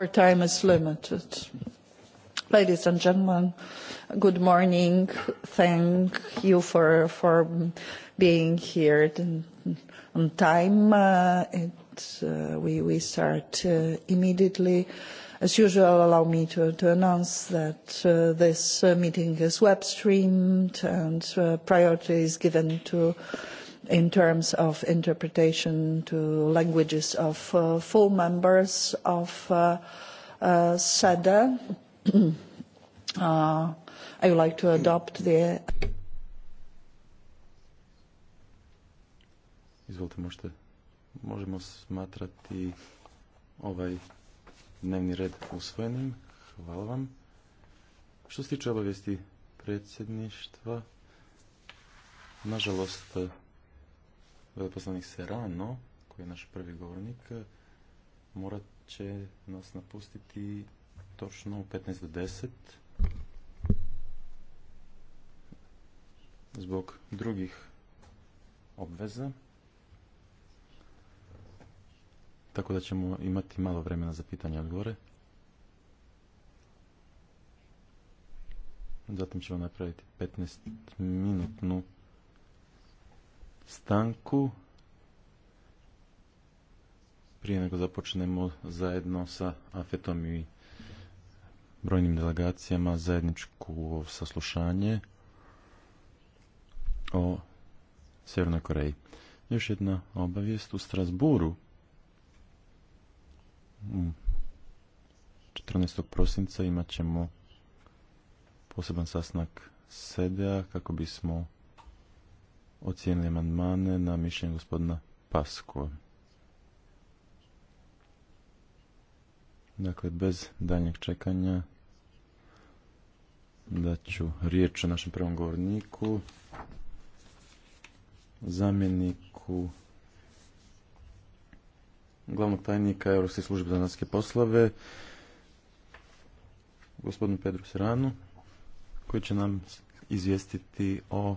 Our time is limited. Ladies and gentlemen, good morning. Thank you for, for being here on time. Uh, uh, we, start uh, immediately. As usual, allow me to, announce that this meeting is web streamed and priority is given to in terms of interpretation to languages of uh, full members of uh, uh, SEDA. I would like to adopt the... Izvolite, možemo smatrati ovaj dnevni red usvojenim. Hvala vam. Što se tiče obavijesti predsjedništva, nažalost, veleposlanik Serano, koji je naš prvi govornik, morat će nas napustiti točno u 15 do 10 zbog drugih obveza. Tako da ćemo imati malo vremena za pitanje odgovore. Zatim ćemo napraviti 15-minutnu stanku prije nego započnemo zajedno sa Afetom i brojnim delegacijama zajedničku saslušanje o Sjevernoj Koreji. Još jedna obavijest u Strasburu 14. prosinca imat ćemo poseban sastanak SEDEA kako bismo ocijenili amandmane na mišljenje gospodina Paskova. Dakle, bez daljnjeg čekanja ću riječ o našem prvom govorniku, zamjeniku glavnog tajnika Europske službe za vanjske poslove, gospodinu Pedru Seranu, koji će nam izvijestiti o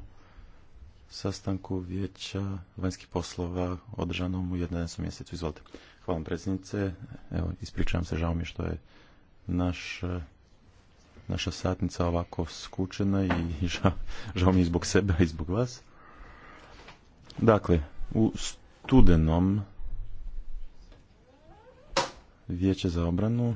sastanku vijeća vanjskih poslova održanom u 11. mjesecu. Izvolite. Hvala vam predsjednice. Evo, ispričavam se, žao mi što je naš, naša satnica ovako skučena i žao, mi i zbog sebe i zbog vas. Dakle, u studenom vijeće za obranu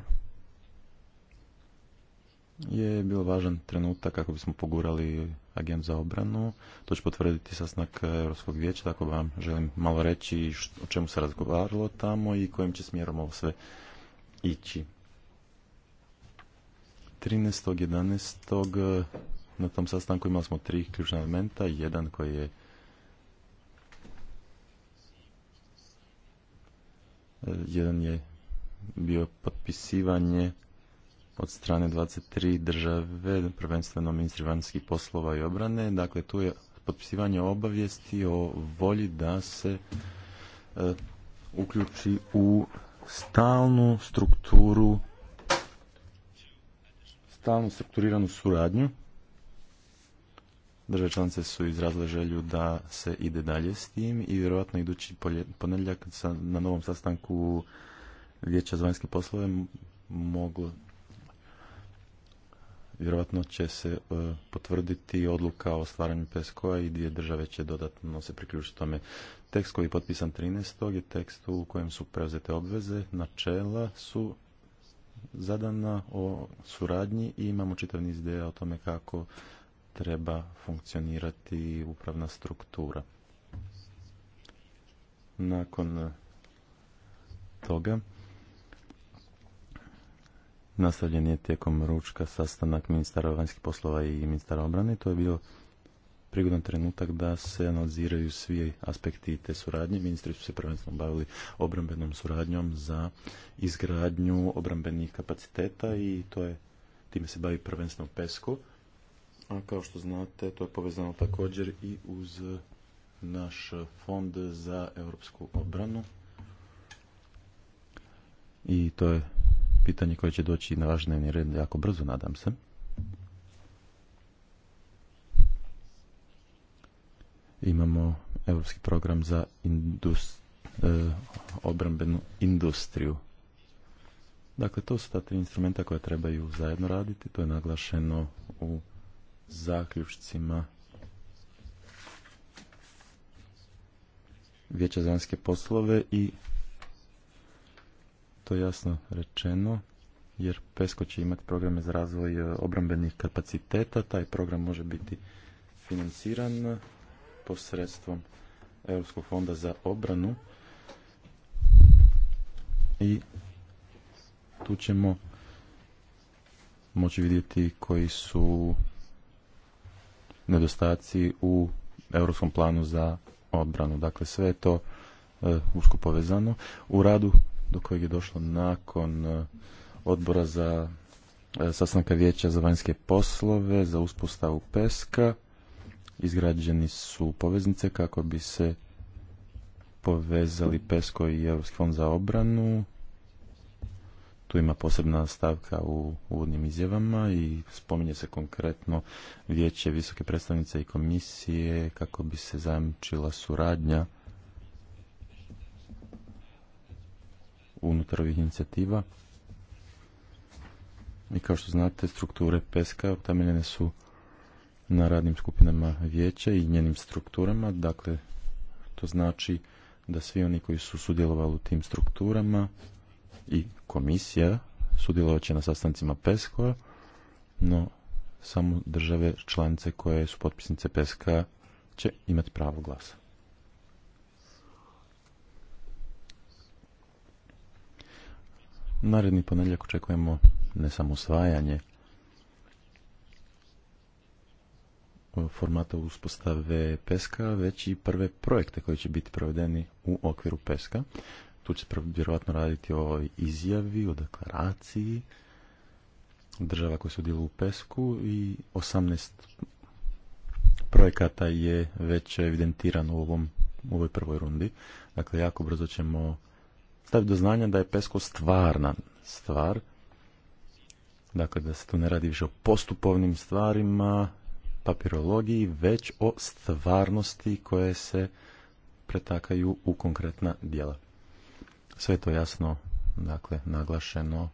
je bio važan trenutak kako bismo pogurali agent za obranu. To će potvrditi sasnak Europskog vijeća, tako vam želim malo reći o čemu se razgovaralo tamo i kojim će smjerom ovo sve ići. 13.11. na tom sastanku imali smo tri ključna elementa. Jedan koji je e, jedan je bio potpisivanje od strane 23 države, prvenstveno ministri vanjskih poslova i obrane. Dakle, tu je potpisivanje obavijesti o volji da se e, uključi u stalnu strukturu stalnu strukturiranu suradnju. Države članice su izrazile želju da se ide dalje s tim i vjerojatno idući ponedjeljak na novom sastanku Vijeća za vanjske poslove moglo vjerojatno će se e, potvrditi odluka o stvaranju PESCO-a i dvije države će dodatno se priključiti tome. Tekst koji je potpisan 13. je tekst u kojem su preuzete obveze, načela su zadana o suradnji i imamo čitav niz ideja o tome kako treba funkcionirati upravna struktura. Nakon toga Nastavljen je tijekom ručka sastanak ministara vanjskih poslova i ministara obrane. To je bio prigodan trenutak da se analiziraju svi aspekti te suradnje. Ministri su se prvenstveno bavili obrambenom suradnjom za izgradnju obrambenih kapaciteta i to je, time se bavi prvenstveno PESCO. A kao što znate, to je povezano također i uz naš fond za europsku obranu. I to je pitanje koje će doći na vaš dnevni red jako brzo, nadam se. Imamo europski program za e, obrambenu industriju. Dakle, to su ta tri instrumenta koja trebaju zajedno raditi. To je naglašeno u zaključcima Vijeća za vanjske poslove i to jasno rečeno, jer PESCO će imati programe za razvoj e, obrambenih kapaciteta. Taj program može biti financiran posredstvom Europskog fonda za obranu i tu ćemo moći vidjeti koji su nedostaci u europskom planu za obranu. Dakle, sve je to e, usko povezano. U radu do kojeg je došlo nakon e, odbora za e, sastanka vijeća za vanjske poslove za uspostavu peska izgrađeni su poveznice kako bi se povezali pesko i europski fond za obranu tu ima posebna stavka u uvodnim izjavama i spominje se konkretno vijeće visoke predstavnice i komisije kako bi se zajamčila suradnja unutar ovih inicijativa. I kao što znate, strukture peska utemeljene su na radnim skupinama vijeća i njenim strukturama. Dakle, to znači da svi oni koji su sudjelovali u tim strukturama i komisija sudjelovat će na sastancima PESKO no samo države članice koje su potpisnice PESKA će imati pravo glasa. Naredni ponedjeljak očekujemo ne samo usvajanje e, formata uspostave peska, već i prve projekte koji će biti provedeni u okviru peska. Tu će se vjerojatno raditi o izjavi, o deklaraciji država koje su djelu u pesku i 18 projekata je već evidentirano u, ovom, u ovoj prvoj rundi. Dakle, jako brzo ćemo Staviti do znanja da je pesko stvarna stvar, dakle da se tu ne radi više o postupovnim stvarima, papirologiji, već o stvarnosti koje se pretakaju u konkretna djela. Sve je to jasno, dakle, naglašeno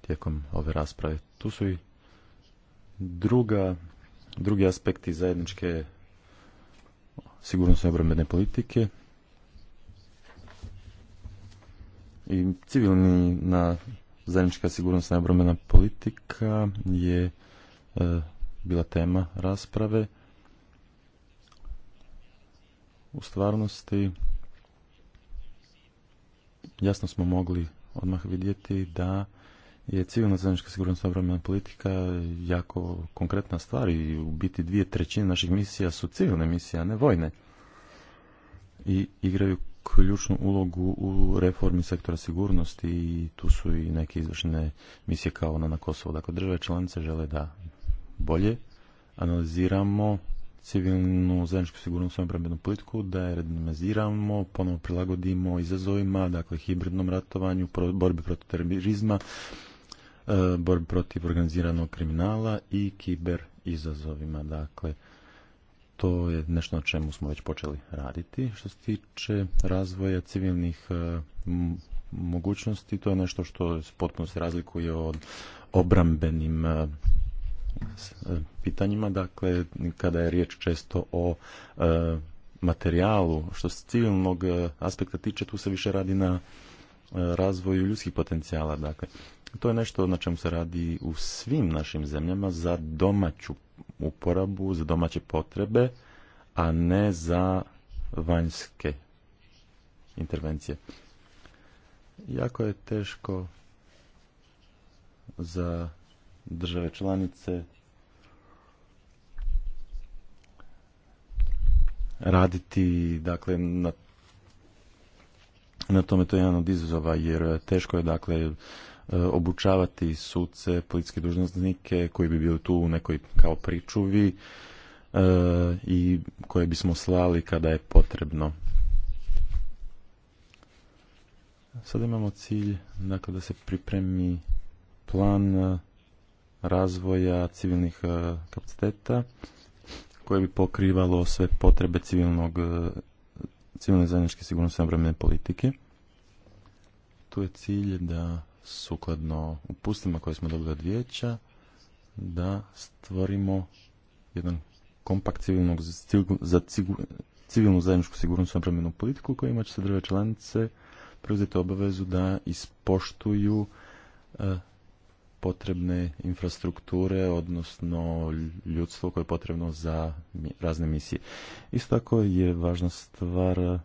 tijekom ove rasprave. Tu su i druga, drugi aspekti zajedničke sigurnosne obrambene politike, i civilni na zajednička sigurnosna i obrambena politika je e, bila tema rasprave. U stvarnosti jasno smo mogli odmah vidjeti da je civilna zajednička sigurnosna obrambena politika jako konkretna stvar i u biti dvije trećine naših misija su civilne misije, a ne vojne. I igraju ključnu ulogu u reformi sektora sigurnosti i tu su i neke izvršene misije kao ona na Kosovo. Dakle, države članice žele da bolje analiziramo civilnu zajedničku sigurnosnu obrambenu politiku, da je redimenziramo, ponovno prilagodimo izazovima, dakle hibridnom ratovanju, borbi protiv terorizma, e, borbi protiv organiziranog kriminala i kiber izazovima. Dakle, to je nešto na čemu smo već počeli raditi. Što se tiče razvoja civilnih e, mogućnosti, to je nešto što potpuno se razlikuje od obrambenim e, e, pitanjima. Dakle, kada je riječ često o materijalu, što se civilnog aspekta tiče, tu se više radi na razvoju ljudskih potencijala. Dakle, to je nešto na čemu se radi u svim našim zemljama za domaću uporabu za domaće potrebe, a ne za vanjske intervencije. Jako je teško za države članice raditi dakle na, na tome to je jedan od izazova jer teško je dakle E, obučavati suce, policijske dužnosnike koji bi bili tu u nekoj kao pričuvi e, i koje bismo slali kada je potrebno. Sada imamo cilj dakle, da se pripremi plan e, razvoja civilnih kapaciteta koje bi pokrivalo sve potrebe civilnog, civilne zajedničke sigurnosne obrambene politike. Tu je cilj da sukladno upustima koje smo dobili od vijeća da stvorimo jedan kompakt civilnog, za civilnu zajedničku sigurnosnu obrambenu politiku kojima će se države članice preuzeti obavezu da ispoštuju e, potrebne infrastrukture, odnosno ljudstvo koje je potrebno za razne misije. Isto tako je važna stvar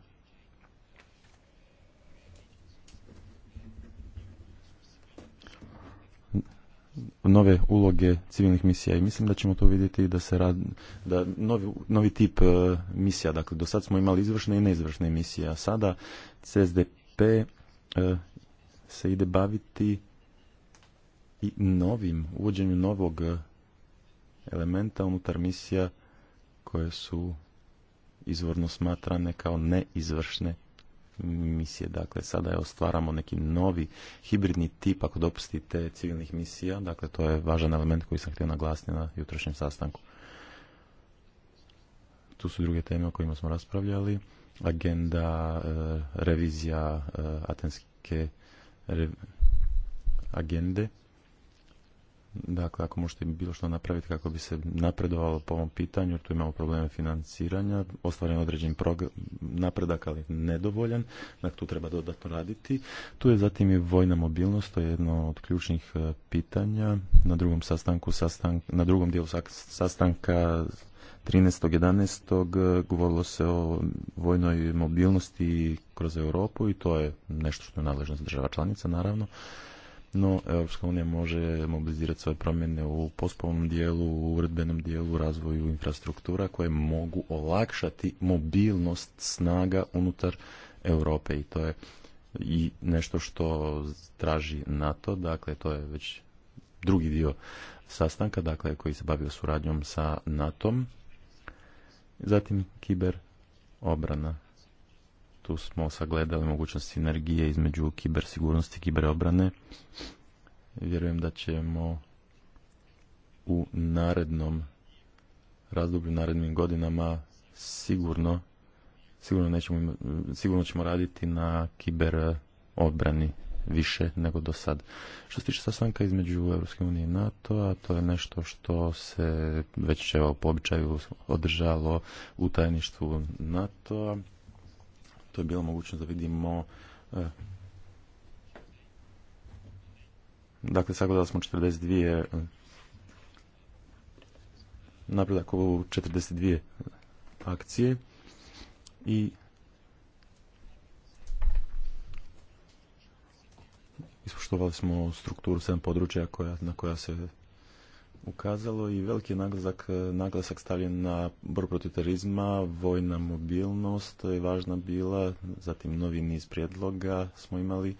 nove uloge civilnih misija i mislim da ćemo to vidjeti da se rad, da novi, novi tip e, misija, dakle do sad smo imali izvršne i neizvršne misije, a sada CSDP e, se ide baviti i novim, uvođenju novog e, elementa unutar misija koje su izvorno smatrane kao neizvršne misije. Dakle, sada je ostvaramo neki novi hibridni tip, ako dopustite, civilnih misija. Dakle, to je važan element koji sam htio naglasiti na jutrošnjem sastanku. Tu su druge teme o kojima smo raspravljali. Agenda, e, revizija e, atenske agende Dakle, ako možete bilo što napraviti kako bi se napredovalo po ovom pitanju, tu imamo probleme financiranja, ostvaren određen napredak, ali nedovoljan, dakle tu treba dodatno raditi. Tu je zatim i vojna mobilnost, to je jedno od ključnih e, pitanja. Na drugom sastanku, sastank, na drugom dijelu sastanka 13.11. E, govorilo se o vojnoj mobilnosti kroz Europu i to je nešto što je za država članica, naravno no Europska unija može mobilizirati svoje promjene u poslovnom dijelu, u uredbenom dijelu, razvoju infrastruktura koje mogu olakšati mobilnost snaga unutar Europe i to je i nešto što traži NATO, dakle to je već drugi dio sastanka, dakle koji se bavio suradnjom sa NATO-om. Zatim kiber obrana tu smo sagledali mogućnost sinergije između kibersigurnosti i kiberobrane. Vjerujem da ćemo u narednom razdoblju, narednim godinama sigurno sigurno, nećemo, sigurno ćemo raditi na kiber obrani više nego do sad. Što se tiče sastanka između EU i NATO, a to je nešto što se već evo, po običaju održalo u tajništvu NATO, -a to je bila mogućnost da vidimo eh, dakle sagledali smo 42 eh, napredak u 42 akcije i ispoštovali smo strukturu 7 područja na koja se ukazalo i veliki naglasak, naglasak stavljen na borbu protiv terorizma, vojna mobilnost je važna bila, zatim novi niz prijedloga smo imali,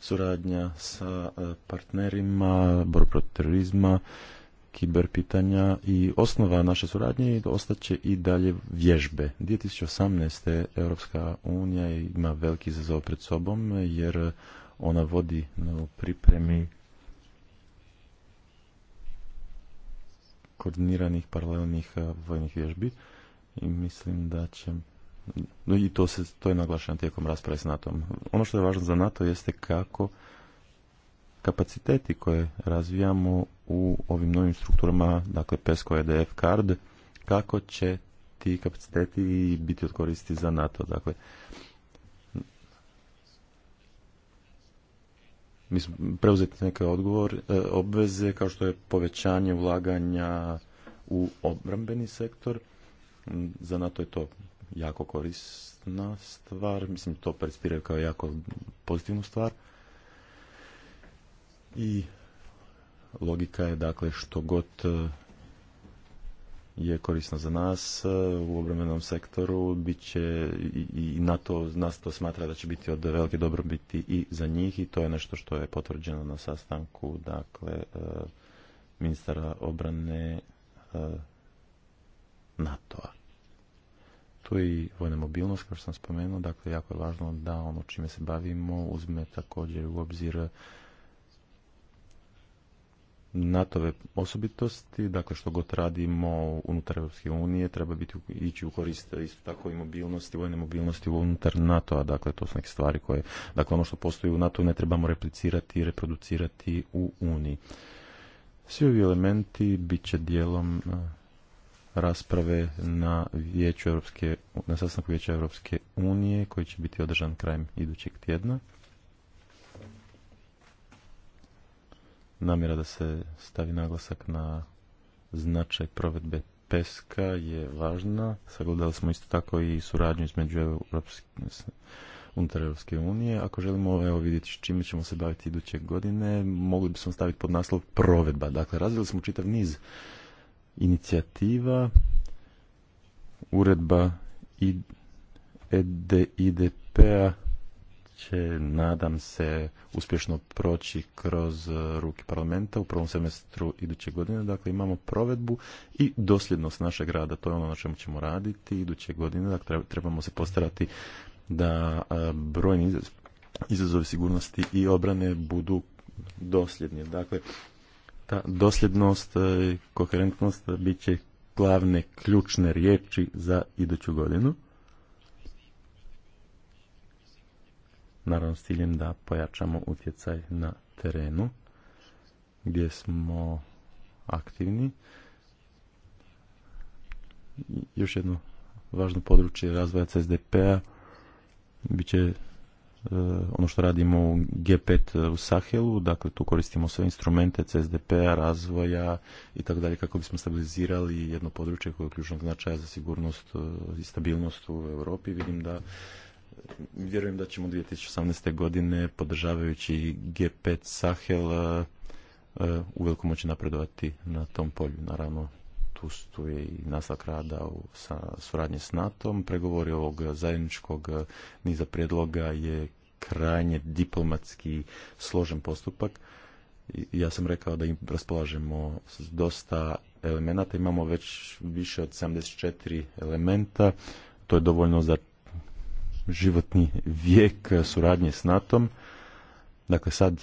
suradnja sa e, partnerima, bor protiv terorizma, kiber pitanja i osnova naše suradnje i ostaće i dalje vježbe. 2018. Europska unija ima veliki izazov pred sobom jer ona vodi u pripremi koordiniranih paralelnih eh, vojnih vježbi i mislim da će i to, se, to je naglašeno tijekom rasprave s NATO-om. Ono što je važno za NATO jeste kako kapaciteti koje razvijamo u ovim novim strukturama, dakle PESCO, EDF, CARD, kako će ti kapaciteti biti odkoristi za NATO. Dakle, mi preuzeti neke odgovor, e, obveze kao što je povećanje ulaganja u obrambeni sektor. Mm, za NATO je to jako korisna stvar, mislim to perspira kao jako pozitivnu stvar. I logika je dakle što god e, je korisno za nas e, u obrambenom sektoru, bit će i NATO nas to smatra da će biti od velike dobrobiti i za njih i to je nešto što je potvrđeno na sastanku dakle e, ministara obrane e, NATO-a. Tu je i vojna mobilnost, kao što sam spomenuo, dakle jako je važno da ono čime se bavimo uzme također u obzir NATO-ve osobitosti, dakle što god radimo unutar Europske unije treba biti ići u korist e, isto tako i mobilnosti, vojne mobilnosti unutar NATO-a, dakle to su neke stvari koje, dakle ono što postoji u NATO ne trebamo replicirati i reproducirati u Uniji. Svi ovi elementi bit će dijelom e, rasprave na vijeću Europske, na sastanku vijeća Europske unije koji će biti održan krajem idućeg tjedna. namjera da se stavi naglasak na značaj provedbe peska je važna. Sagledali smo isto tako i suradnju između unutar Europske unije. Ako želimo evo, vidjeti s čime ćemo se baviti iduće godine, mogli bismo staviti pod naslov provedba. Dakle, razvili smo čitav niz inicijativa, uredba i EDIDP-a će, nadam se, uspješno proći kroz e, ruke parlamenta u prvom semestru iduće godine. Dakle, imamo provedbu i dosljednost našeg rada. To je ono na čemu ćemo raditi iduće godine. Dakle, trebamo se postarati da e, brojni izazovi sigurnosti i obrane budu dosljedni. Dakle, ta dosljednost e, i koherentnost bit će glavne ključne riječi za iduću godinu. naravno s ciljem da pojačamo utjecaj na terenu gdje smo aktivni. Još jedno važno područje razvoja CSDP-a bit će e, ono što radimo u G5 e, u Sahelu, dakle tu koristimo sve instrumente CSDP-a, razvoja i tako dalje kako bismo stabilizirali jedno područje koje je ključnog značaja za sigurnost e, i stabilnost u Europi. Vidim da vjerujem da ćemo 2018. godine podržavajući G5 Sahel e, e, uveliko moći napredovati na tom polju. Naravno, tu, stoji je i nastavak rada u, sa suradnje s NATO-om. Pregovori ovog zajedničkog niza prijedloga je krajnje diplomatski složen postupak. Ja sam rekao da im raspolažemo s dosta elemenata, imamo već više od 74 elementa, to je dovoljno za životni vijek suradnje s NATO-om. Dakle, sad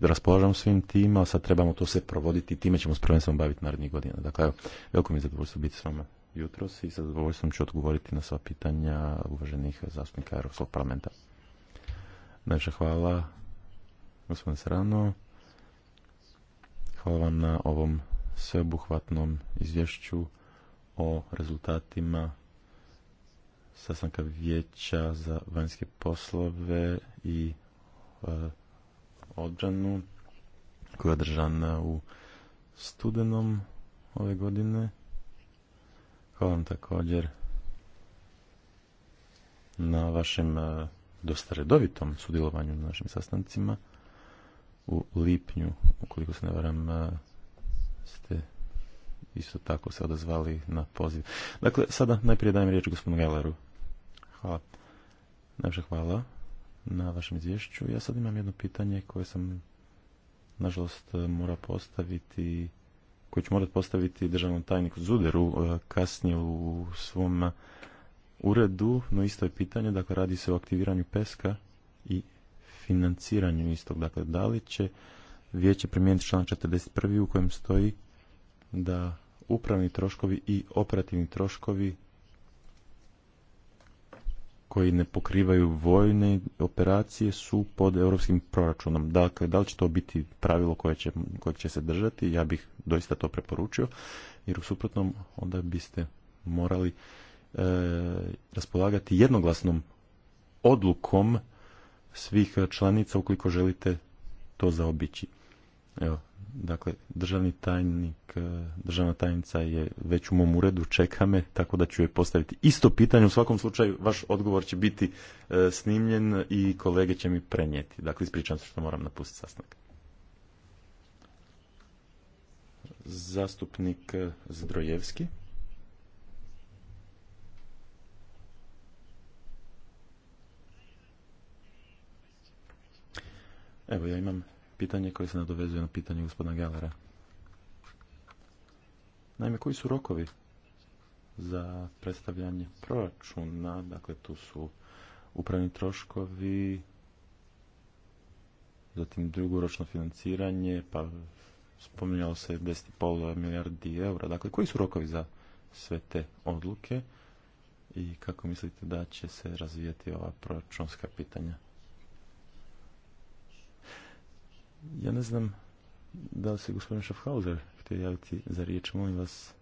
raspolažemo svim tim, a sad trebamo to sve provoditi i time ćemo s prvenstvom baviti narednih godina. Dakle, evo, veliko mi je zadovoljstvo biti s vama jutros i sa zadovoljstvom ću odgovoriti na sva pitanja uvaženih zastupnika Europskog parlamenta. Najviše hvala, gospodin Serano. Hvala vam na ovom sveobuhvatnom izvješću o rezultatima sastanka vijeća za vanjske poslove i e, koja je održana u studenom ove godine. Hvala vam također na vašem e, dosta redovitom sudjelovanju na našim sastancima. U lipnju, ukoliko se ne varam, e, ste isto tako se odazvali na poziv. Dakle, sada najprije dajem riječ gospodinu Galeru. Hvala. Najviše hvala na vašem izvješću. Ja sad imam jedno pitanje koje sam nažalost e, mora postaviti koje ću morat postaviti državnom tajniku Zuderu e, kasnije u svom uredu, no isto je pitanje, dakle radi se o aktiviranju peska i financiranju istog. Dakle, da li će vijeće primijeniti članak 41. u kojem stoji da upravni troškovi i operativni troškovi koji ne pokrivaju vojne operacije su pod europskim proračunom. Dakle, da li će to biti pravilo koje će, će se držati, ja bih doista to preporučio, jer u suprotnom onda biste morali e, raspolagati jednoglasnom odlukom svih članica ukoliko želite to zaobići. Evo, dakle, državni tajnik, e, državna tajnica je već u mom uredu, čeka me, tako da ću je postaviti isto pitanje. U svakom slučaju, vaš odgovor će biti e, snimljen i kolege će mi prenijeti. Dakle, ispričam se što moram napustiti sastanak. Zastupnik e, Zdrojevski. Evo, ja imam pitanje koje se nadovezuje na pitanje gospodina Galera. Naime, koji su rokovi za predstavljanje proračuna? Dakle, tu su upravni troškovi, zatim drugoročno financiranje, pa spominjalo se 10,5 milijardi eura. Dakle, koji su rokovi za sve te odluke i kako mislite da će se razvijati ova proračunska pitanja? Ja ne znam da li se gospodin Schaffhauser htio javiti za riječ. Molim vas,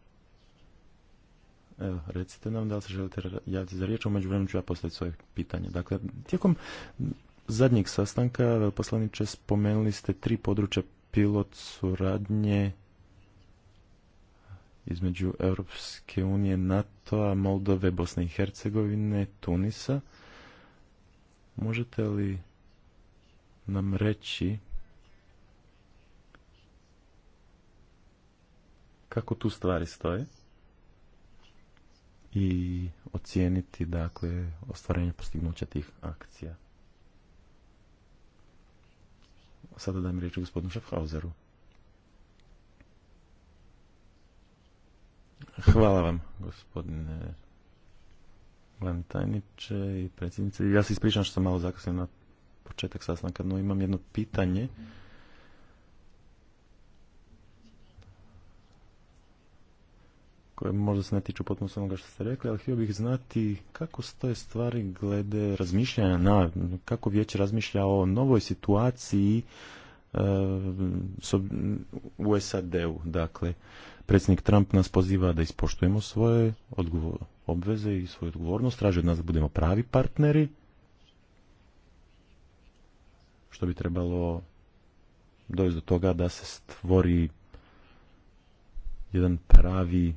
evo, recite nam da li se želite javiti za riječ. Umeđu vremenu ću ja postaviti svoje pitanje. Dakle, tijekom zadnjeg sastanka, poslaniče, spomenuli ste tri područja pilot suradnje između Europske unije, NATO-a, Moldove, Bosne i Hercegovine, Tunisa. Možete li nam reći kako tu stvari stoje i ocijeniti dakle ostvarenje postignuća tih akcija. Sada dajem riječ gospodinu Schaffhauseru. Hvala vam, gospodine glavni tajniče i predsjednice. Ja se ispričam što sam malo zakasnio na početak sastanka, no imam jedno pitanje. Dakle, možda se ne tiču potpuno onoga što ste rekli, ali htio bih znati kako stoje stvari glede razmišljanja na, kako vijeće razmišlja o novoj situaciji eh, u SAD-u. Dakle, predsjednik Trump nas poziva da ispoštujemo svoje odgovor, obveze i svoju odgovornost, traži od nas da budemo pravi partneri, što bi trebalo dojesti do toga da se stvori jedan pravi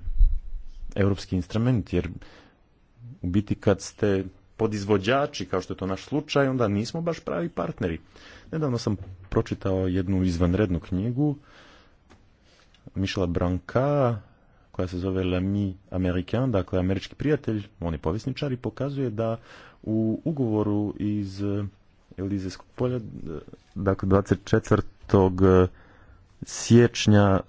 europski instrument, jer u biti kad ste podizvođači, kao što je to naš slučaj, onda nismo baš pravi partneri. Nedavno sam pročitao jednu izvanrednu knjigu Michela Branka, koja se zove Mi américain, dakle američki prijatelj, on je povjesničar i pokazuje da u ugovoru iz Elizijskog polja, dakle 24. siječnja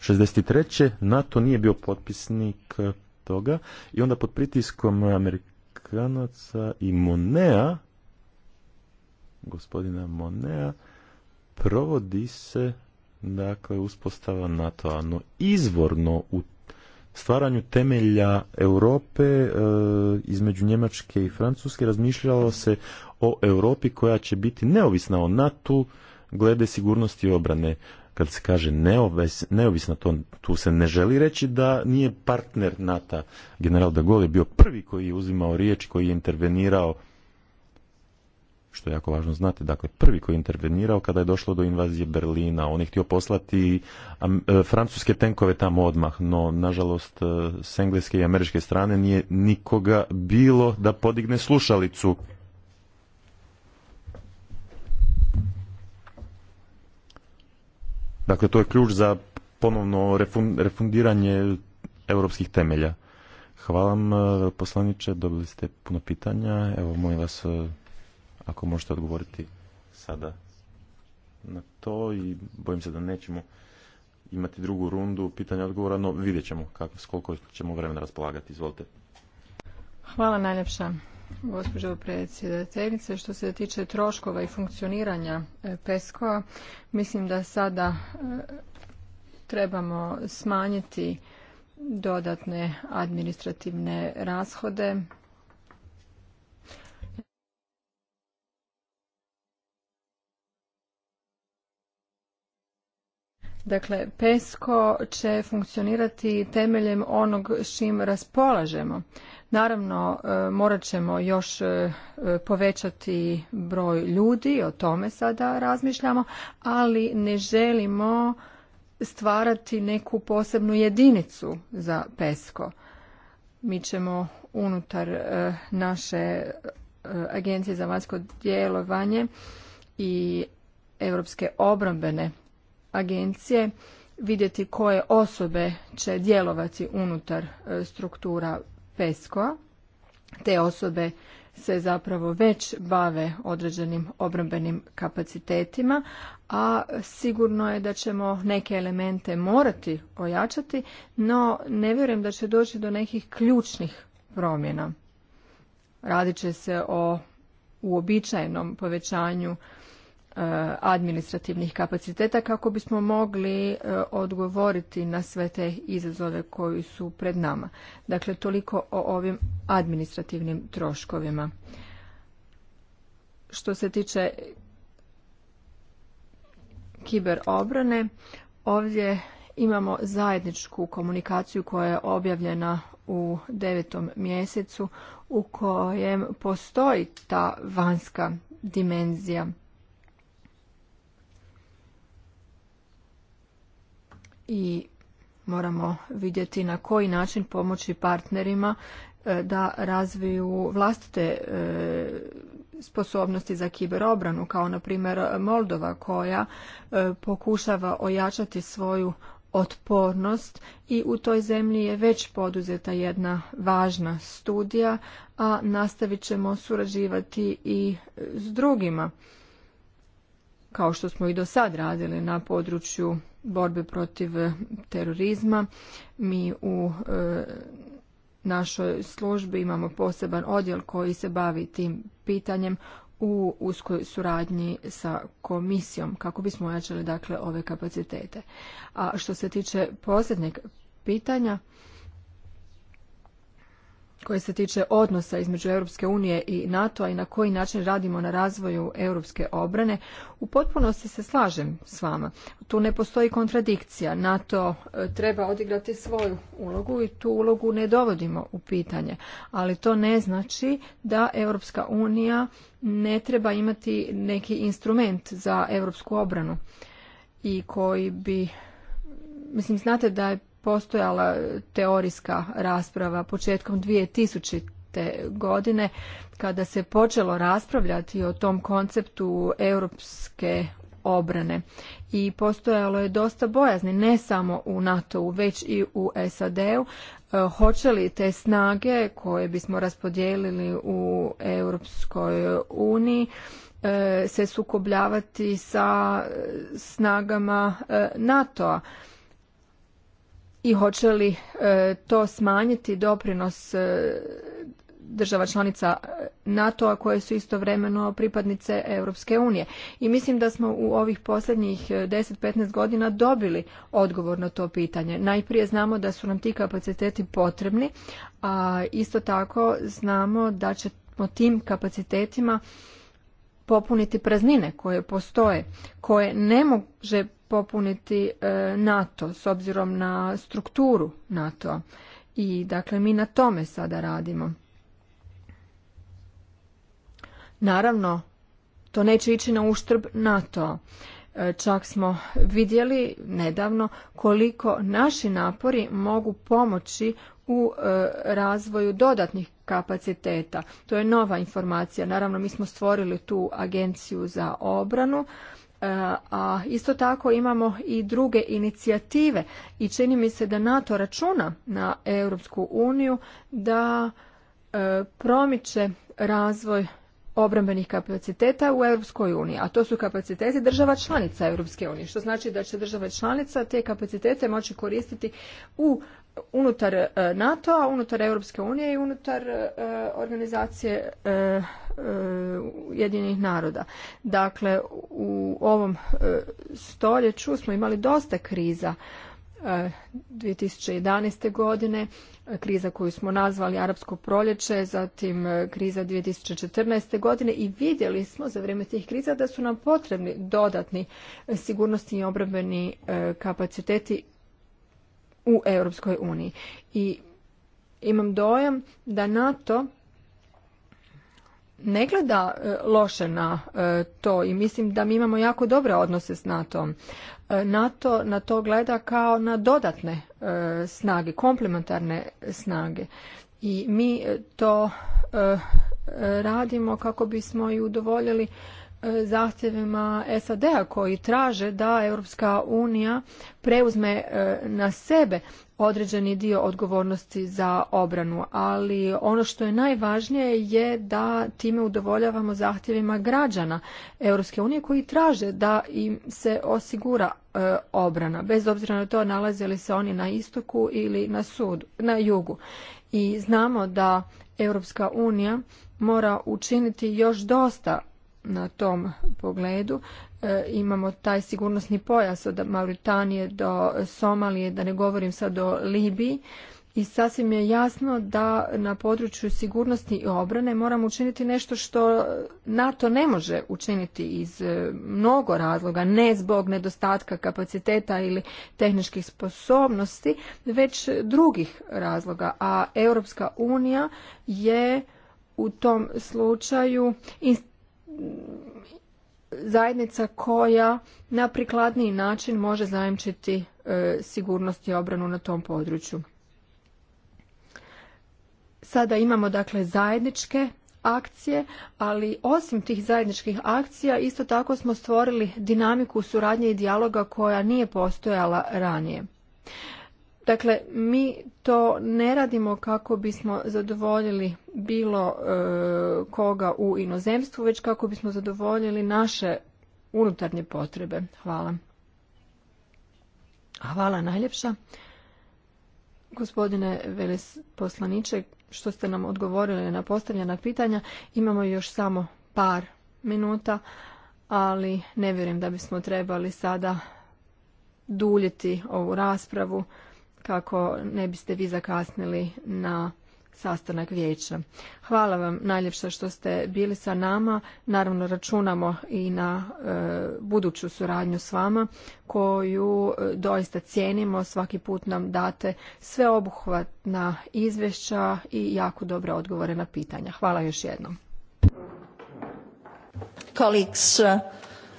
63. NATO nije bio potpisnik eh, toga i onda pod pritiskom Amerikanaca i Monea, gospodina Monea, provodi se dakle uspostava NATO-a. No izvorno u stvaranju temelja Europe eh, između Njemačke i Francuske razmišljalo se o Europi koja će biti neovisna o NATO glede sigurnosti i obrane kad se kaže neovisna, to, tu se ne želi reći da nije partner NATO. General de Gaulle je bio prvi koji je uzimao riječ, koji je intervenirao, što je jako važno znati, dakle prvi koji je intervenirao kada je došlo do invazije Berlina. On je htio poslati e, francuske tenkove tamo odmah, no nažalost e, s engleske i američke strane nije nikoga bilo da podigne slušalicu. Dakle, to je ključ za ponovno refundiranje europskih temelja. Hvala vam, e, poslaniče, dobili ste puno pitanja. Evo, molim vas, e, ako možete odgovoriti sada na to i bojim se da nećemo imati drugu rundu pitanja odgovora, no vidjet ćemo kako, koliko ćemo vremena raspolagati. Izvolite. Hvala najljepša gospođo predsjedateljice. Što se tiče troškova i funkcioniranja e, PESCO-a, mislim da sada e, trebamo smanjiti dodatne administrativne rashode. Dakle, PESCO će funkcionirati temeljem onog s čim raspolažemo. Naravno, e, morat ćemo još e, povećati broj ljudi, o tome sada razmišljamo, ali ne želimo stvarati neku posebnu jedinicu za PESCO. Mi ćemo unutar e, naše Agencije za vanjsko djelovanje i Europske obrambene agencije vidjeti koje osobe će djelovati unutar struktura pesco Te osobe se zapravo već bave određenim obrambenim kapacitetima, a sigurno je da ćemo neke elemente morati ojačati, no ne vjerujem da će doći do nekih ključnih promjena. Radit će se o uobičajenom povećanju Eh, administrativnih kapaciteta kako bismo mogli eh, odgovoriti na sve te izazove koji su pred nama. Dakle, toliko o ovim administrativnim troškovima. Što se tiče kiber obrane, ovdje imamo zajedničku komunikaciju koja je objavljena u devetom mjesecu u kojem postoji ta vanjska dimenzija i moramo vidjeti na koji način pomoći partnerima e, da razviju vlastite e, sposobnosti za kiberobranu, kao na primjer Moldova koja e, pokušava ojačati svoju otpornost i u toj zemlji je već poduzeta jedna važna studija, a nastavit ćemo surađivati i s drugima kao što smo i do sad radili na području borbe protiv terorizma. Mi u e, našoj službi imamo poseban odjel koji se bavi tim pitanjem u uskoj suradnji sa komisijom kako bismo ojačali dakle ove kapacitete. A što se tiče posljednjeg pitanja, koje se tiče odnosa između Europske unije i NATO-a i na koji način radimo na razvoju europske obrane, u potpunosti se slažem s vama. Tu ne postoji kontradikcija. NATO e, treba odigrati svoju ulogu i tu ulogu ne dovodimo u pitanje. Ali to ne znači da Europska unija ne treba imati neki instrument za europsku obranu i koji bi Mislim, znate da je postojala teorijska rasprava početkom 2000 godine kada se počelo raspravljati o tom konceptu europske obrane i postojalo je dosta bojazni ne samo u NATO-u već i u SAD-u e, hoće li te snage koje bismo raspodijelili u Europskoj uniji e, se sukobljavati sa snagama e, NATO-a i hoće li e, to smanjiti doprinos e, država članica e, NATO-a koje su istovremeno pripadnice Europske unije. I mislim da smo u ovih posljednjih 10-15 godina dobili odgovor na to pitanje. Najprije znamo da su nam ti kapaciteti potrebni, a isto tako znamo da ćemo tim kapacitetima popuniti praznine koje postoje, koje ne može popuniti e, NATO s obzirom na strukturu NATO-a. I dakle mi na tome sada radimo. Naravno, to neće ići na uštrb NATO-a. E, čak smo vidjeli nedavno koliko naši napori mogu pomoći u e, razvoju dodatnih kapaciteta. To je nova informacija. Naravno, mi smo stvorili tu agenciju za obranu, e, a isto tako imamo i druge inicijative i čini mi se da NATO računa na Europsku uniju da e, promiče razvoj obrambenih kapaciteta u Europskoj uniji, a to su kapaciteti država članica Europske unije, što znači da će država članica te kapacitete moći koristiti u unutar e, NATO-a, unutar Europske unije i unutar e, organizacije e, Jedinih naroda. Dakle, u ovom stoljeću smo imali dosta kriza 2011. godine, kriza koju smo nazvali Arapsko proljeće, zatim kriza 2014. godine i vidjeli smo za vrijeme tih kriza da su nam potrebni dodatni sigurnosni i obrambeni kapaciteti u Europskoj uniji. I imam dojam da NATO ne gleda e, loše na e, to i mislim da mi imamo jako dobre odnose s nato e, NATO na to gleda kao na dodatne snage, komplementarne snage. I mi to radimo kako bismo i udovoljili E, zahtjevima SAD-a koji traže da Europska unija preuzme e, na sebe određeni dio odgovornosti za obranu, ali ono što je najvažnije je da time udovoljavamo zahtjevima građana Europske unije koji traže da im se osigura e, obrana, bez obzira na to nalaze li se oni na istoku ili na, sudu, na jugu. I znamo da Europska unija mora učiniti još dosta na tom pogledu. E, imamo taj sigurnosni pojas od Mauritanije do Somalije, da ne govorim sad o Libiji. I sasvim je jasno da na području sigurnosti i obrane moramo učiniti nešto što NATO ne može učiniti iz e, mnogo razloga, ne zbog nedostatka kapaciteta ili tehničkih sposobnosti, već drugih razloga. A Europska unija je u tom slučaju zajednica koja na prikladniji način može zajemčiti e, sigurnost i obranu na tom području. Sada imamo dakle zajedničke akcije, ali osim tih zajedničkih akcija isto tako smo stvorili dinamiku suradnje i dijaloga koja nije postojala ranije. Dakle, mi to ne radimo kako bismo zadovoljili bilo e, koga u inozemstvu, već kako bismo zadovoljili naše unutarnje potrebe. Hvala. Hvala najljepša. Gospodine veleposlaniče, što ste nam odgovorili na postavljena pitanja, imamo još samo par minuta, ali ne vjerujem da bismo trebali sada duljiti ovu raspravu kako ne biste vi zakasnili na sastanak vijeća. Hvala vam najljepše što ste bili sa nama. Naravno računamo i na e, buduću suradnju s vama koju e, doista cijenimo. Svaki put nam date sveobuhvatna izvješća i jako dobre odgovore na pitanja. Hvala još jednom. Colleagues, uh,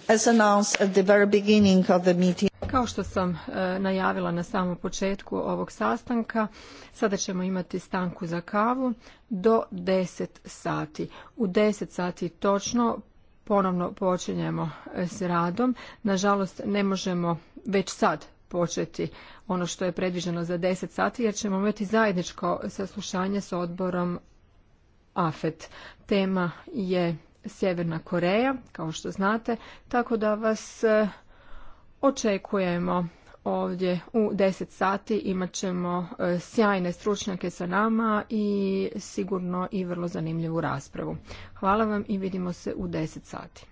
as announced at the very beginning of the meeting, kao što sam e, najavila na samom početku ovog sastanka, sada ćemo imati stanku za kavu do 10 sati. U 10 sati točno ponovno počinjemo e, s radom. Nažalost, ne možemo već sad početi ono što je predviđeno za 10 sati, jer ćemo imati zajedničko saslušanje s odborom AFET. Tema je Sjeverna Koreja, kao što znate, tako da vas e, očekujemo ovdje u 10 sati imat ćemo e, sjajne stručnjake sa nama i sigurno i vrlo zanimljivu raspravu. Hvala vam i vidimo se u 10 sati.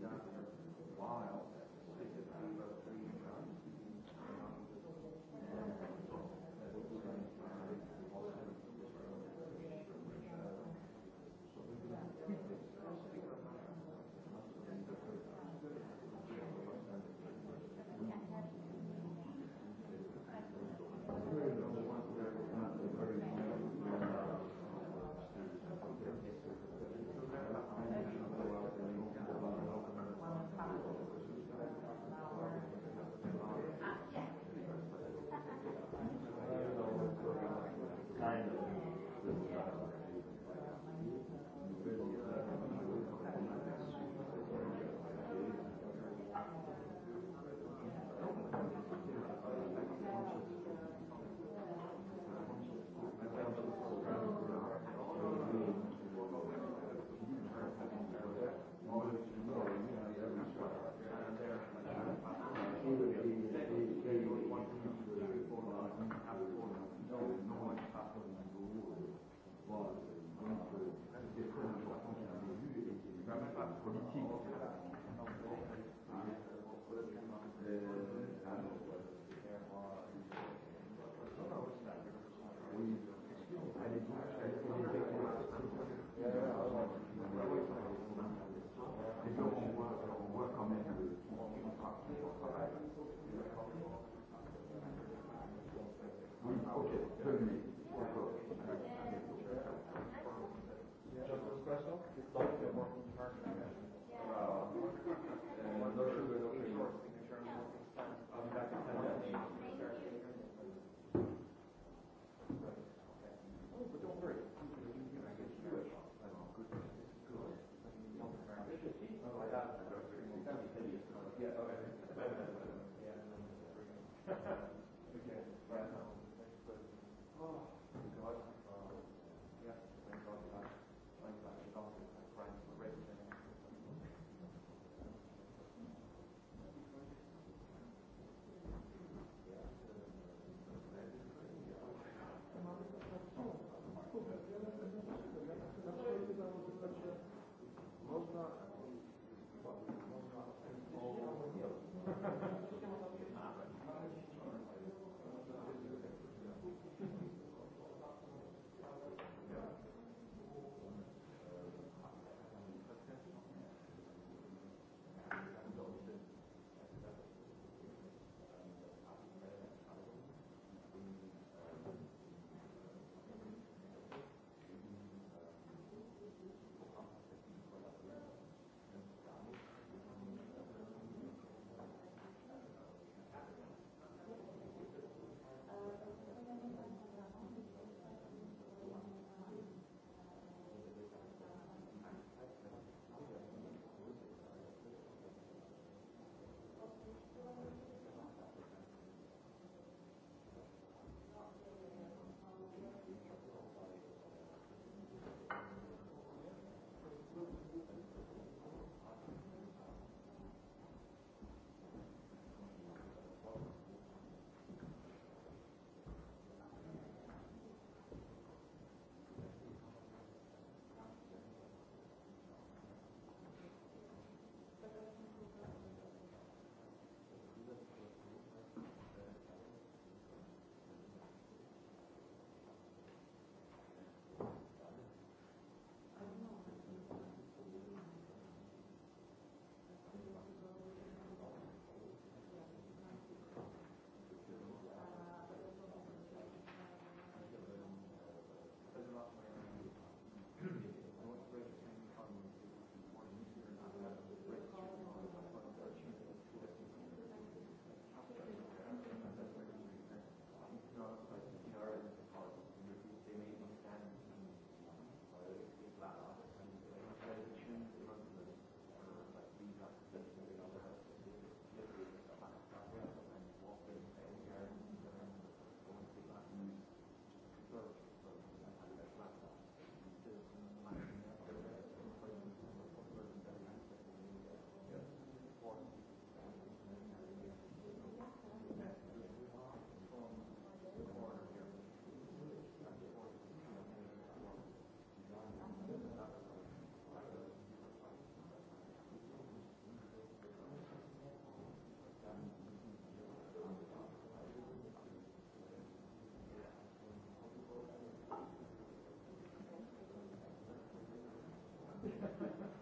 da Yeah, okay. yeah. right now. re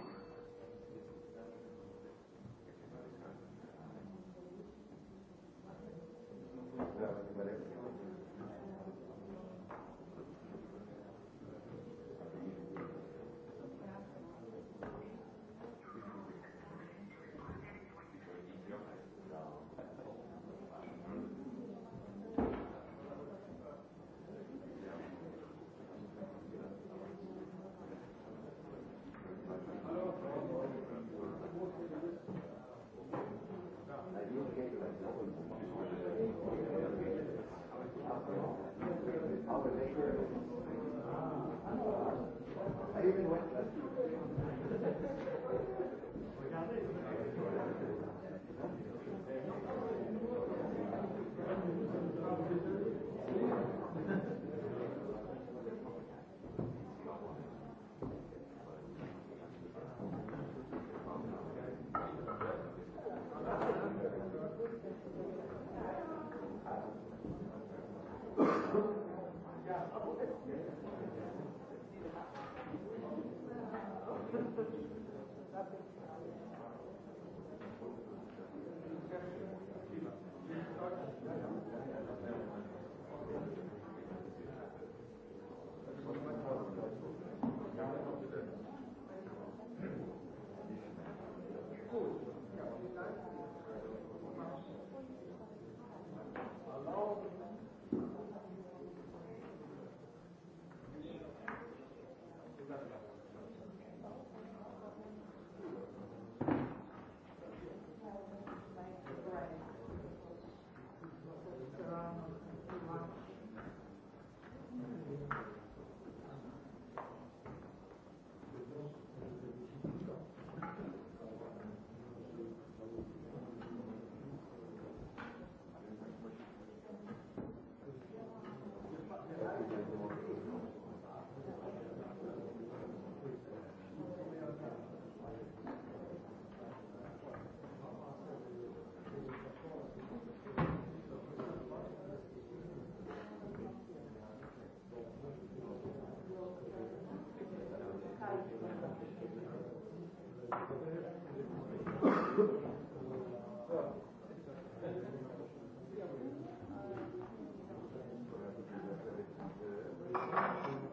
na vi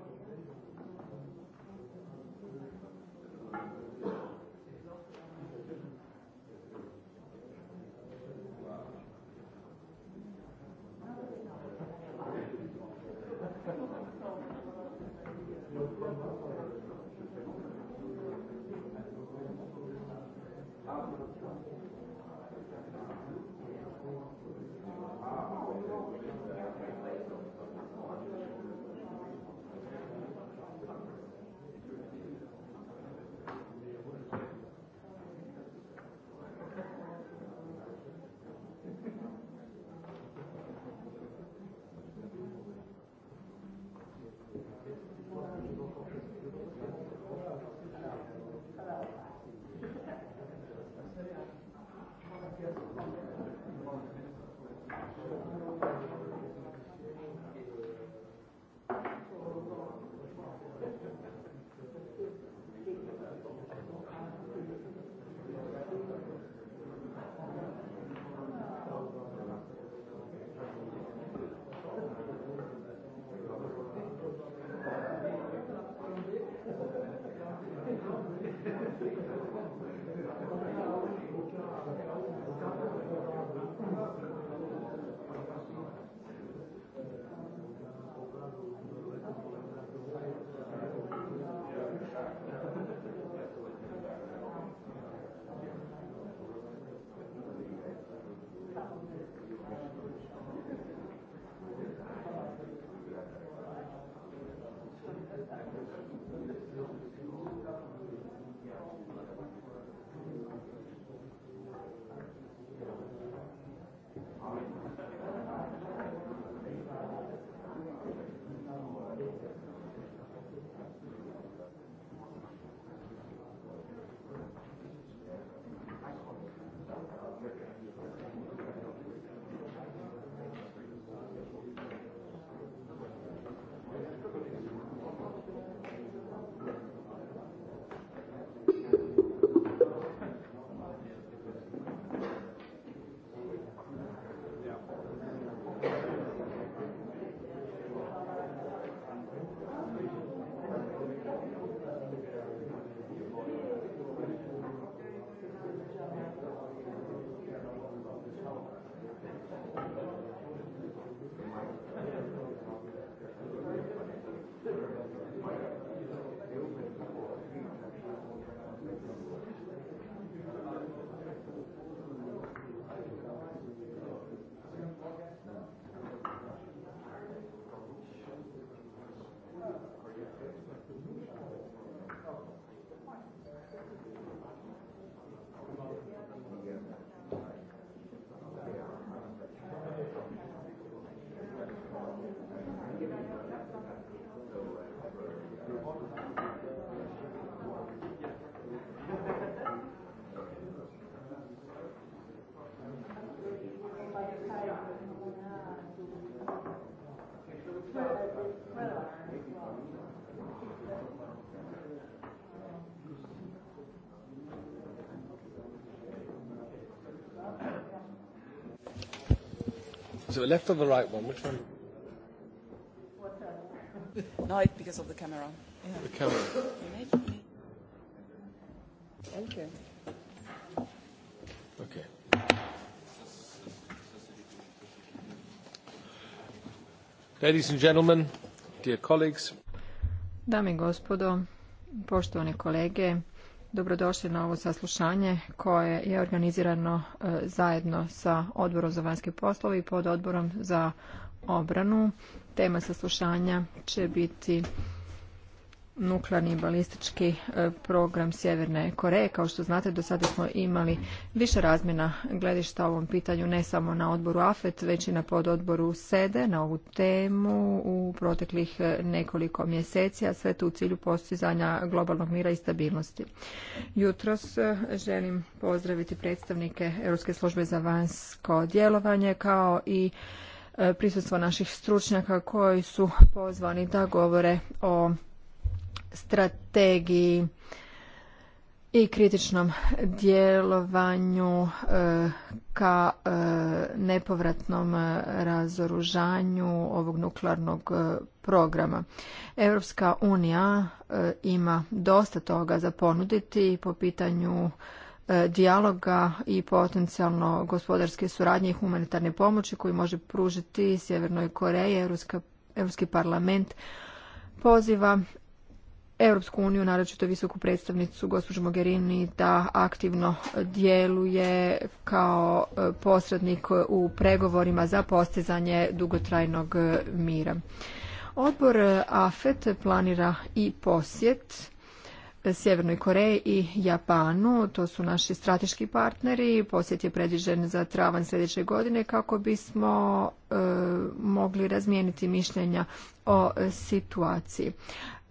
to the left or the right one? Which one? No, it's because of the camera. Yeah. The camera. Thank you. Okay. Ladies and gentlemen, dear colleagues. Dame i gospodo, poštovani kolege, Dobrodošli na ovo saslušanje koje je organizirano e, zajedno sa odborom za vanjske poslove i pod odborom za obranu. Tema saslušanja će biti nuklearni balistički e, program Sjeverne Koreje. Kao što znate, do sada smo imali više razmjena gledišta o ovom pitanju, ne samo na odboru AFET, već i na pododboru SEDE na ovu temu u proteklih e, nekoliko mjeseci, a sve to u cilju postizanja globalnog mira i stabilnosti. Jutros e, želim pozdraviti predstavnike Europske službe za vanjsko djelovanje kao i prisutstvo naših stručnjaka koji su pozvani da govore o strategiji i kritičnom djelovanju e, ka e, nepovratnom razoružanju ovog nuklearnog e, programa. Europska unija ima dosta toga za ponuditi po pitanju dijaloga i potencijalno gospodarske suradnje i humanitarne pomoći koji može pružiti Sjevernoj Koreji. Europski parlament poziva Europsku uniju, naročito visoku predstavnicu gospođu Mogherini, da aktivno djeluje kao e, posrednik u pregovorima za postizanje dugotrajnog e, mira. Odbor e, AFET planira i posjet Sjevernoj Koreji i Japanu. To su naši strateški partneri. Posjet je predviđen za travanj sljedeće godine kako bismo mogli razmijeniti mišljenja o situaciji.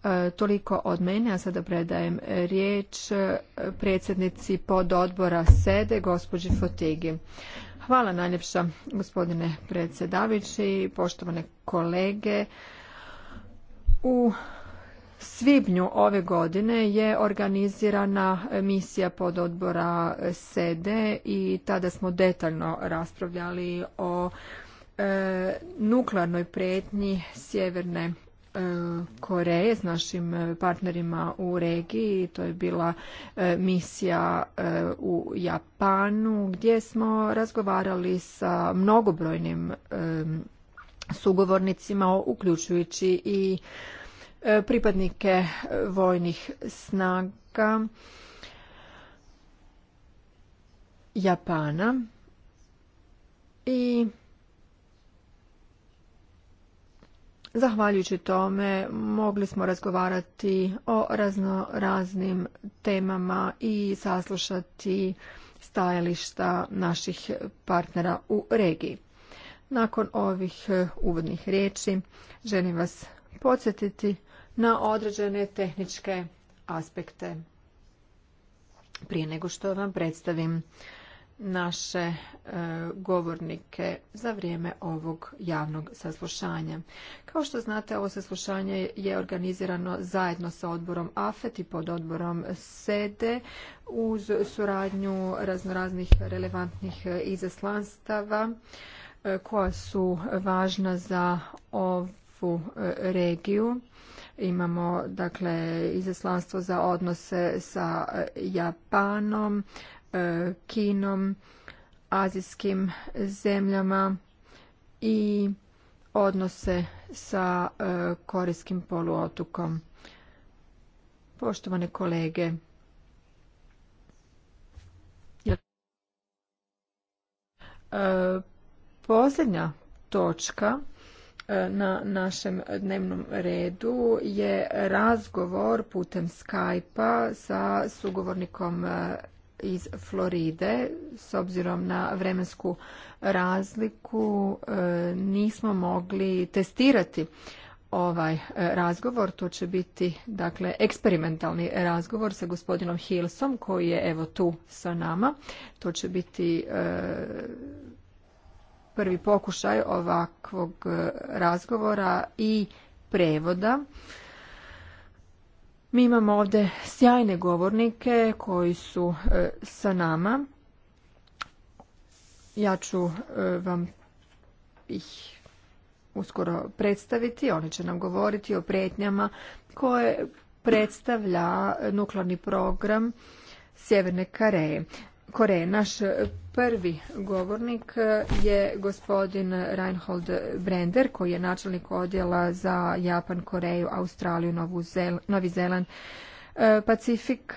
E, toliko od mene, a sada predajem riječ e, predsjednici pododbora SEDE, gospođi Fotigi. Hvala najljepša gospodine predsjedavajući, poštovane kolege. U svibnju ove godine je organizirana misija pododbora SEDE i tada smo detaljno raspravljali o e, nuklearnoj prijetnji Sjeverne E, Koreje s našim e, partnerima u regiji. To je bila e, misija u Japanu gdje smo razgovarali sa mnogobrojnim sugovornicima, uključujući i pripadnike vojnih snaga Japana i Zahvaljujući tome mogli smo razgovarati o razno raznim temama i saslušati stajališta naših partnera u regiji. Nakon ovih eh, uvodnih riječi želim vas podsjetiti na određene tehničke aspekte prije nego što vam predstavim naše e, govornike za vrijeme ovog javnog saslušanja. Kao što znate, ovo saslušanje je organizirano zajedno sa odborom AFET i pod odborom SEDE uz suradnju raznoraznih relevantnih e, izaslanstava e, koja su važna za ovu regiju. Imamo dakle izaslanstvo za odnose sa Japanom, E, Kinom, azijskim zemljama i odnose sa e, Korejskim poluotukom. Poštovane kolege, e, posljednja točka na našem dnevnom redu je razgovor putem Skype-a sa sugovornikom iz Floride s obzirom na vremensku razliku e, nismo mogli testirati ovaj e, razgovor. To će biti dakle eksperimentalni razgovor sa gospodinom Hillsom koji je evo tu sa nama. To će biti e, prvi pokušaj ovakvog razgovora i prevoda mi imamo ovdje sjajne govornike koji su e, sa nama. Ja ću e, vam ih uskoro predstaviti. Oni će nam govoriti o prijetnjama koje predstavlja nuklearni program Sjeverne Koreje naš Prvi govornik je gospodin Reinhold Brender, koji je načelnik odjela za Japan, Koreju, Australiju, Novu Zel Novi Zeland, e, Pacifik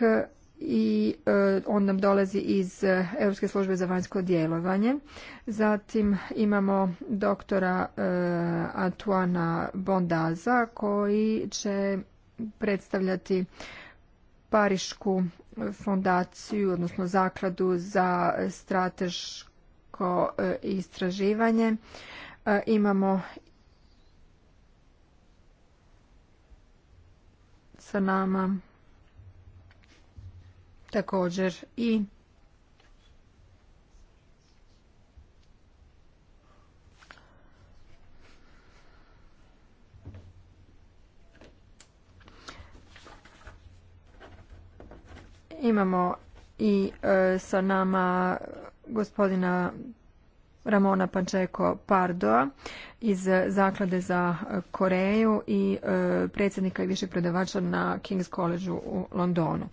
i e, on nam dolazi iz Europske službe za vanjsko djelovanje. Zatim imamo doktora e, Antoana Bondaza koji će predstavljati Parišku fondaciju, odnosno zakladu za strateško e, istraživanje. E, imamo sa nama također i Imamo i e, sa nama gospodina Ramona Pančeko Pardoa iz Zaklade za Koreju i e, predsjednika i višeg predavača na King's College u Londonu.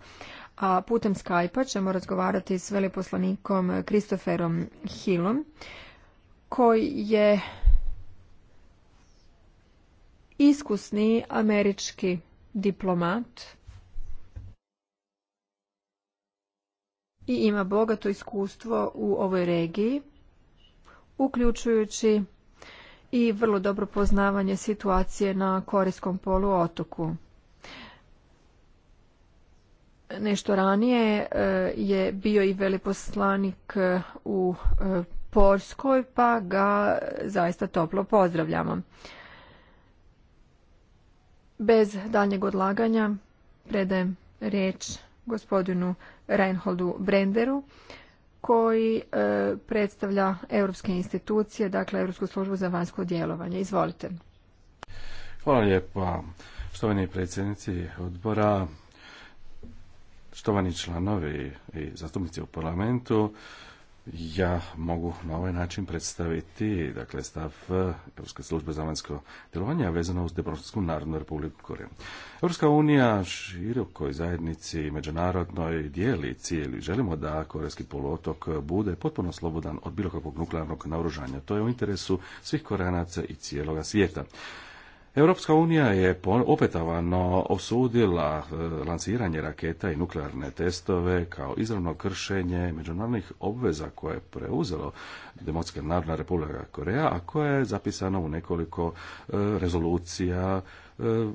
A putem Skype-a ćemo razgovarati s veleposlanikom Kristoferom Hillom koji je iskusni američki diplomat i ima bogato iskustvo u ovoj regiji, uključujući i vrlo dobro poznavanje situacije na Korejskom poluotoku. Nešto ranije e, je bio i veliposlanik e, u e, Poljskoj, pa ga zaista toplo pozdravljamo. Bez daljnjeg odlaganja predajem riječ gospodinu Reinholdu Brenderu koji e, predstavlja europske institucije, dakle Europsku službu za vanjsko djelovanje. Izvolite. Hvala lijepa. Štovani predsjednici odbora, štovani članovi i zastupnici u parlamentu, ja mogu na ovaj način predstaviti dakle, stav e, Europske službe za vanjsko djelovanje vezano uz Demokratsku narodnu republiku Koreju. Europska unija širokoj zajednici i međunarodnoj dijeli cijeli. Želimo da Korejski poluotok bude potpuno slobodan od bilo kakvog nuklearnog naoružanja. To je u interesu svih Koreanaca i cijeloga svijeta. Europska unija je opetavano osudila e, lanciranje raketa i nuklearne testove kao izravno kršenje međunarodnih obveza koje je preuzelo Demokratska narodna republika Koreja, a koje je zapisano u nekoliko e, rezolucija E,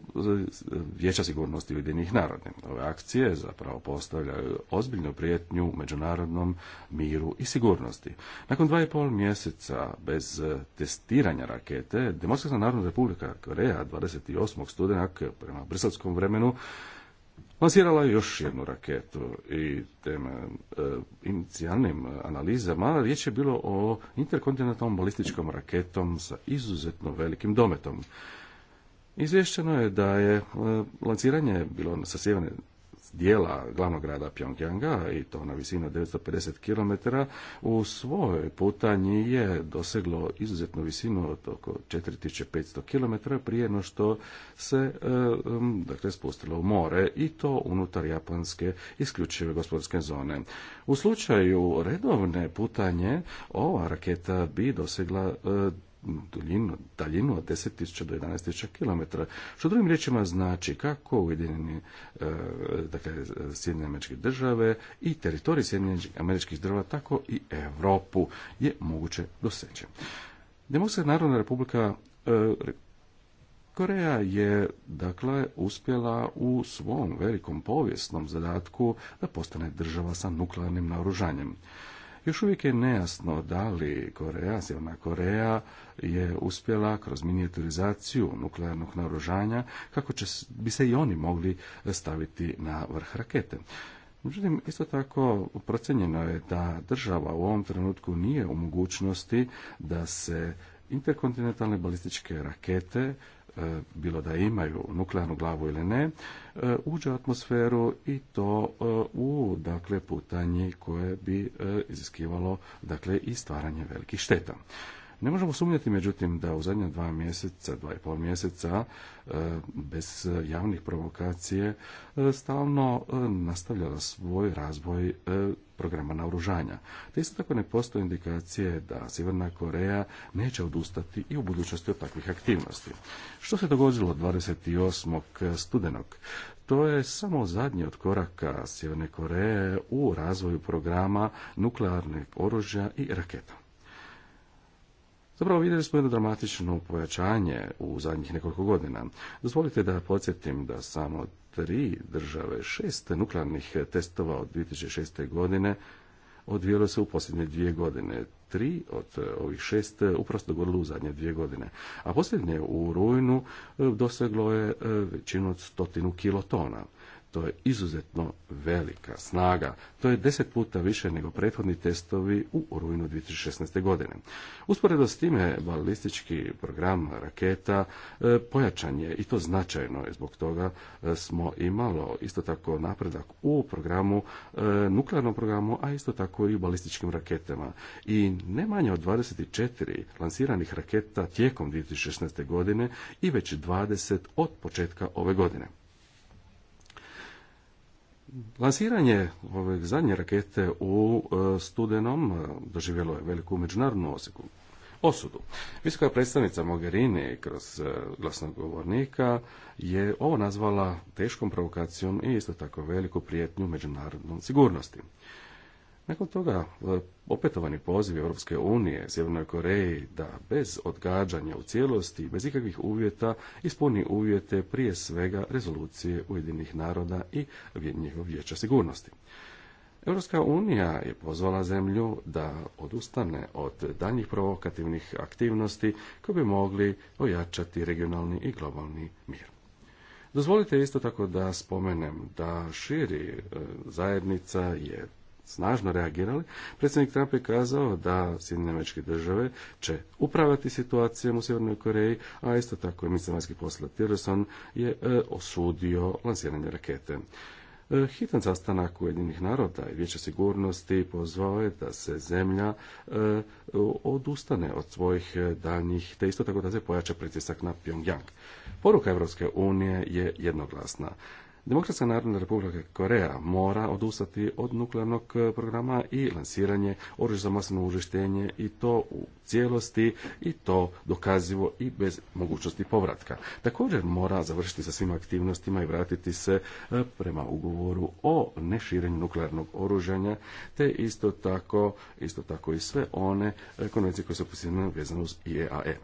Vijeća sigurnosti Ujedinjenih naroda. Ove akcije zapravo postavljaju ozbiljnu prijetnju međunarodnom miru i sigurnosti. Nakon dva i pol mjeseca bez e, testiranja rakete, Demokratska narodna republika Koreja 28. studenak prema brislavskom vremenu lansirala je još jednu raketu i tem e, inicijalnim analizama riječ je bilo o interkontinentalnom balističkom raketom sa izuzetno velikim dometom. Izvješćeno je da je e, lanciranje bilo sa sjeverne dijela glavnog grada Pjongjanga i to na visinu 950 km u svojoj putanji je doseglo izuzetnu visinu od oko 4500 km prije no što se e, dakle, spustilo u more i to unutar japanske isključive gospodarske zone. U slučaju redovne putanje ova raketa bi dosegla e, duljinu, daljinu od 10.000 do 11.000 km. Što drugim riječima znači kako Ujedinjeni, e, dakle, Sjedinjene američke države i teritorij Sjedinjenih američkih država, tako i Europu je moguće doseći. Demokratska narodna republika e, Koreja je dakle uspjela u svom velikom povijesnom zadatku da postane država sa nuklearnim naoružanjem. Još uvijek je nejasno da li Koreja, Sjeverna Koreja je uspjela kroz minijaturizaciju nuklearnog naoružanja kako će, bi se i oni mogli staviti na vrh rakete. Međutim, isto tako procenjeno je da država u ovom trenutku nije u mogućnosti da se interkontinentalne balističke rakete E, bilo da imaju nuklearnu glavu ili ne, e, uđe u atmosferu i to e, u dakle putanje koje bi iziskivalo dakle i stvaranje velikih šteta. Ne možemo sumnjati, međutim, da u zadnja dva mjeseca, dva i pol mjeseca, e, bez javnih provokacije, e, stalno e, nastavljala svoj razvoj programa naoružanja. Te isto tako ne postoje indikacije da Sjeverna Koreja neće odustati i u budućnosti od takvih aktivnosti. Što se dogodilo 28. studenog? To je samo zadnji od koraka Sjeverne Koreje u razvoju programa nuklearnih oružja i raketa. Zapravo vidjeli smo jedno dramatično pojačanje u zadnjih nekoliko godina. Dozvolite da podsjetim da samo tri države, šest nuklearnih testova od 2006. godine odvijelo se u posljednje dvije godine. Tri od ovih šest uprosto dogodilo u zadnje dvije godine. A posljednje u rujnu doseglo je većinu od stotinu kilotona. To je izuzetno velika snaga. To je deset puta više nego prethodni testovi u rujnu 2016. godine. Usporedo s time, balistički program raketa e, pojačan je i to značajno. Zbog toga e, smo imalo isto tako napredak u programu, e, nuklearnom programu, a isto tako i u balističkim raketama. I ne manje od 24 lansiranih raketa tijekom 2016. godine i već 20 od početka ove godine. Lansiranje ove zadnje rakete u e, studenom e, doživjelo je veliku međunarodnu osudu. Visoka predstavnica Mogherini kroz e, glasnog govornika je ovo nazvala teškom provokacijom i isto tako veliku prijetnju međunarodnom sigurnosti. Nakon toga e, opetovani poziv Europske unije Sjevernoj Koreji da bez odgađanja u cijelosti, bez ikakvih uvjeta, ispuni uvjete prije svega rezolucije Ujedinih naroda i njihovog vijeća sigurnosti. Europska unija je pozvala zemlju da odustane od daljnjih provokativnih aktivnosti koje bi mogli ojačati regionalni i globalni mir. Dozvolite isto tako da spomenem da širi e, zajednica je snažno reagirali, predsjednik Trump je kazao da Sjedinjene države će upravljati situacijom u Sjevernoj Koreji, a isto tako je ministar vanjskih poslova Tillerson je e, osudio lansiranje rakete. E, hitan sastanak Ujedinjenih naroda i Vijeća sigurnosti pozvao je da se zemlja e, odustane od svojih daljnjih, te isto tako da se pojača pritisak na Pyongyang. Poruka Europske unije je jednoglasna. Demokratska narodna republika Koreja mora odustati od nuklearnog programa i lansiranje oružja za masovno uništenje i to u cijelosti i to dokazivo i bez mogućnosti povratka. Također mora završiti sa svim aktivnostima i vratiti se e, prema ugovoru o neširenju nuklearnog oružanja, te isto tako, isto tako i sve one e, konvencije koje su posljedne vezano uz IEAE.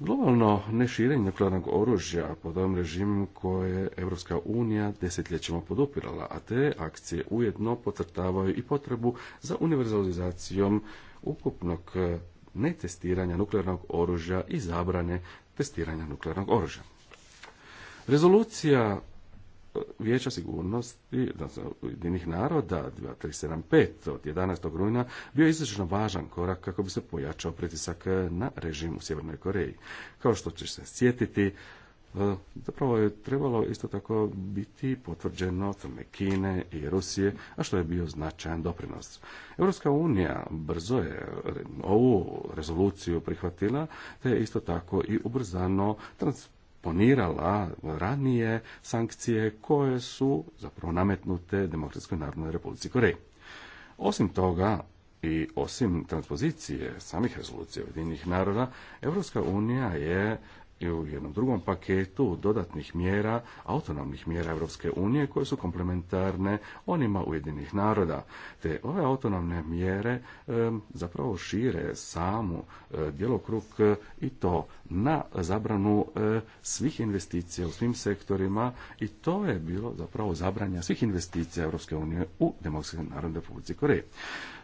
Globalno neširenje nuklearnog oružja pod ovom režimom koje je Europska unija desetljećima podupirala, a te akcije ujedno potrtavaju i potrebu za univerzalizacijom ukupnog e, netestiranja nuklearnog oružja i zabrane testiranja nuklearnog oružja. Rezolucija Vijeća sigurnosti jedinih naroda 2375 od 11. rujna bio izuzetno važan korak kako bi se pojačao pritisak na režim u Sjevernoj Koreji. Kao što će se sjetiti, e, zapravo je trebalo isto tako biti potvrđeno Kine i Rusije, a što je bio značajan doprinos. Europska unija brzo je ovu rezoluciju prihvatila, te je isto tako i ubrzano trans ponirala ranije sankcije koje su zapravo nametnute Demokratskoj narodnoj republici Koreji. Osim toga, i osim transpozicije samih rezolucija Ujedinjenih naroda, Europska unija je i u jednom drugom paketu dodatnih mjera, autonomnih mjera Europske unije koje su komplementarne onima Ujedinih naroda. Te ove autonomne mjere zapravo šire samu e, djelokrug e, i to na zabranu e, svih investicija u svim sektorima i to je bilo zapravo zabranja svih investicija Europske unije u Demokratskoj narodnoj Republici Koreje.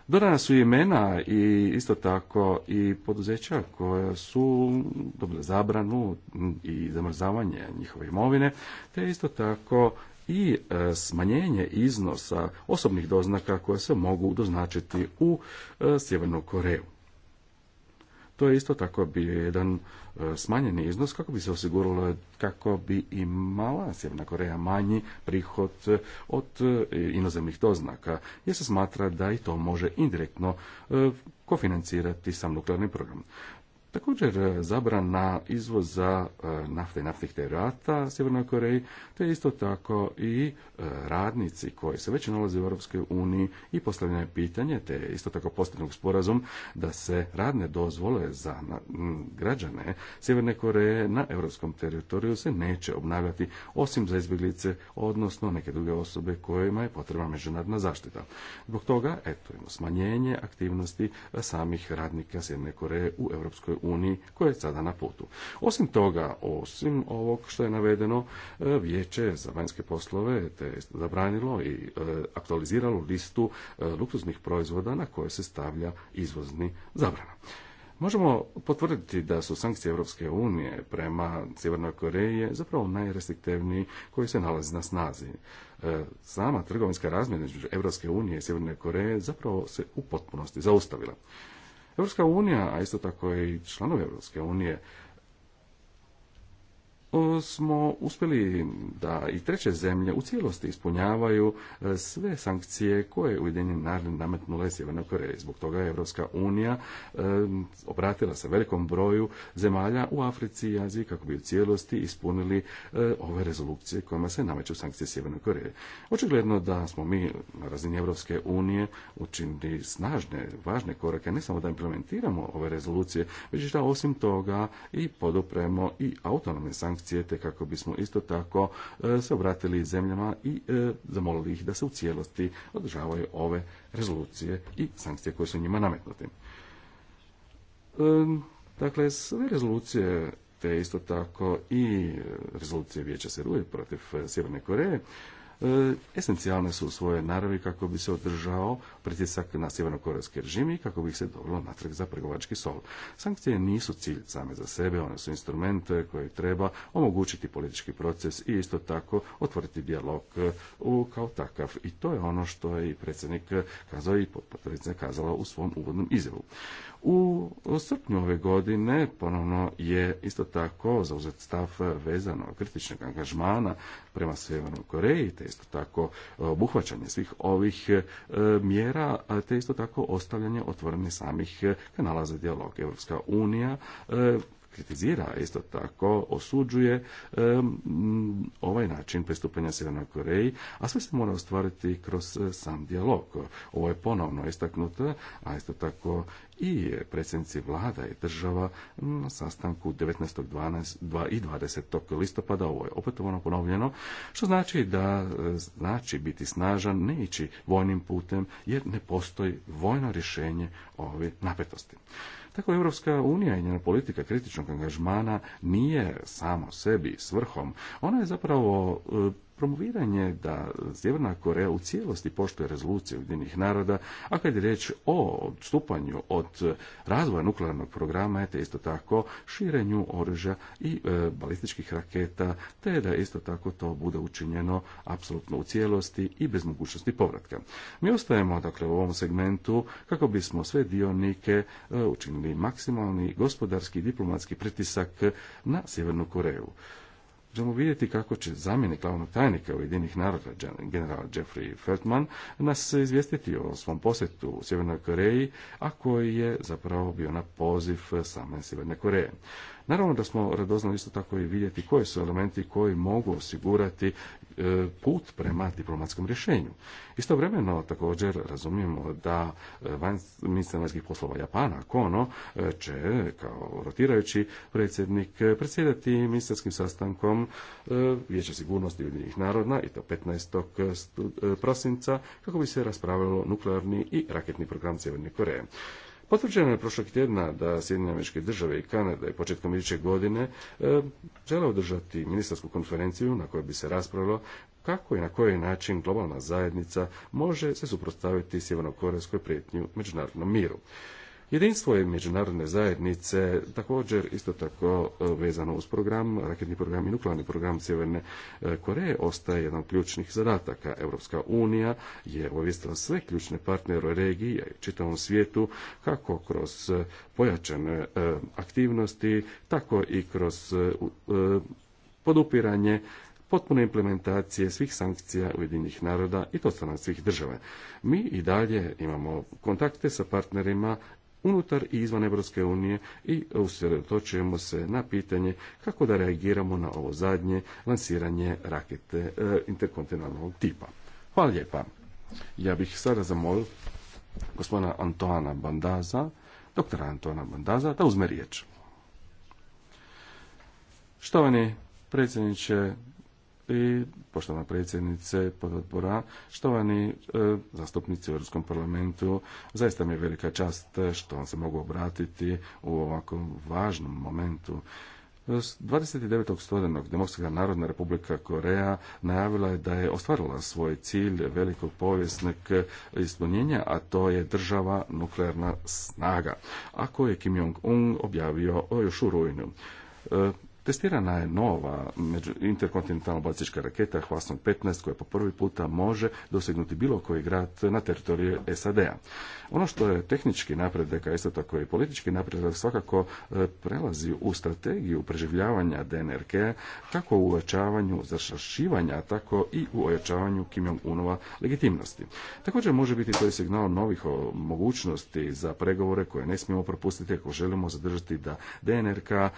Dodana su imena i isto tako i poduzeća koja su dobile zabranu i zamrzavanje njihove imovine, te isto tako i e, smanjenje iznosa osobnih doznaka koje se mogu doznačiti u e, Sjevernu Koreju. To je isto tako bio jedan e, smanjeni iznos kako bi se osiguralo kako bi i mala Sjeverna Koreja manji prihod e, od e, inozemnih doznaka, jer se smatra da i to može indirektno kofinancirati sam nuklearni program. Također e, zabrana izvoza e, nafte i naftnih derivata Sjevernoj Koreji, te isto tako i e, radnici koji se već nalaze u Europskoj uniji i je pitanje, te isto tako postignut sporazum da se radne dozvole za građane Sjeverne Koreje na europskom teritoriju se neće obnavljati osim za izbjeglice, odnosno neke druge osobe kojima je potrebna međunarodna zaštita. Zbog toga, eto, imamo smanjenje aktivnosti samih radnika Sjeverne Koreje u Europskoj uniji koja je sada na putu. Osim toga, osim ovog što je navedeno, e, vijeće za vanjske poslove te je zabranilo i e, aktualiziralo listu e, luksuznih proizvoda na koje se stavlja izvozni zabrana. Možemo potvrditi da su sankcije Europske unije prema Sjevernoj Koreji zapravo najrestriktivniji koji se nalazi na snazi. Sama trgovinska razmjena između Europske unije i Sjeverne Koreje zapravo se u potpunosti zaustavila. Europska unija, a isto tako i članovi Europske unije, E, smo uspjeli da i treće zemlje u cijelosti ispunjavaju e, sve sankcije koje je Ujedinjeni narod nametnule Sjevernoj Koreji. Zbog toga je Evropska unija e, obratila se velikom broju zemalja u Africi i Aziji kako bi u cijelosti ispunili ove rezolucije kojima se nameću sankcije Sjevernoj Koreji. Očigledno da smo mi na razini Evropske unije učinili snažne, važne korake, ne samo da implementiramo ove rezolucije, već da osim toga i podupremo i autonomne sankcije cijete kako bismo isto tako e, se obratili zemljama i e, zamolili ih da se u cijelosti održavaju ove rezolucije i sankcije koje su njima nametnute. E, dakle, sve rezolucije te isto tako i rezolucije Vijeća Seruje protiv Sjeverne Koreje esencijalne su u svojoj naravi kako bi se održao pritisak na sjevernokorejski režim i kako bi ih se dovelo natrag za pregovački sol. Sankcije nisu cilj same za sebe, one su instrumente koje treba omogućiti politički proces i isto tako otvoriti dijalog e, u, kao takav. I to je ono što je i predsjednik kazao i potpredsjednik kazala u svom uvodnom izjavu. U srpnju ove godine ponovno je isto tako zauzet stav vezano kritičnog angažmana prema Sjevernoj Koreji, te isto tako obuhvaćanje svih ovih e, mjera te isto tako ostavljanje otvorenih samih eh, kanala za dijalog. Evropska unija eh, kritizira, isto tako osuđuje mm, ovaj način pristupanja Sjevernoj Koreji, a sve se mora ostvariti kroz e, sam dijalog. Ovo je ponovno istaknuto, a isto tako i predsjednici vlada i država na sastanku 19.12. i 20. listopada, ovo je opetovano ponovljeno, što znači da e, znači biti snažan, ne ići vojnim putem, jer ne postoji vojno rješenje ove napetosti. Tako Europska unija i njena politika kritičnog angažmana nije samo sebi svrhom. Ona je zapravo e, promoviranje da Sjeverna Koreja u cijelosti poštuje rezoluciju Ujedinjenih naroda, a kad je riječ o odstupanju od razvoja nuklearnog programa, te isto tako širenju oružja i e, balističkih raketa, te da isto tako to bude učinjeno apsolutno u cijelosti i bez mogućnosti povratka. Mi ostajemo dakle u ovom segmentu kako bismo sve dionike e, učinili maksimalni gospodarski i diplomatski pritisak na Sjevernu Koreju. Želimo vidjeti kako će zamjenik glavnog tajnika Ujedinih naroda, general Jeffrey Feldman, nas izvijestiti o svom posjetu u Sjevernoj Koreji, a koji je zapravo bio na poziv same Sjeverne Koreje. Naravno da smo radoznali isto tako i vidjeti koji su elementi koji mogu osigurati e, put prema diplomatskom rješenju. Istovremeno također razumijemo da e, ministar vanjskih poslova Japana, Kono, e, će kao rotirajući predsjednik predsjedati ministarskim sastankom Vijeća sigurnosti Ujedinjenih naroda i to 15. prosinca kako bi se raspravilo nuklearni i raketni program Sjeverne Koreje. Potvrđeno je prošlog tjedna da Sjedinjene američke države i Kanada je početkom iduće godine e, žele održati ministarsku konferenciju na kojoj bi se raspravilo kako i na koji način globalna zajednica može se suprotstaviti sjevernokorejskoj prijetnju međunarodnom miru. Jedinstvo je međunarodne zajednice također isto tako e, vezano uz program, raketni program i nuklearni program Sjeverne e, Koreje ostaje jedan od ključnih zadataka. Europska unija je uvijestila sve ključne partnere u regiji i čitavom svijetu kako kroz e, pojačane aktivnosti, tako i kroz podupiranje potpune implementacije svih sankcija Ujedinjenih naroda i to strana svih država. Mi i dalje imamo kontakte sa partnerima unutar i izvan Europske unije i usredotočujemo se na pitanje kako da reagiramo na ovo zadnje lansiranje rakete e, interkontinentalnog tipa. Hvala lijepa. Ja bih sada zamolio gospodina Antoana Bandaza, doktora Antoana Bandaza, da uzme riječ. Štovani predsjedniče i poštovana predsjednice pododbora, štovani e, zastupnici u Europskom parlamentu, zaista mi je velika čast što vam se mogu obratiti u ovako važnom momentu. 29. studenog Demokratska narodna republika Koreja najavila je da je ostvarila svoj cilj velikog povijesnog ispunjenja, a to je država nuklearna snaga, a koje je Kim Jong-un objavio još u rujnu. E, Testirana je nova interkontinentalna balistička raketa Hvasnog 15 koja po prvi puta može dosegnuti bilo koji grad na teritoriju SAD-a. Ono što je tehnički napredak, a isto tako i politički napredak, svakako e, prelazi u strategiju preživljavanja DNRK, kako u ujačavanju zašašivanja, tako i u ojačavanju Kim Jong-unova legitimnosti. Također može biti to i signal novih mogućnosti za pregovore koje ne smijemo propustiti ako želimo zadržati da DNRK e,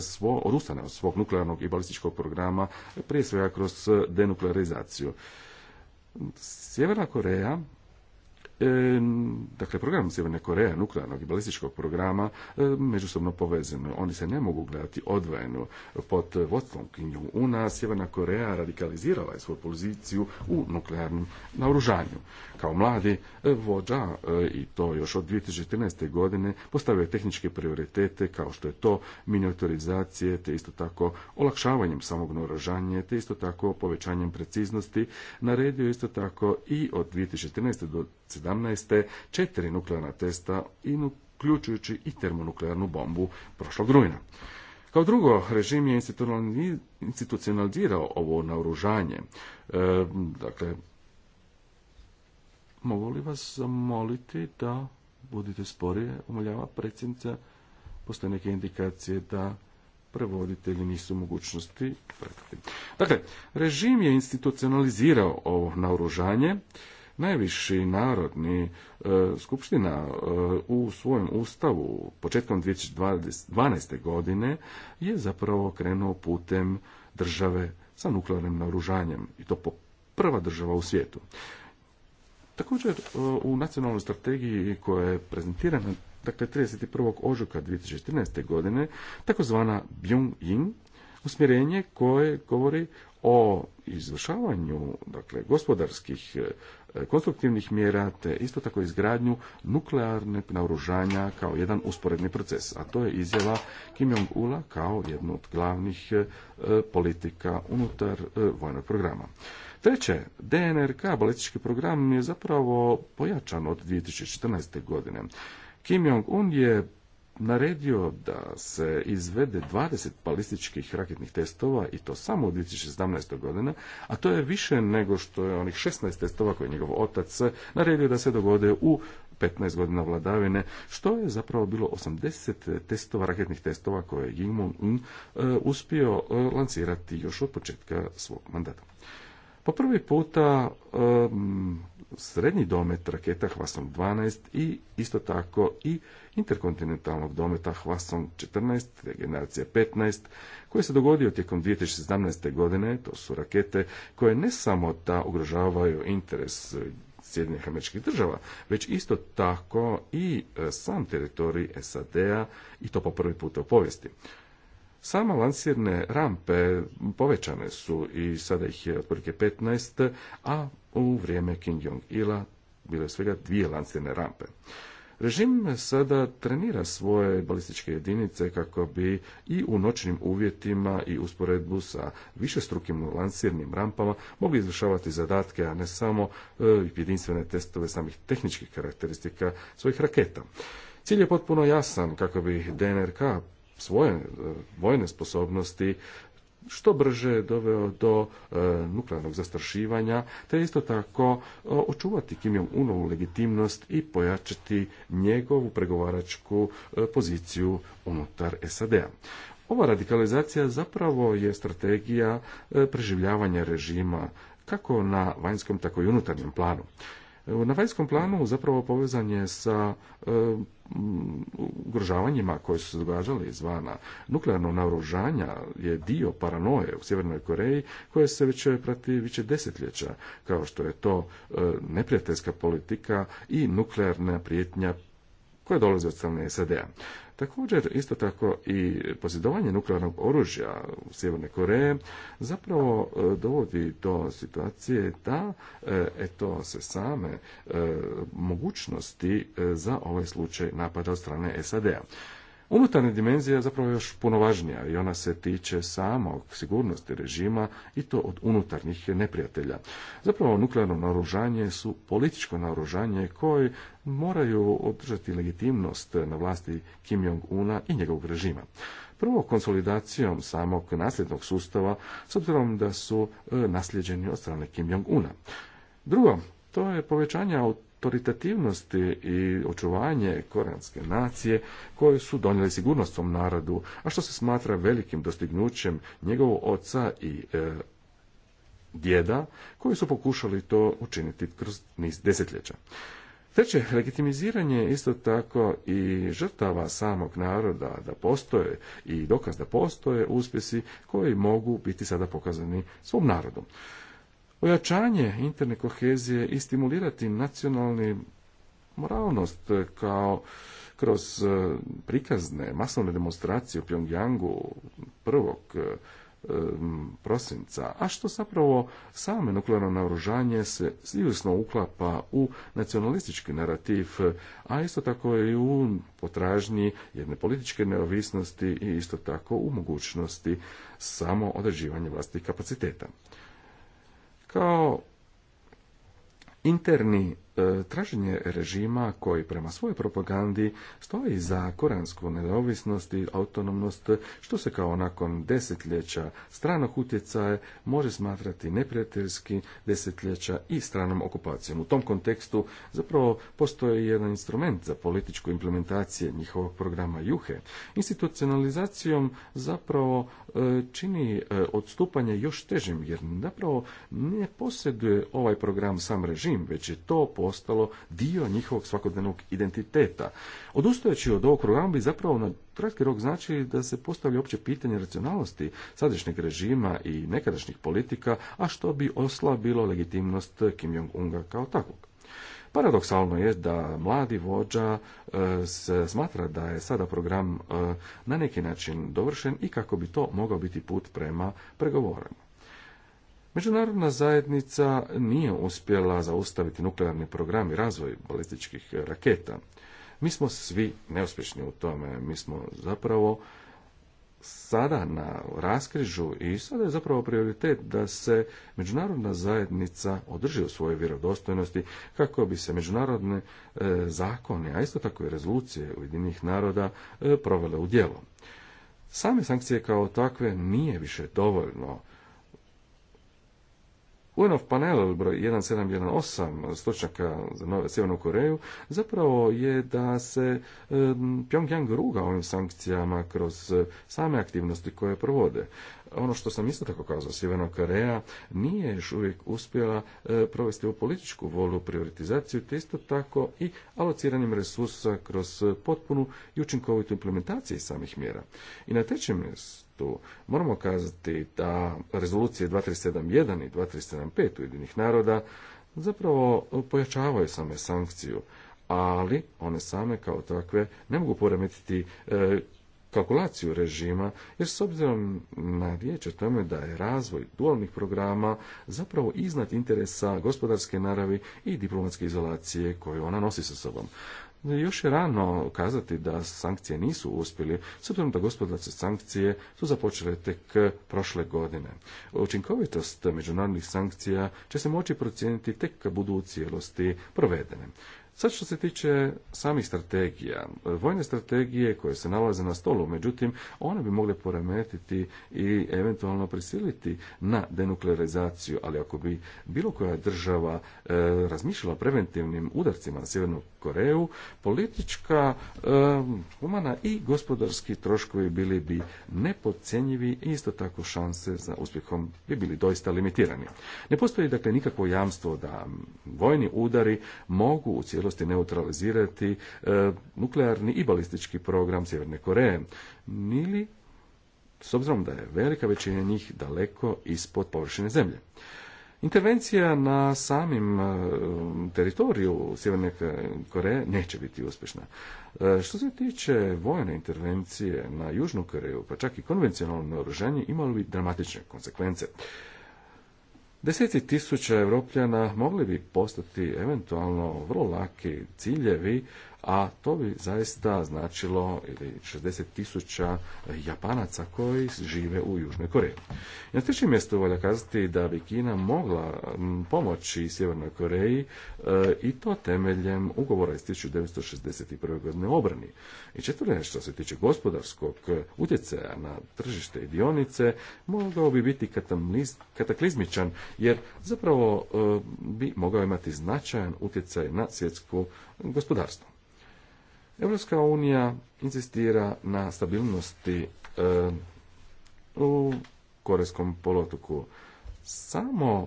svo odustane svog nuklearnog i balističkog programa, prije svega kroz denuklearizaciju. Sjeverna Koreja dakle program Sjeverne Koreje, nuklearnog i balističkog programa, međusobno povezano. Oni se ne mogu gledati odvojeno pod vodstvom Kim Jong-una. Sjeverna Koreja radikalizirala je svoju poziciju u nuklearnom naoružanju. Kao mladi vođa, i to još od 2013. godine, postavio tehničke prioritete kao što je to miniaturizacije, te isto tako olakšavanjem samog naoružanja, te isto tako povećanjem preciznosti. Naredio isto tako i od 2014. do 2017. četiri nuklearna testa i uključujući i termonuklearnu bombu prošlog rujna. Kao drugo, režim je institucionalizirao ovo naoružanje. E, dakle, mogu li vas zamoliti da budite sporije, umoljava predsjednica, postoje neke indikacije da prevoditelji nisu mogućnosti pratiti. Dakle, režim je institucionalizirao ovo naoružanje, Najviši narodni e, skupština e, u svojem ustavu početkom 2012. godine je zapravo krenuo putem države sa nuklearnim naoružanjem i to po prva država u svijetu. Također e, u nacionalnoj strategiji koja je prezentirana dakle 31. ožujka 2014. godine takozvana Byung-in usmjerenje koje govori o izvršavanju dakle gospodarskih konstruktivnih mjera te isto tako izgradnju nuklearne naoružanja kao jedan usporedni proces, a to je izjava Kim Jong-ula kao jednu od glavnih e, politika unutar e, vojnog programa. Treće, DNRK, balistički program, je zapravo pojačan od 2014. godine. Kim Jong-un je naredio da se izvede 20 balističkih raketnih testova i to samo u 2017. godine, a to je više nego što je onih 16 testova koje je njegov otac naredio da se dogode u 15 godina vladavine, što je zapravo bilo 80 testova, raketnih testova koje je Mong-un eh, uspio eh, lancirati još od početka svog mandata. Po prvi puta eh, srednji domet raketa Hvasom 12 i isto tako i interkontinentalnog dometa Hvasom 14, generacija 15, koji se dogodio tijekom 2017. godine. To su rakete koje ne samo da ugrožavaju interes Sjedinjenih američkih država, već isto tako i e, sam teritorij SAD-a i to po prvi put u povijesti. Sama lansirne rampe povećane su i sada ih je otprilike 15, a u vrijeme Kim Jong-ila bile svega dvije lancirne rampe. Režim sada trenira svoje balističke jedinice kako bi i u noćnim uvjetima i usporedbu sa višestrukim lansirnim rampama mogli izvršavati zadatke, a ne samo e, jedinstvene testove samih tehničkih karakteristika svojih raketa. Cilj je potpuno jasan kako bi DNRK svoje e, vojne sposobnosti što brže doveo do e, nuklearnog zastrašivanja, te isto tako e, očuvati Kim Jong-unovu legitimnost i pojačati njegovu pregovaračku e, poziciju unutar SAD-a. Ova radikalizacija zapravo je strategija e, preživljavanja režima kako na vanjskom, tako i unutarnjem planu. Na vanjskom planu zapravo povezan je sa Mm, ugrožavanjima koje su se događale izvana. Nuklearno naoružanja je dio paranoje u Sjevernoj Koreji koje se već prati više desetljeća, kao što je to e, neprijateljska politika i nuklearna prijetnja koje dolaze od strane SAD-a. Također, isto tako i posjedovanje nuklearnog oružja u Sjeverne Koreje zapravo e, dovodi do situacije da e, eto se same e, mogućnosti za ovaj slučaj napada od strane SAD-a. Unutarnja dimenzija je zapravo još puno važnija i ona se tiče samog sigurnosti režima i to od unutarnjih neprijatelja. Zapravo nuklearno naoružanje su političko naoružanje koje moraju održati legitimnost na vlasti Kim Jong-una i njegovog režima. Prvo konsolidacijom samog nasljednog sustava s obzirom da su e, nasljeđeni od strane Kim Jong-una. Drugo, to je povećanje autoritativnosti i očuvanje koranske nacije koje su donijeli sigurnost svom narodu, a što se smatra velikim dostignućem njegovog oca i e, djeda koji su pokušali to učiniti kroz niz desetljeća. Treće, legitimiziranje isto tako i žrtava samog naroda da postoje i dokaz da postoje uspjesi koji mogu biti sada pokazani svom narodom ojačanje interne kohezije i stimulirati nacionalni moralnost kao kroz e, prikazne masovne demonstracije u Pjongjangu prvog e, prosinca, a što zapravo same nuklearno naoružanje se izvjesno uklapa u nacionalistički narativ, a isto tako i u potražnji jedne političke neovisnosti i isto tako u mogućnosti samo određivanja vlastitih kapaciteta kao interni E, traženje režima koji prema svojoj propagandi stoji za koransku neovisnost i autonomnost, što se kao nakon desetljeća stranog utjecaja može smatrati neprijateljski desetljeća i stranom okupacijom. U tom kontekstu zapravo postoji jedan instrument za političku implementaciju njihovog programa Juhe. Institucionalizacijom zapravo e, čini e, odstupanje još težim, jer zapravo ne posjeduje ovaj program sam režim, već je to po postalo dio njihovog svakodnevnog identiteta. Odustajući od ovog programa bi zapravo na kratki rok znači da se postavlja opće pitanje racionalnosti sadašnjeg režima i nekadašnjih politika, a što bi oslabilo legitimnost Kim Jong-unga kao takvog. Paradoksalno je da mladi vođa e, se smatra da je sada program e, na neki način dovršen i kako bi to mogao biti put prema pregovorima. Međunarodna zajednica nije uspjela zaustaviti nuklearni program i razvoj balističkih raketa. Mi smo svi neuspješni u tome. Mi smo zapravo sada na raskrižu i sada je zapravo prioritet da se međunarodna zajednica održi u svojoj vjerodostojnosti kako bi se međunarodne e, zakone, a isto tako i rezolucije Ujedinjenih naroda e, provele u djelo. Same sankcije kao takve nije više dovoljno UNOF panel broj 1718 stočnjaka za Nove Sjevernu Koreju zapravo je da se Pyongyang ruga ovim sankcijama kroz e, same aktivnosti koje provode. Ono što sam isto tako kazao, Sjeverna Koreja nije još uvijek uspjela e, provesti u političku volu, prioritizaciju, te isto tako i alociranjem resursa kroz e, potpunu i učinkovitu implementaciju samih mjera. I na trećem mjestu tu. Moramo kazati da rezolucije 2371 i 2375 Ujedinih naroda zapravo pojačavaju same sankciju, ali one same kao takve ne mogu poremetiti e, kalkulaciju režima, jer s obzirom na riječ o tome da je razvoj dualnih programa zapravo iznad interesa gospodarske naravi i diplomatske izolacije koju ona nosi sa sobom još je rano kazati da sankcije nisu uspjeli, s obzirom da gospodarske sankcije su započele tek prošle godine. Učinkovitost međunarodnih sankcija će se moći procijeniti tek kad budu u cijelosti provedene. Sad što se tiče samih strategija, vojne strategije koje se nalaze na stolu, međutim, one bi mogle poremetiti i eventualno prisiliti na denuklearizaciju, ali ako bi bilo koja država razmišljala e, razmišljala preventivnim udarcima na Sjevernu Koreju, politička, humana i gospodarski troškovi bili bi nepodcenjivi i isto tako šanse za uspjehom bi bili doista limitirani. Ne postoji dakle nikakvo jamstvo da vojni udari mogu u cijelosti neutralizirati nuklearni i balistički program Sjeverne Koreje. Nili s obzirom da je velika većina njih daleko ispod površine zemlje. Intervencija na samim e, teritoriju Sjeverne Koreje neće biti uspješna. E, što se tiče vojne intervencije na Južnu Koreju, pa čak i konvencionalno naoružanje, imalo bi dramatične konsekvence. Deseci tisuća evropljana mogli bi postati eventualno vrlo laki ciljevi a to bi zaista značilo 60 tisuća Japanaca koji žive u Južnoj Koreji. Na trećem mjestu valja kazati da bi Kina mogla pomoći Sjevernoj Koreji e, i to temeljem ugovora iz 1961. godine obrani. I četvrte, što se tiče gospodarskog utjecaja na tržište i dionice, mogao bi biti kataklizmičan, jer zapravo e, bi mogao imati značajan utjecaj na svjetsko gospodarstvo. Europska unija insistira na stabilnosti e, u Korejskom polotoku. Samo e,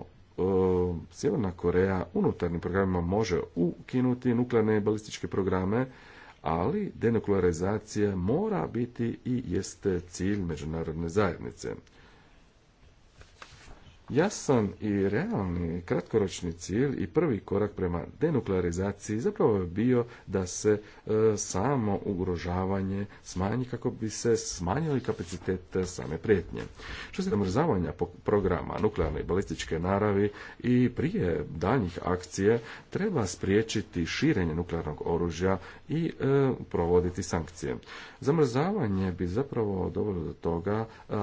Sjeverna Koreja unutarnjim programima može ukinuti nuklearne balističke programe, ali denuklearizacija mora biti i jeste cilj međunarodne zajednice. Jasan i realni kratkoročni cilj i prvi korak prema denuklearizaciji zapravo je bio da se e, samo ugrožavanje smanji kako bi se smanjili kapacitet same prijetnje. Što se zamrzavanja programa nuklearne i balističke naravi i prije daljnjih akcije treba spriječiti širenje nuklearnog oružja i e, provoditi sankcije. Zamrzavanje bi zapravo dovelo do toga e,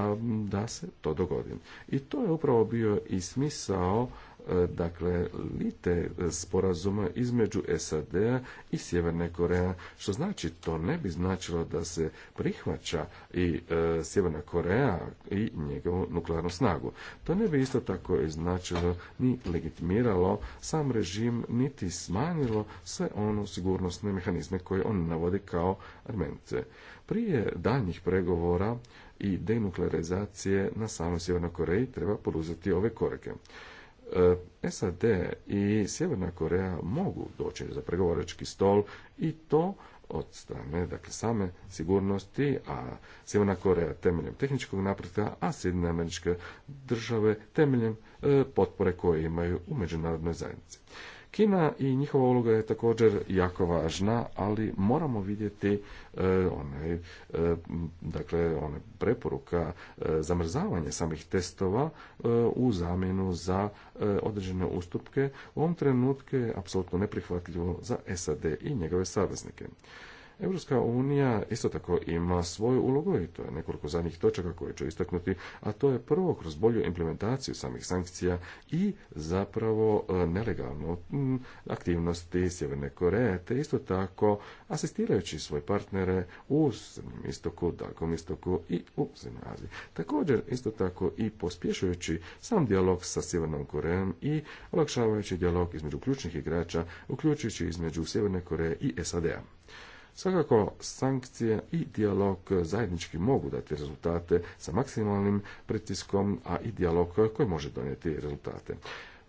da se to dogodi. I to je upravo bio i smisao e, dakle lite sporazuma između SAD-a i Sjeverne Koreje, što znači to ne bi značilo da se prihvaća i e, Sjeverna Koreja i njegovu nuklearnu snagu. To ne bi isto tako značilo ni legitimiralo sam režim, niti smanjilo sve ono sigurnosne mehanizme koje on navodi kao armenice. Prije daljnjih pregovora i denuklearizacije na samoj Sjevernoj Koreji treba poduzeti ove korake. E, SAD i Sjeverna Koreja mogu doći za pregovarački stol i to od strane dakle, same sigurnosti, a Sjeverna Koreja temeljem tehničkog napretka, a Sjedine američke države temeljem e, potpore koje imaju u međunarodnoj zajednici. Kina i njihova uloga je također jako važna, ali moramo vidjeti e, one, e, dakle, one preporuka e, zamrzavanja samih testova u zamjenu za određene ustupke u ovom trenutku je apsolutno neprihvatljivo za SAD i njegove saveznike. Europska unija isto tako ima svoju ulogu i to je nekoliko zadnjih točaka koje ću istaknuti, a to je prvo kroz bolju implementaciju samih sankcija i zapravo e, nelegalno aktivnosti Sjeverne Koreje, te isto tako asistirajući svoje partnere u Srednjem istoku, Dalkom istoku i u Srednjoj Aziji. Također isto tako i pospješujući sam dijalog sa Sjevernom Korejom i olakšavajući dijalog između ključnih igrača, uključujući između Sjeverne Koreje i SAD-a. Svakako, sankcije i dijalog zajednički mogu dati rezultate sa maksimalnim pritiskom, a i dijalog koji može donijeti rezultate.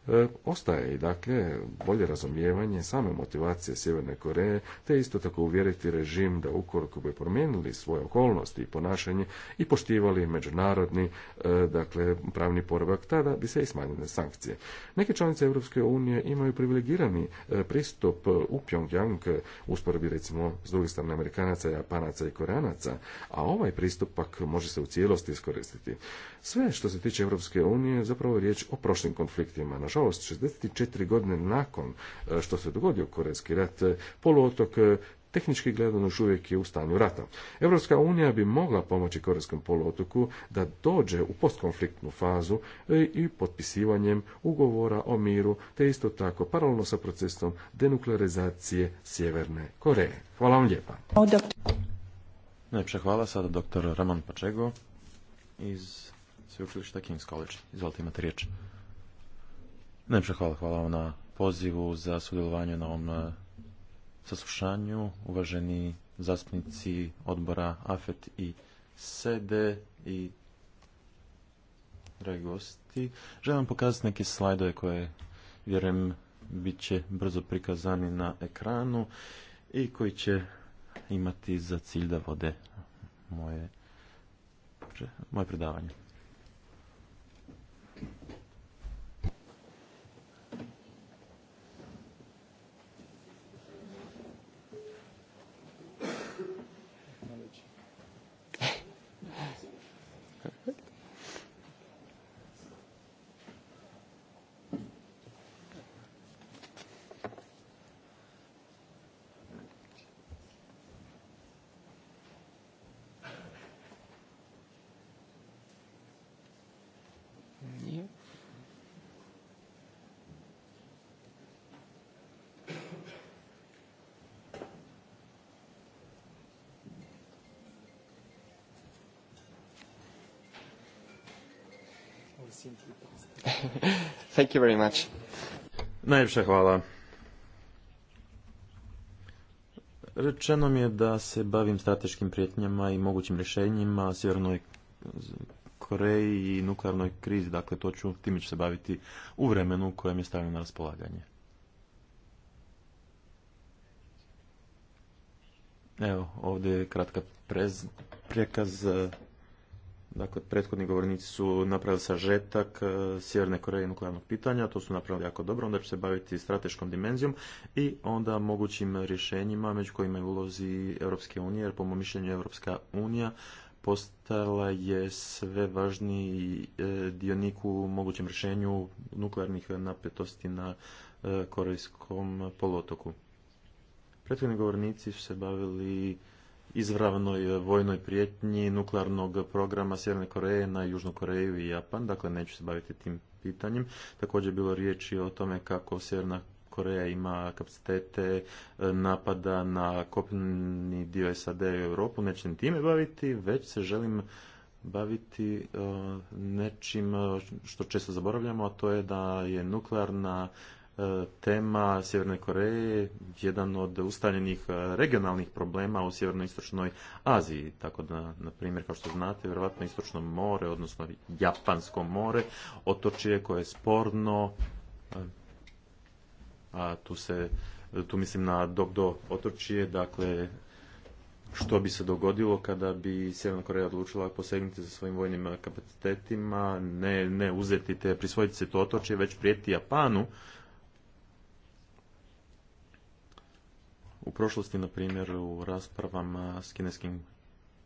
E, ostaje i dakle bolje razumijevanje same motivacije Sjeverne Koreje, te isto tako uvjeriti režim da ukoliko bi promijenili svoje okolnosti i ponašanje i poštivali međunarodni e, dakle pravni poredak, tada bi se i smanjile sankcije. Neke članice Europske unije imaju privilegirani e, pristup u Pyongyang usporedbi recimo s druge strane Amerikanaca, Japanaca i Koreanaca, a ovaj pristup pak može se u cijelosti iskoristiti. Sve što se tiče Europske unije zapravo je riječ o prošlim konfliktima. Naš nažalost 64 godine nakon e, što se dogodio Korejski rat, e, poluotok e, tehnički gledano još uvijek je u stanju rata. Europska unija bi mogla pomoći Korejskom poluotoku da dođe u postkonfliktnu fazu i potpisivanjem ugovora o miru, te isto tako paralelno sa procesom denuklearizacije Sjeverne Koreje. Hvala vam lijepa. Najpša hvala sada dr. Ramon Pačego iz Sveučilišta King's College. Izvolite imate riječ. Najpša hvala, hvala vam na pozivu za sudjelovanje na ovom eh, saslušanju. Uvaženi zastupnici odbora AFET i SEDE i dragi gosti. Želim vam pokazati neke slajdove koje, vjerujem, bit će brzo prikazani na ekranu i koji će imati za cilj da vode moje, moje predavanje. Thank you very much. Najljepša hvala. Rečeno mi je da se bavim strateškim prijetnjama i mogućim rješenjima Sjevernoj Koreji i nuklearnoj krizi, dakle to ću, time ću se baviti u vremenu kojem je stavljeno na raspolaganje. Evo, ovdje je kratka prez, Dakle, prethodni govornici su napravili sažetak e, Sjeverne Koreje nuklearnog pitanja, to su napravili jako dobro, onda će se baviti strateškom dimenzijom i onda mogućim rješenjima među kojima je ulozi Europske unije, jer po mom mišljenju Europska unija postala je sve važniji e, dionik u mogućem rješenju nuklearnih napetosti na e, Korejskom polotoku. Prethodni govornici su se bavili izravnoj e, vojnoj prijetnji nuklearnog programa Sjeverne Koreje na Južnu Koreju i Japan, dakle neću se baviti tim pitanjem. Također je bilo riječi o tome kako Sjeverna Koreja ima kapacitete e, napada na kopneni dio SAD u Europu, se time baviti, već se želim baviti e, nečim što često zaboravljamo, a to je da je nuklearna tema Sjeverne Koreje jedan od ustaljenih e, regionalnih problema u sjevernoistočnoj Aziji. Tako da, na primjer, kao što znate, vjerojatno istočno more, odnosno Japansko more, otočije koje je sporno, e, a tu se tu mislim na do otočije, dakle što bi se dogodilo kada bi Sjeverna Koreja odlučila posegnuti za svojim vojnim kapacitetima, ne, ne uzeti te, prisvojiti se to otočje, već prijeti Japanu, u prošlosti, na primjer, u raspravama s kineskim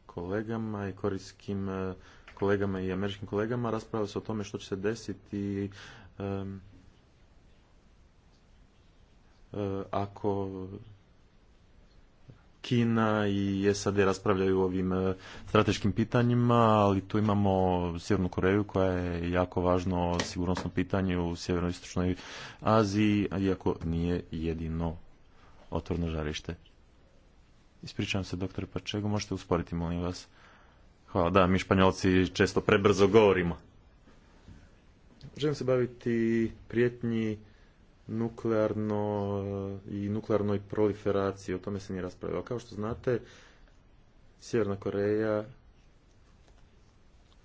kolegama i korijskim e, kolegama i američkim kolegama raspravljalo se o tome što će se desiti e, ako Kina i SAD raspravljaju o ovim e, strateškim pitanjima, ali tu imamo Sjevernu Koreju koja je jako važno sigurnosno pitanje u Istočnoj Aziji, iako nije jedino otvorno žarište. Ispričavam se, doktor pa čego možete usporiti, molim vas. Hvala, da, mi španjolci često prebrzo govorimo. Želim se baviti prijetnji nuklearno i nuklearnoj proliferaciji, o tome se nije raspravljalo. Kao što znate, Sjeverna Koreja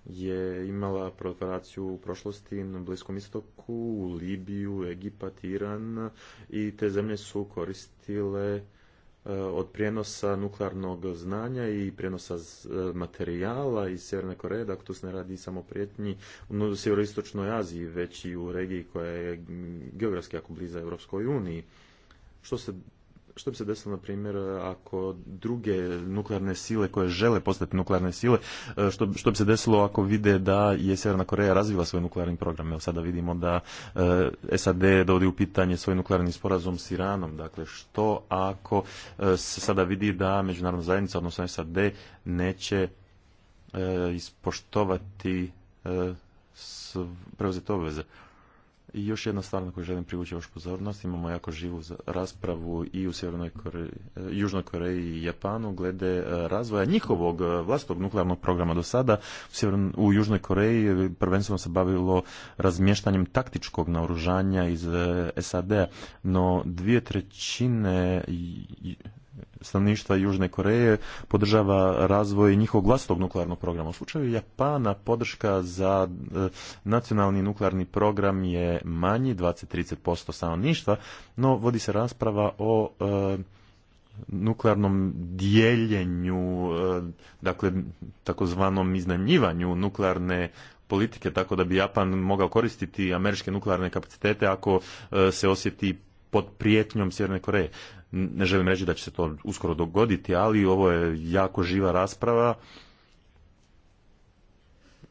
je imala protvaraciju u prošlosti na Bliskom istoku, u Libiju, Egipat, Iran i te zemlje su koristile e, od prijenosa nuklearnog znanja i prijenosa e, materijala iz Sjeverne Koreje, dakle tu se ne radi samo prijetnji u sjeveroistočnoj Aziji, već i u regiji koja je geografski jako bliza Europskoj uniji. Što se što bi se desilo, na primjer, ako druge nuklearne sile koje žele postati nuklearne sile, e, što, bi se desilo ako vide da je Sjeverna Koreja razvila svoj nuklearni program? Evo sada vidimo da e, SAD dovodi u pitanje svoj nuklearni sporazum s Iranom. Dakle, što ako e, se sada vidi da međunarodna zajednica, odnosno SAD, neće ispoštovati preuzeti obveze? I još jedna stvar na koju želim privući vašu pozornost, imamo jako živu raspravu i u Sjevernoj Koreji, e, Južnoj Koreji i Japanu glede e, razvoja njihovog e, vlastnog nuklearnog programa do sada. U, Sjevern, u Južnoj Koreji prvenstveno se bavilo razmještanjem taktičkog naoružanja iz SAD-a, no dvije trećine stanovništva Južne Koreje podržava razvoj njihovog vlastnog nuklearnog programa. U slučaju Japana podrška za e, nacionalni nuklearni program je manji, 20-30% stanovništva, no vodi se rasprava o e, nuklearnom dijeljenju, e, dakle takozvanom iznajmljivanju nuklearne politike, tako da bi Japan mogao koristiti američke nuklearne kapacitete ako se osjeti pod prijetnjom Sjeverne Koreje. Ne želim reći da će se to uskoro dogoditi, ali ovo je jako živa rasprava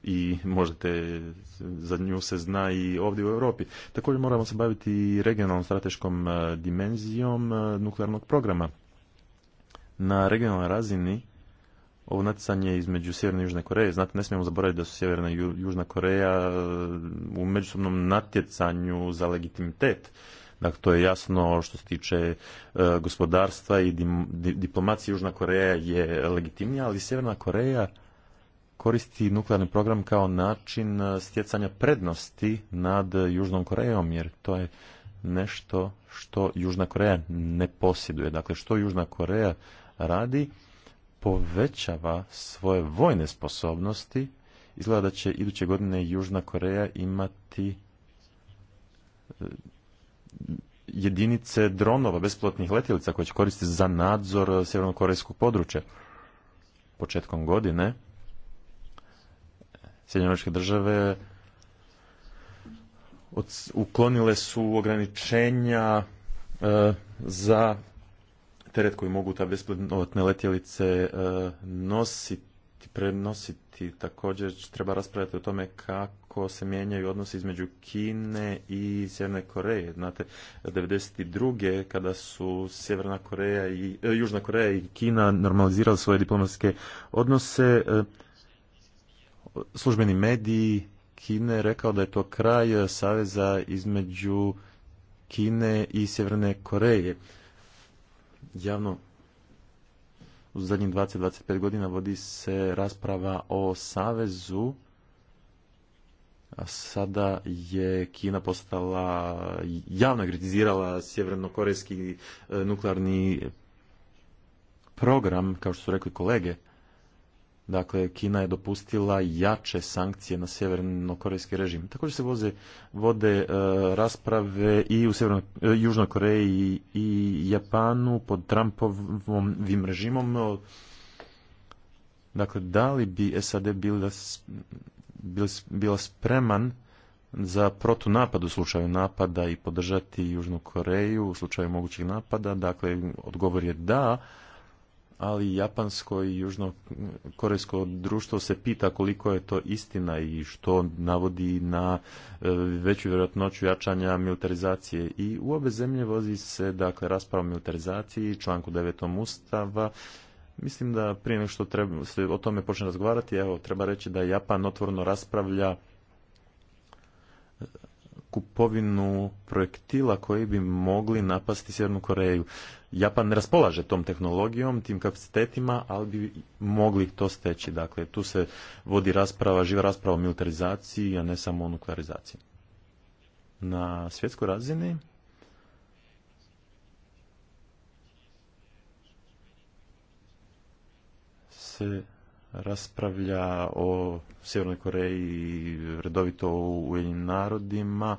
i možete za nju se zna i ovdje u Europi. Također moramo se baviti i regionalnom strateškom e, dimenzijom e, nuklearnog programa. Na regionalnoj razini ovo natjecanje između Sjeverne i Južne Koreje, znate, ne smijemo zaboraviti da su Sjeverna i Južna Koreja e, u međusobnom natjecanju za legitimitet Dakle, to je jasno što se tiče e, gospodarstva i diplomacije. Južna Koreja je legitimnija, ali Sjeverna Koreja koristi nuklearni program kao način e, stjecanja prednosti nad Južnom Korejom, jer to je nešto što Južna Koreja ne posjeduje. Dakle, što Južna Koreja radi, povećava svoje vojne sposobnosti. Izgleda da će iduće godine Južna Koreja imati e, jedinice dronova, besplatnih letjelica koje će koristiti za nadzor eh, sjevernokorejskog područja. Početkom godine eh, SAD države eh, uklonile su ograničenja za teret koji mogu ta besplatne letjelice e, nositi prenositi. Također treba raspravljati o tome kako se mijenjaju odnosi između Kine i Sjeverne Koreje. Znate, 1992. kada su Sjeverna Koreja i e, Južna Koreja i Kina normalizirali svoje diplomatske odnose, e, službeni mediji Kine rekao da je to kraj saveza između Kine i Sjeverne Koreje. Javno u zadnjih 20-25 godina vodi se rasprava o savezu, a sada je Kina postala, javno kritizirala sjevernokorejski e, nuklearni program, kao što su rekli kolege. Dakle, Kina je dopustila jače sankcije na sjeverno-korejski režim. Također se voze, vode e, rasprave i u e, Južnoj Koreji i Japanu pod Trumpovim režimom. E, dakle, da li bi SAD bila, bila spreman za protunapad u slučaju napada i podržati Južnu Koreju u slučaju mogućih napada? Dakle, odgovor je da, ali japansko i južnokorejsko društvo se pita koliko je to istina i što navodi na e, veću vjerojatnoću jačanja militarizacije. I u obe zemlje vozi se dakle rasprava o militarizaciji, članku 9. ustava, Mislim da prije nego što treba, se o tome počne razgovarati, evo, treba reći da Japan otvorno raspravlja kupovinu projektila koji bi mogli napasti Sjevernu Koreju. Japan ne raspolaže tom tehnologijom, tim kapacitetima, ali bi mogli to steći. Dakle, tu se vodi rasprava, živa rasprava o militarizaciji, a ne samo o nuklearizaciji. Na svjetskoj razini se raspravlja o Sjevernoj Koreji redovito u Ujedinim narodima.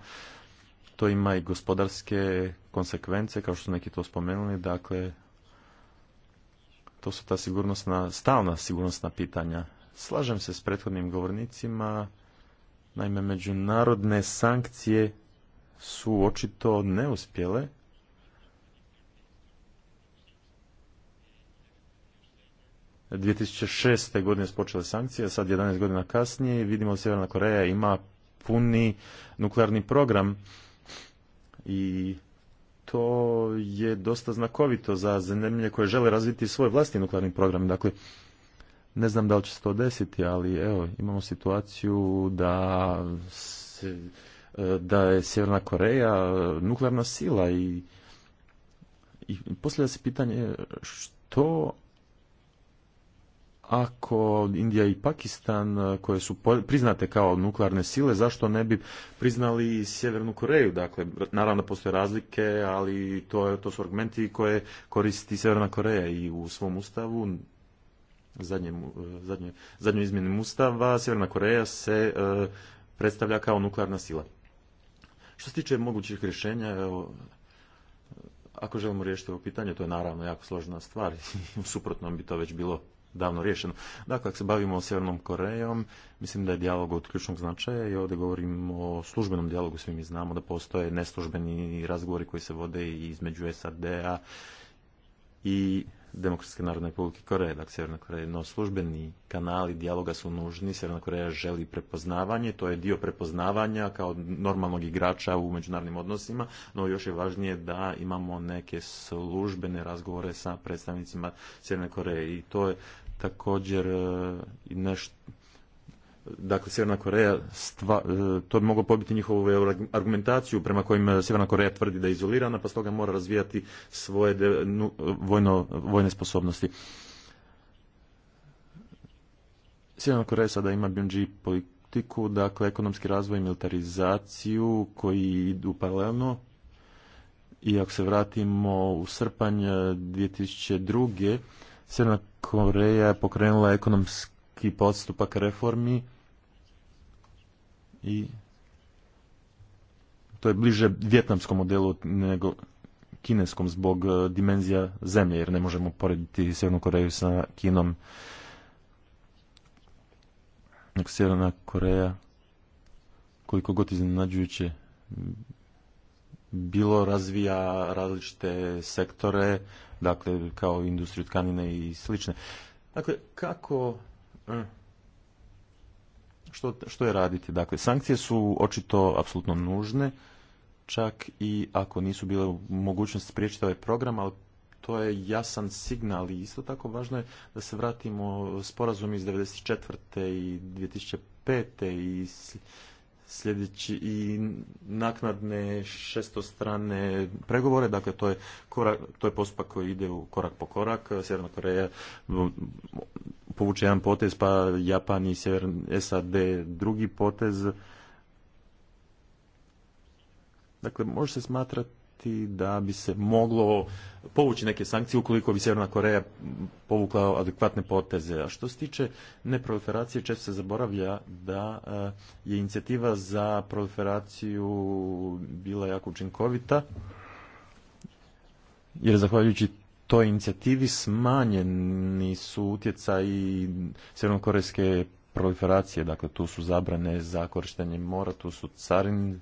To ima i gospodarske konsekvence, kao što su neki to spomenuli. Dakle, to su ta sigurnosna, stalna sigurnosna pitanja. Slažem se s prethodnim govornicima. Naime, međunarodne sankcije su očito neuspjele 2006. godine spočele sankcije, sad 11 godina kasnije vidimo da Sjeverna Koreja ima puni nuklearni program i to je dosta znakovito za zemlje koje žele razviti svoj vlastni nuklearni program. Dakle, ne znam da li će se to desiti, ali evo, imamo situaciju da, se, da je Sjeverna Koreja nuklearna sila i, i postavlja se pitanje što ako Indija i Pakistan eh, koje su priznate kao nuklearne sile, zašto ne bi priznali Sjevernu Koreju? Dakle, naravno postoje razlike, ali to, to su argumenti koje koristi Sjeverna Koreja i u svom ustavu zadnjem eh, zadnje, zadnjoj ustava Sjeverna Koreja se eh, predstavlja kao nuklearna sila. Što se tiče mogućih rješenja, evo, ako želimo riješiti ovo pitanje, to je naravno jako složena stvar. U suprotnom bi to već bilo davno riješeno. Dakle, ako se bavimo Sjevernom Korejom, mislim da je dijalog od ključnog značaja i ovdje govorimo o službenom dijalogu, svi mi znamo da postoje neslužbeni razgovori koji se vode i između SAD-a i Demokratske narodne republike Koreje, dakle Sjeverne Koreje, no službeni kanali dijaloga su nužni, Sjeverna Koreja želi prepoznavanje, to je dio prepoznavanja kao normalnog igrača u međunarodnim odnosima, no još je važnije da imamo neke službene razgovore sa predstavnicima Sjeverne Koreje i to je također e, nešto dakle Sjeverna Koreja stva, e, to bi moglo pobiti njihovu argumentaciju prema kojima e, Sjeverna Koreja tvrdi da je izolirana pa stoga mora razvijati svoje vojno, vojne sposobnosti. Sjeverna Koreja sada ima BNG politiku, dakle ekonomski razvoj i militarizaciju koji idu paralelno i ako se vratimo u srpanj 2002 Sjeverna Koreja je pokrenula ekonomski postupak reformi i to je bliže vjetnamskom modelu nego kineskom zbog e, dimenzija zemlje, jer ne možemo porediti Sjevernu Koreju sa Kinom. Sjeverna Koreja, koliko god iznenađujuće bilo razvija različite sektore, dakle kao industriju tkanine i slične. Dakle, kako eh, što, što je raditi? Dakle, sankcije su očito apsolutno nužne, čak i ako nisu bile mogućnosti spriječiti ovaj program, ali to je jasan signal i isto tako važno je da se vratimo sporazum iz 94. i 2005. i sljedeći i naknadne šestostrane pregovore, dakle to je, korak, postupak koji ide u korak po korak. Sjeverna Koreja povuče jedan potez, pa Japan i SAD drugi potez. Dakle, može se smatrati da bi se moglo povući neke sankcije ukoliko bi Sjeverna Koreja povukla adekvatne poteze. A što se tiče neproliferacije, često se zaboravlja da eh, je inicijativa za proliferaciju bila jako učinkovita, jer zahvaljujući toj inicijativi smanjeni su utjecaj Sjevernokorejske proliferacije, dakle tu su zabrane za korištenje mora, tu su carin,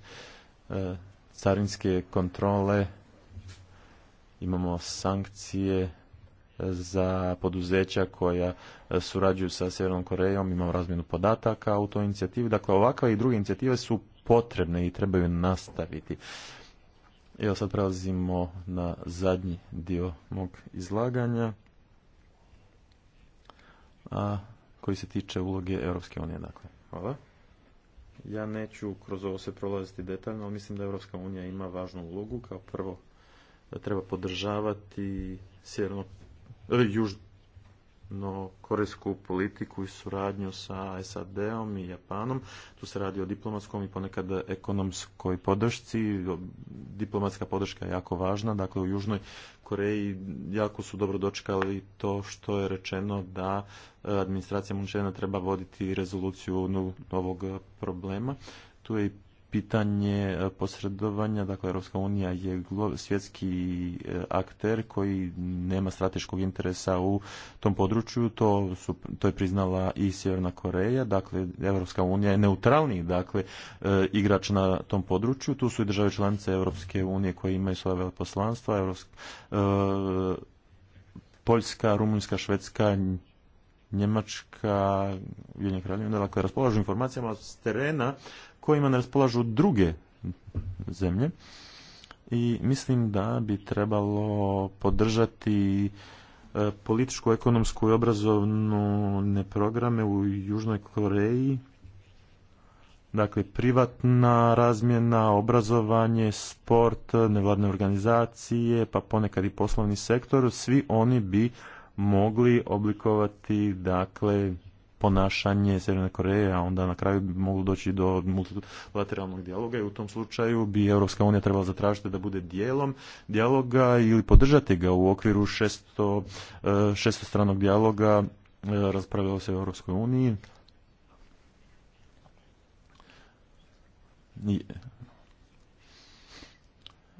eh, carinske kontrole, imamo sankcije e, za poduzeća koja e, surađuju sa Sjevernom Korejom, imamo razmjenu podataka u toj inicijativi. Dakle, ovakve i druge inicijative su potrebne i trebaju nastaviti. Evo sad prelazimo na zadnji dio mog izlaganja, a koji se tiče uloge Europske unije. Dakle, hvala. Ja neću kroz ovo se prolaziti detaljno, ali mislim da Europska unija ima važnu ulogu. Kao prvo, da treba podržavati sjeverno, e, no korejsku politiku i suradnju sa SAD-om i Japanom. Tu se radi o diplomatskom i ponekad ekonomskoj podršci. Diplomatska podrška je jako važna. Dakle, u Južnoj Koreji jako su dobro dočekali to što je rečeno da eh, administracija Munčena treba voditi rezoluciju novog problema. Tu je i pitanje e, posredovanja, dakle Europska unija je svjetski e, akter koji nema strateškog interesa u tom području, to, je priznala i Sjeverna Koreja, dakle Europska unija je neutralni dakle, e, igrač na tom području, tu su i države članice Europske unije koje imaju svoje veleposlanstva, Poljska, Rumunjska, Švedska, Njemačka, Vjenja kraljevina, dakle raspolažu informacijama s terena kojima ne raspolažu druge zemlje i mislim da bi trebalo podržati e, političku, ekonomsku i obrazovnu programe u Južnoj Koreji. Dakle, privatna razmjena, obrazovanje, sport, nevladne organizacije, pa ponekad i poslovni sektor, svi oni bi mogli oblikovati, dakle, ponašanje Sjeverne Koreje, a onda na kraju bi moglo doći do multilateralnog dijaloga i u tom slučaju bi Europska unija trebala zatražiti da bude dijelom dijaloga ili podržati ga u okviru šesto, eh, šestostranog dijaloga eh, raspravljalo se u Europskoj uniji. Eh,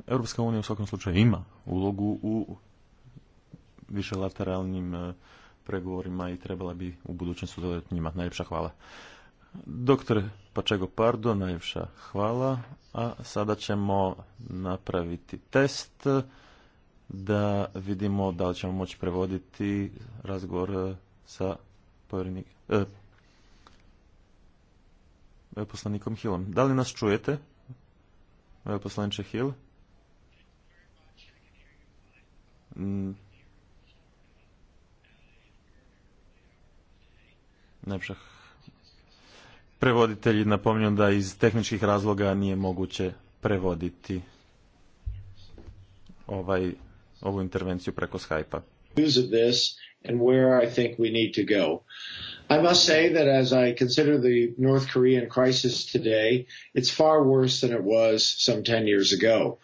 Europska unija u svakom slučaju ima ulogu u višelateralnim pregovorima i trebala bi u budućnosti sudjelovati njima. Najljepša hvala. Doktor Pačego Pardo, najljepša hvala. A sada ćemo napraviti test da vidimo da li ćemo moći prevoditi razgovor sa povjerenikom. Eh, e, poslanikom Hillom. Da li nas čujete? Poslaniče Hill? Najpša prevoditelji napominju da iz tehničkih razloga nije moguće prevoditi ovaj, ovu intervenciju preko Skype-a. and where I think we need to go. I must say that as I consider the North Korean crisis today, it's far worse than it was some 10 years ago.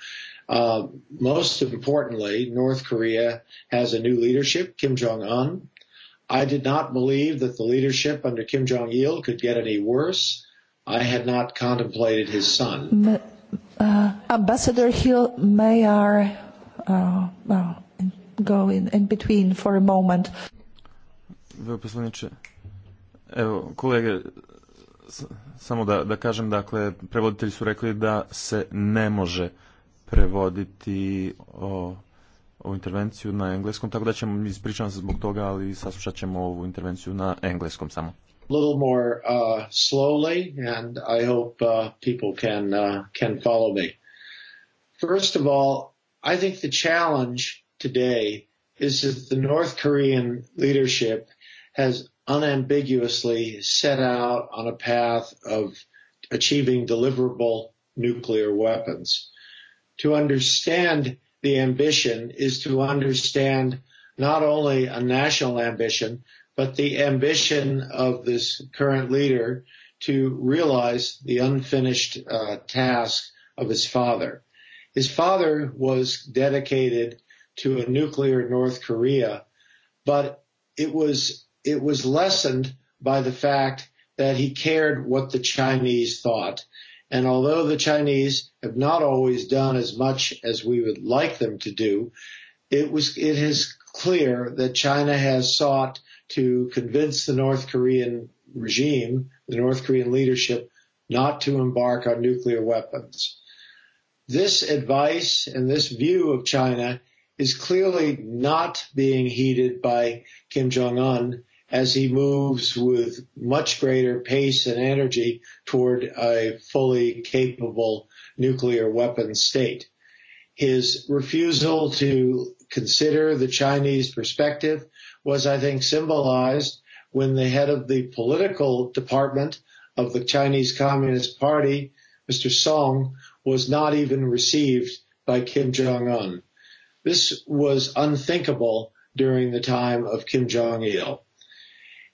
Uh, most importantly, North Korea has a new leadership, Kim Jong-un, i did not believe that the leadership under Kim Jong Il could get any worse. I had not contemplated his son. M uh, Ambassador Hill, may I uh, uh, go in, in between for a moment? evo, kolege, samo da, da kažem, dakle, prevoditelji su rekli da se ne može prevoditi o ovu intervenciju na engleskom, tako da ćemo, ispričavam zbog toga, ali saslušat ćemo ovu intervenciju na engleskom samo. little more uh, slowly, and I hope uh, people can uh, can follow me. First of all, I think the challenge today is that the North Korean leadership has unambiguously set out on a path of achieving deliverable nuclear weapons. To understand the ambition is to understand not only a national ambition, but the ambition of this current leader to realize the unfinished uh, task of his father. His father was dedicated to a nuclear North Korea, but it was, it was lessened by the fact that he cared what the Chinese thought And although the Chinese have not always done as much as we would like them to do, it was, it is clear that China has sought to convince the North Korean regime, the North Korean leadership, not to embark on nuclear weapons. This advice and this view of China is clearly not being heeded by Kim Jong-un as he moves with much greater pace and energy toward a fully capable nuclear weapon state. His refusal to consider the Chinese perspective was, I think, symbolized when the head of the political department of the Chinese Communist Party, Mr. Song, was not even received by Kim Jong-un. This was unthinkable during the time of Kim Jong-il.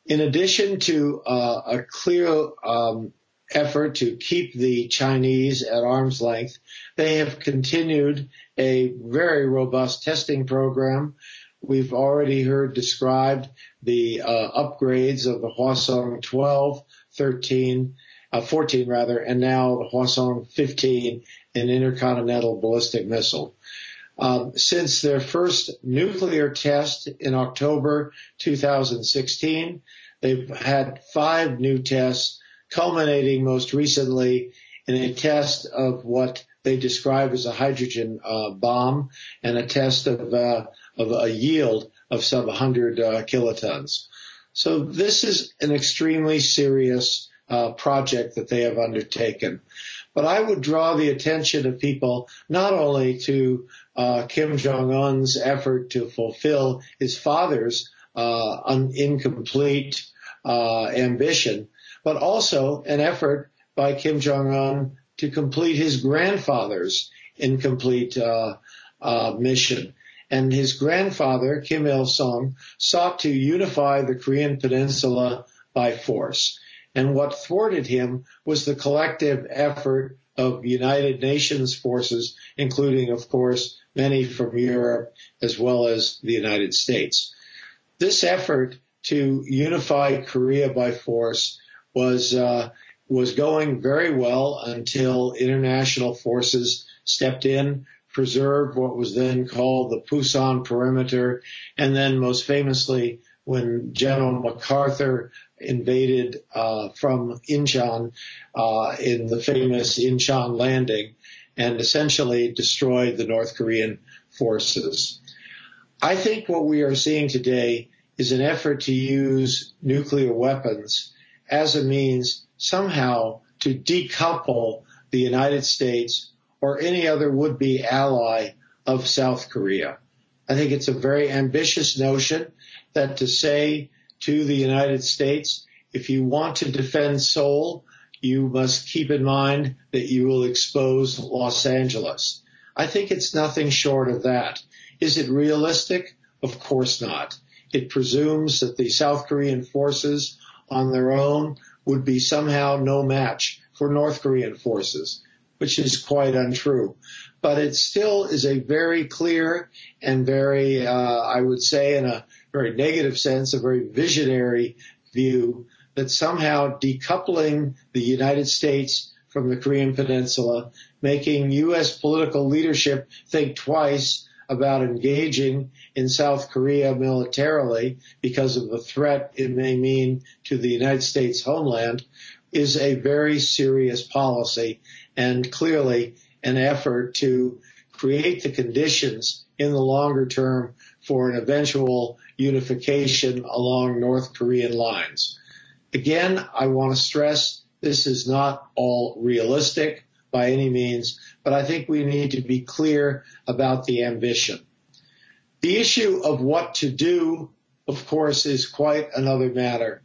In addition to uh, a clear um, effort to keep the Chinese at arm's length, they have continued a very robust testing program. We've already heard described the uh, upgrades of the Hwasong 12, 13, uh, 14 rather, and now the Hwasong 15, an intercontinental ballistic missile. Um since their first nuclear test in October 2016. They've had five new tests, culminating most recently in a test of what they describe as a hydrogen uh, bomb and a test of, uh, of a yield of some 100 uh, kilotons. So this is an extremely serious uh, project that they have undertaken. But I would draw the attention of people not only to uh, Kim Jong Un's effort to fulfill his father's uh, un- incomplete uh, ambition, but also an effort by Kim Jong Un to complete his grandfather's incomplete uh, uh, mission. And his grandfather, Kim Il Sung, sought to unify the Korean Peninsula by force. And what thwarted him was the collective effort of United Nations forces, including, of course, many from Europe as well as the United States. This effort to unify Korea by force was uh, was going very well until international forces stepped in, preserved what was then called the Pusan perimeter, and then most famously when General MacArthur invaded uh, from Incheon uh, in the famous Incheon landing and essentially destroyed the North Korean forces. I think what we are seeing today is an effort to use nuclear weapons as a means somehow to decouple the United States or any other would-be ally of South Korea. I think it's a very ambitious notion that to say to the United States. If you want to defend Seoul, you must keep in mind that you will expose Los Angeles. I think it's nothing short of that. Is it realistic? Of course not. It presumes that the South Korean forces on their own would be somehow no match for North Korean forces, which is quite untrue. But it still is a very clear and very, uh, I would say, in a very negative sense, a very visionary view that somehow decoupling the United States from the Korean Peninsula, making U.S. political leadership think twice about engaging in South Korea militarily because of the threat it may mean to the United States homeland is a very serious policy and clearly an effort to create the conditions in the longer term for an eventual unification along North Korean lines. Again, I want to stress this is not all realistic by any means, but I think we need to be clear about the ambition. The issue of what to do, of course, is quite another matter.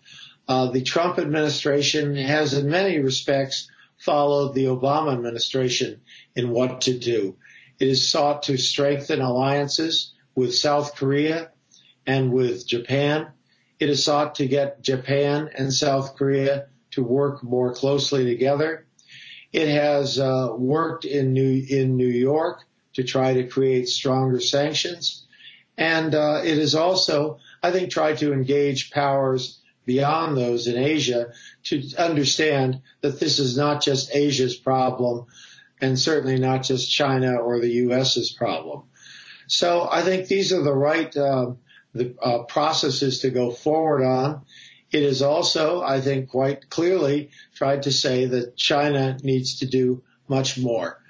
Uh, the Trump administration has in many respects followed the Obama administration in what to do. It has sought to strengthen alliances with South Korea and with Japan. It has sought to get Japan and South Korea to work more closely together. It has uh, worked in New in New York to try to create stronger sanctions, and uh, it has also, I think, tried to engage powers beyond those in Asia to understand that this is not just Asia's problem, and certainly not just China or the U.S.'s problem. So I think these are the right uh, the, uh, processes to go forward on. It is also, I think, quite clearly tried to say that China needs to do much more.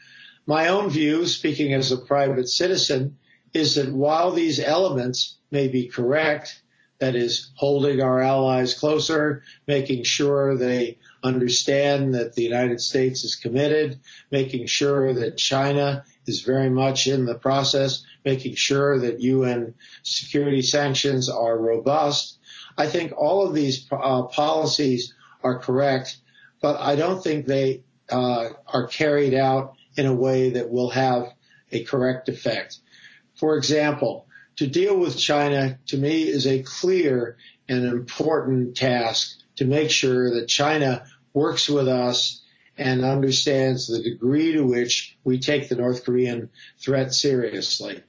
My own view, speaking as a private citizen, is that while these elements may be correct, that is holding our allies closer, making sure they understand that the United States is committed, making sure that China is very much in the process making sure that UN security sanctions are robust. I think all of these uh, policies are correct, but I don't think they uh, are carried out in a way that will have a correct effect. For example, to deal with China to me is a clear and important task to make sure that China works with us and understands the degree to which we take the North Korean threat seriously.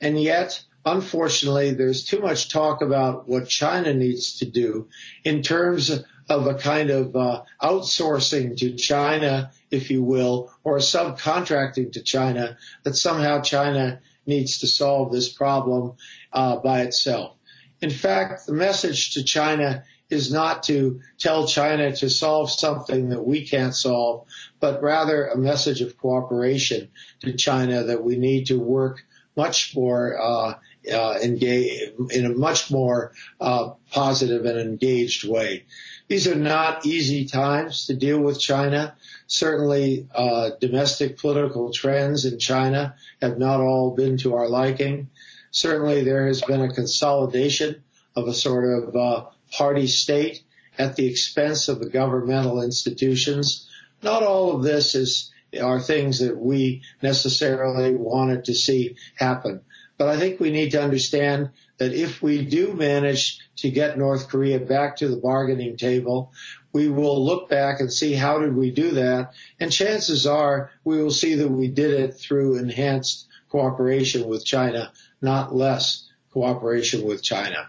And yet, unfortunately, there's too much talk about what China needs to do in terms of a kind of uh, outsourcing to China, if you will, or subcontracting to China, that somehow China needs to solve this problem uh, by itself. In fact, the message to China is not to tell China to solve something that we can't solve, but rather a message of cooperation to China that we need to work much more uh, uh, engage in a much more uh, positive and engaged way. These are not easy times to deal with China. Certainly, uh, domestic political trends in China have not all been to our liking. Certainly, there has been a consolidation of a sort of uh, party state at the expense of the governmental institutions. Not all of this is are things that we necessarily wanted to see happen. But I think we need to understand that if we do manage to get North Korea back to the bargaining table, we will look back and see how did we do that. And chances are we will see that we did it through enhanced cooperation with China, not less cooperation with China.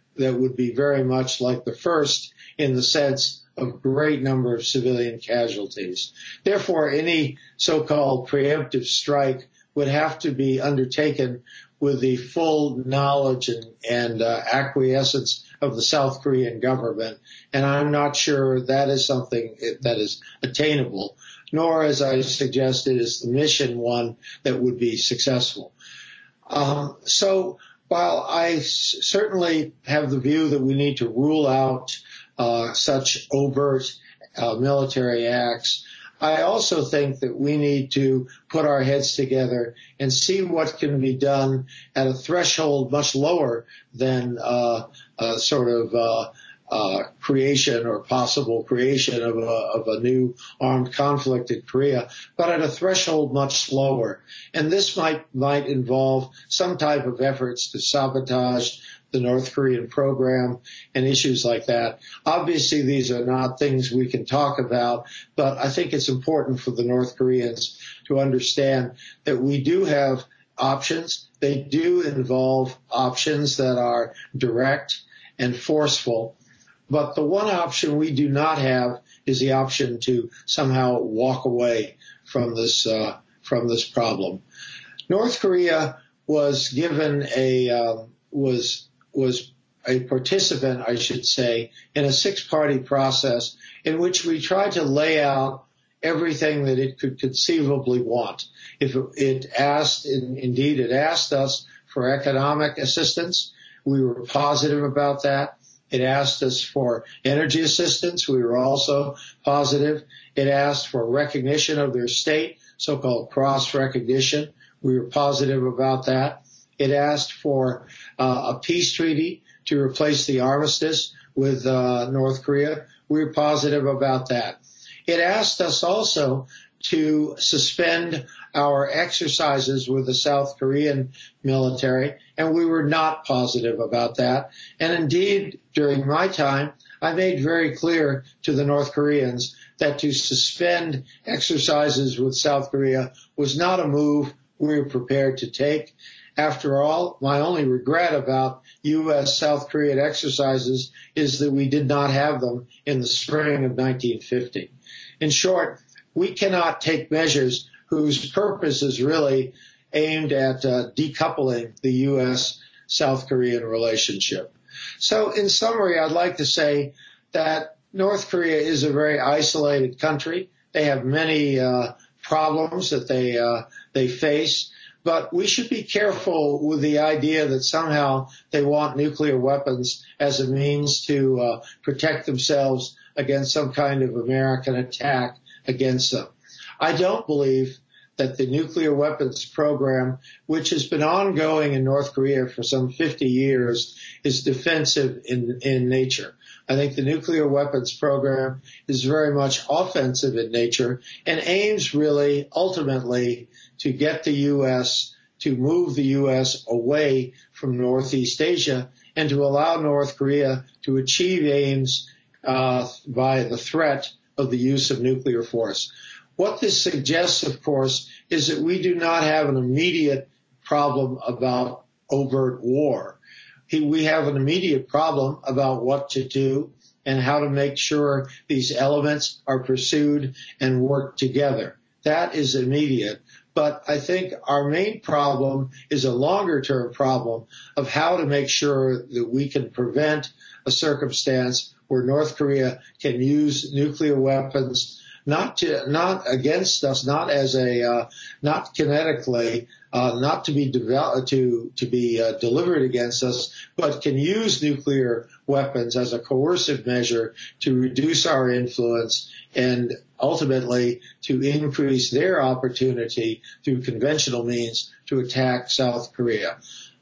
that would be very much like the first in the sense of great number of civilian casualties. Therefore, any so-called preemptive strike would have to be undertaken with the full knowledge and, and uh, acquiescence of the South Korean government. And I'm not sure that is something that is attainable, nor, as I suggested, is the mission one that would be successful. Um, so while I certainly have the view that we need to rule out uh, such overt uh, military acts, I also think that we need to put our heads together and see what can be done at a threshold much lower than uh, a sort of uh uh, creation or possible creation of a, of a new armed conflict in Korea, but at a threshold much slower. And this might might involve some type of efforts to sabotage the North Korean program and issues like that. Obviously, these are not things we can talk about, but I think it's important for the North Koreans to understand that we do have options. They do involve options that are direct and forceful But the one option we do not have is the option to somehow walk away from this uh, from this problem. North Korea was given a uh, was was a participant, I should say, in a six-party process in which we tried to lay out everything that it could conceivably want. If it asked, indeed, it asked us for economic assistance, we were positive about that. It asked us for energy assistance. We were also positive. It asked for recognition of their state, so-called cross recognition. We were positive about that. It asked for uh, a peace treaty to replace the armistice with uh, North Korea. We were positive about that. It asked us also to suspend our exercises with the South Korean military, and we were not positive about that. And indeed, during my time, I made very clear to the North Koreans that to suspend exercises with South Korea was not a move we were prepared to take. After all, my only regret about U.S. South Korean exercises is that we did not have them in the spring of 1950. In short, we cannot take measures whose purpose is really aimed at uh, decoupling the U.S. South Korean relationship. So in summary, I'd like to say that North Korea is a very isolated country. They have many uh, problems that they uh, they face, but we should be careful with the idea that somehow they want nuclear weapons as a means to uh, protect themselves against some kind of American attack against them. I don't believe that the nuclear weapons program, which has been ongoing in North Korea for some 50 years, is defensive in, in nature. I think the nuclear weapons program is very much offensive in nature and aims really ultimately to get the U.S. to move the U.S. away from Northeast Asia and to allow North Korea to achieve aims uh, by the threat of the use of nuclear force. What this suggests, of course, is that we do not have an immediate problem about overt war. We have an immediate problem about what to do and how to make sure these elements are pursued and work together. That is immediate. But I think our main problem is a longer term problem of how to make sure that we can prevent a circumstance where North Korea can use nuclear weapons not to, not against us, not as a, uh, not kinetically, uh, not to be developed, to, to be uh, delivered against us, but can use nuclear weapons as a coercive measure to reduce our influence and ultimately to increase their opportunity through conventional means to attack South Korea.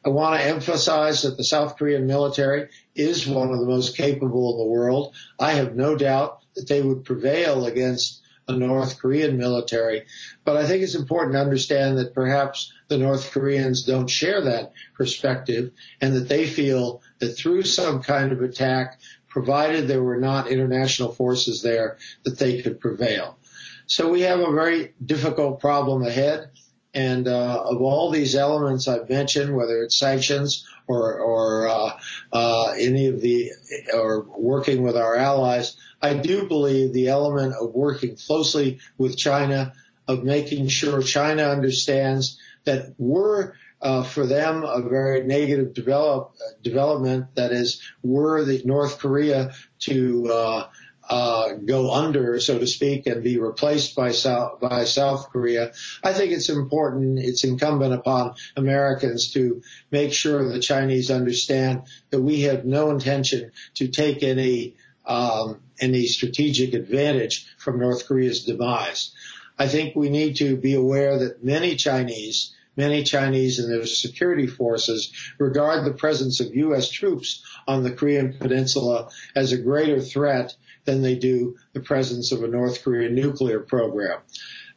I want to emphasize that the South Korean military is one of the most capable in the world. I have no doubt that they would prevail against a North Korean military. But I think it's important to understand that perhaps the North Koreans don't share that perspective and that they feel that through some kind of attack, provided there were not international forces there, that they could prevail. So we have a very difficult problem ahead. And uh, of all these elements I've mentioned, whether it's sanctions or, or uh, uh, any of the or working with our allies, I do believe the element of working closely with China, of making sure China understands that we're uh, for them a very negative develop, uh, development. That is, were the North Korea to uh, uh, go under, so to speak, and be replaced by South, by South Korea. I think it's important, it's incumbent upon Americans to make sure the Chinese understand that we have no intention to take any, um, any strategic advantage from North Korea's demise. I think we need to be aware that many Chinese Many Chinese and their security forces regard the presence of U.S. troops on the Korean Peninsula as a greater threat than they do the presence of a North Korean nuclear program.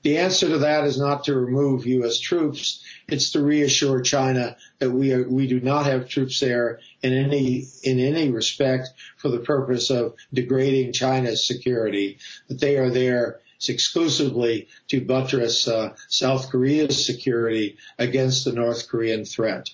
The answer to that is not to remove U.S. troops. It's to reassure China that we are, we do not have troops there in any, in any respect for the purpose of degrading China's security, that they are there exclusively to buttress uh, South Korea's security against the North Korean threat.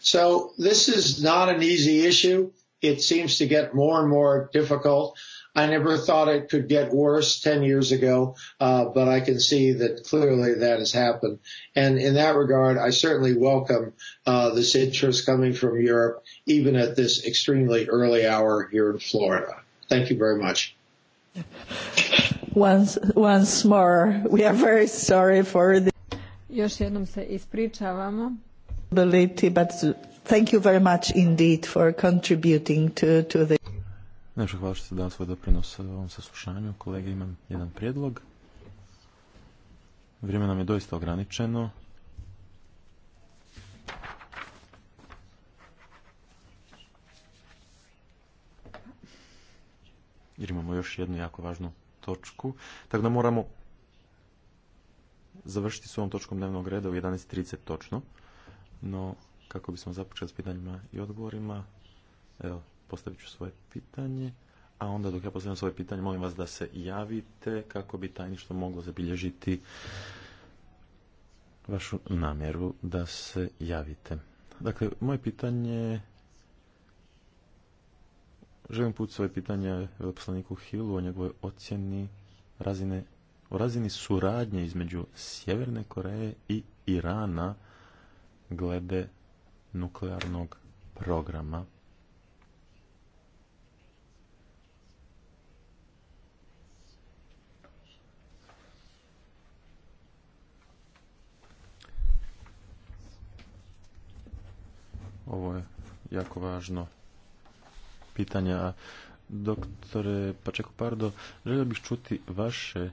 So this is not an easy issue. It seems to get more and more difficult. I never thought it could get worse 10 years ago, uh, but I can see that clearly that has happened. And in that regard, I certainly welcome uh, this interest coming from Europe, even at this extremely early hour here in Florida. Thank you very much. Once, once more, we are very sorry for the... Još jednom se ispričavamo. But thank you very much indeed for contributing to, to the... Najviše hvala što ste dali svoj doprinos ovom saslušanju. Kolege, imam jedan prijedlog. Vrijeme nam je doista ograničeno. Jer imamo još jednu jako važnu točku, tako da moramo završiti s ovom točkom dnevnog reda u 11.30 točno, no kako bismo započeli s pitanjima i odgovorima, evo, postavit ću svoje pitanje, a onda dok ja postavljam svoje pitanje, molim vas da se javite kako bi tajništvo moglo zabilježiti vašu namjeru da se javite. Dakle, moje pitanje Želim put svoje pitanje poslaniku Hillu o njegovoj ocjeni razine, o razini suradnje između Sjeverne Koreje i Irana glede nuklearnog programa. Ovo je jako važno pitanja. Doktore Pačeko Pardo, želio bih čuti vaše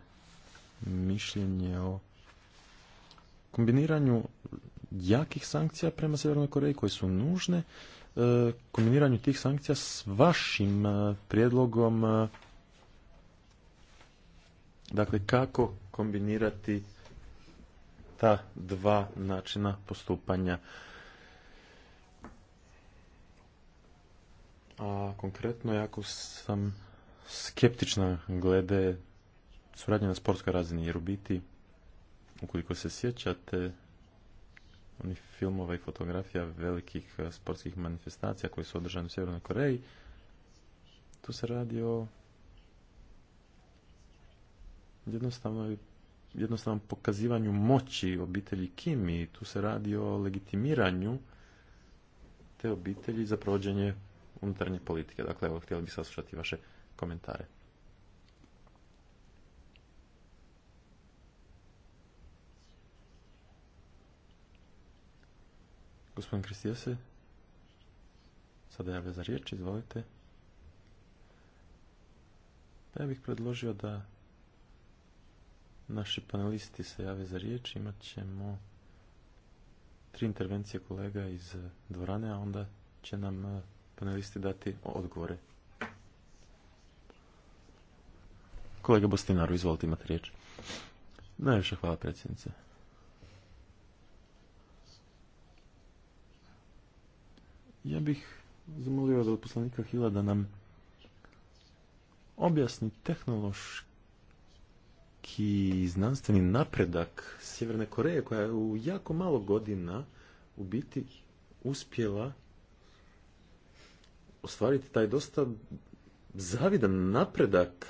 mišljenje o kombiniranju jakih sankcija prema Sjevernoj Koreji koje su nužne, e, kombiniranju tih sankcija s vašim e, prijedlogom e, dakle kako kombinirati ta dva načina postupanja. a konkretno jako sam skeptična glede suradnje na sportskoj razini, jer u biti, ukoliko se sjećate onih filmova i fotografija velikih e, sportskih manifestacija koje su održani u Sjevernoj Koreji, tu se radi o jednostavnom pokazivanju moći obitelji Kim i tu se radi o legitimiranju te obitelji za provođenje unutarnje politike. Dakle, evo, htjeli bi saslušati vaše komentare. Gospodin Kristija sada javlja za riječ, izvolite. Pa ja bih predložio da naši panelisti se jave za riječ. Imat ćemo tri intervencije kolega iz dvorane, a onda će nam listi dati odgovore. Kolega Bostinaru, izvolite imati riječ. Najviše hvala predsjednice. Ja bih zamolio od poslanika Hila da nam objasni tehnološki znanstveni napredak Sjeverne Koreje koja je u jako malo godina u biti uspjela ostvariti taj dosta zavidan napredak.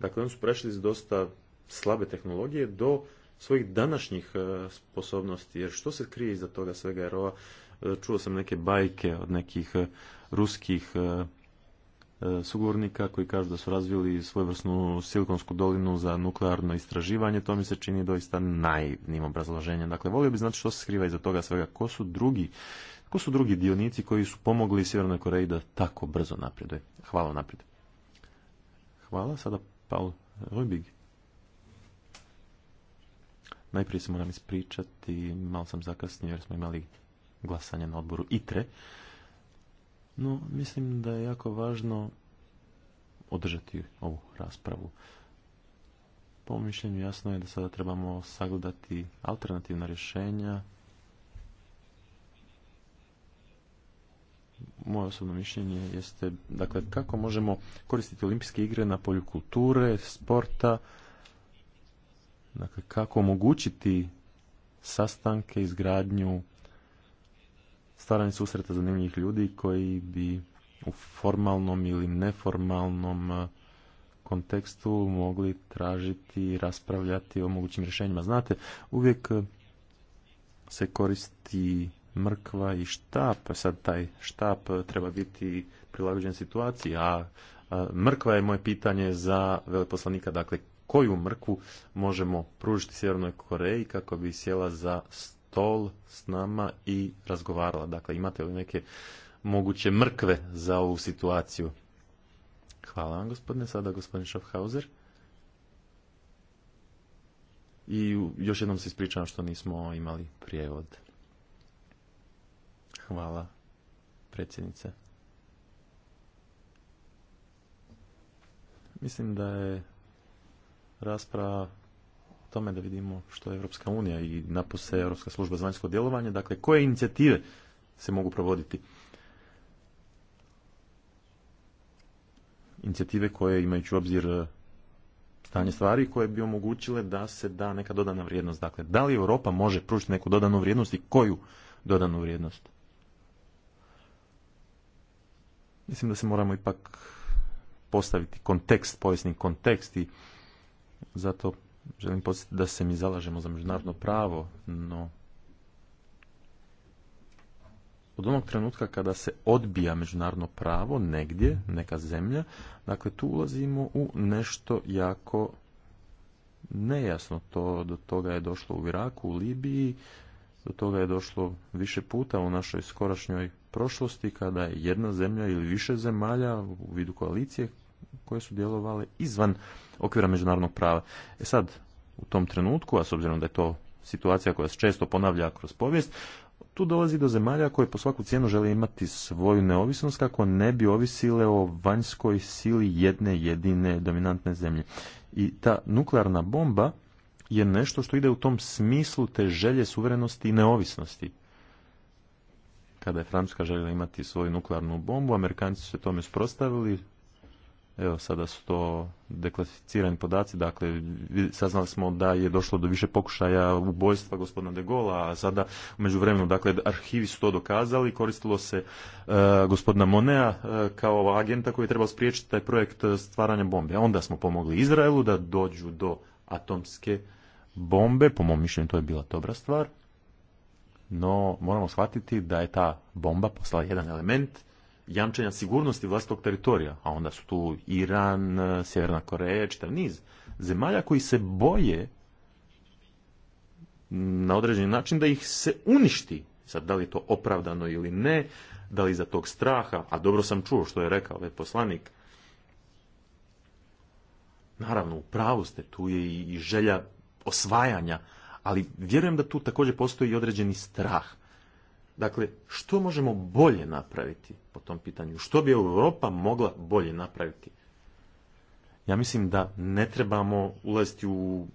Dakle, oni su prešli iz dosta slabe tehnologije do svojih današnjih e, sposobnosti. Jer što se krije iza toga svega? Jer ova, e, čuo sam neke bajke od nekih e, ruskih sugovornika koji kažu da su razvili svojevrsnu silikonsku dolinu za nuklearno istraživanje, to mi se čini doista najnim obrazloženjem. Dakle, volio bi znati što se skriva iza toga svega. Ko su drugi Ko su drugi dionici koji su pomogli Sjevernoj Koreji da tako brzo napreduje? Hvala naprijed. Hvala. Sada Paul Rubig. Najprije se moram ispričati, malo sam zakasnio jer smo imali glasanje na odboru ITRE. No, mislim da je jako važno održati ovu raspravu. Po mišljenju jasno je da sada trebamo sagledati alternativna rješenja moje osobno mišljenje jeste, dakle, kako možemo koristiti olimpijske igre na polju kulture, sporta, dakle, kako omogućiti sastanke, izgradnju, stvaranje susreta zanimljivih ljudi koji bi u formalnom ili neformalnom eh, kontekstu mogli tražiti, raspravljati o mogućim rješenjima. Znate, uvijek eh, se koristi mrkva i štap. Sad taj štap treba biti prilagođen situaciji, a mrkva je moje pitanje za veleposlanika. Dakle, koju mrkvu možemo pružiti Sjevernoj Koreji kako bi sjela za stol s nama i razgovarala? Dakle, imate li neke moguće mrkve za ovu situaciju? Hvala vam, gospodine. Sada gospodin Schaffhauser. I još jednom se ispričavam što nismo imali prijevod. Hvala, predsjednice. Mislim da je rasprava o tome da vidimo što je Europska unija i napose Europska služba za vanjsko djelovanje, dakle koje inicijative se mogu provoditi. Inicijative koje imajući u obzir eh, stanje stvari koje bi omogućile da se da neka dodana vrijednost. Dakle, da li Europa može pružiti neku dodanu vrijednost i koju dodanu vrijednost? Mislim da se moramo ipak postaviti kontekst, povijesni kontekst i zato želim podsjetiti da se mi zalažemo za međunarodno pravo, no od onog trenutka kada se odbija međunarodno pravo negdje, neka zemlja, dakle tu ulazimo u nešto jako nejasno. To, do toga je došlo u Iraku, u Libiji, do toga je došlo više puta u našoj skorašnjoj prošlosti kada je jedna zemlja ili više zemalja u vidu koalicije koje su djelovale izvan okvira međunarodnog prava. E sad, u tom trenutku, a s obzirom da je to situacija koja se često ponavlja kroz povijest, tu dolazi do zemalja koje po svaku cijenu žele imati svoju neovisnost kako ne bi ovisile o vanjskoj sili jedne jedine dominantne zemlje. I ta nuklearna bomba je nešto što ide u tom smislu te želje suverenosti i neovisnosti. Kada je Francuska željela imati svoju nuklearnu bombu, Amerikanci su se tome sprostavili. Evo, sada su to deklasificirani podaci. Dakle, saznali smo da je došlo do više pokušaja ubojstva gospodina de Gola, a sada među vremenu, dakle, arhivi su to dokazali. Koristilo se uh, gospodina Monea e, kao agenta koji je trebao spriječiti taj projekt e, stvaranja bombe. onda smo pomogli Izraelu da dođu do atomske bombe, po mom mišljenju to je bila dobra stvar, no moramo shvatiti da je ta bomba postala jedan element jamčenja sigurnosti vlastitog teritorija, a onda su tu Iran, e, Sjeverna Koreja, čitav niz zemalja koji se boje na određeni način da ih se uništi. Sad, da li je to opravdano ili ne, da li za tog straha, a dobro sam čuo što je rekao ovaj poslanik, naravno, u pravu ste, tu je i želja osvajanja, ali vjerujem da tu također postoji i određeni strah. Dakle, što možemo bolje napraviti po tom pitanju? Što bi Europa mogla bolje napraviti? Ja mislim da ne trebamo ulaziti u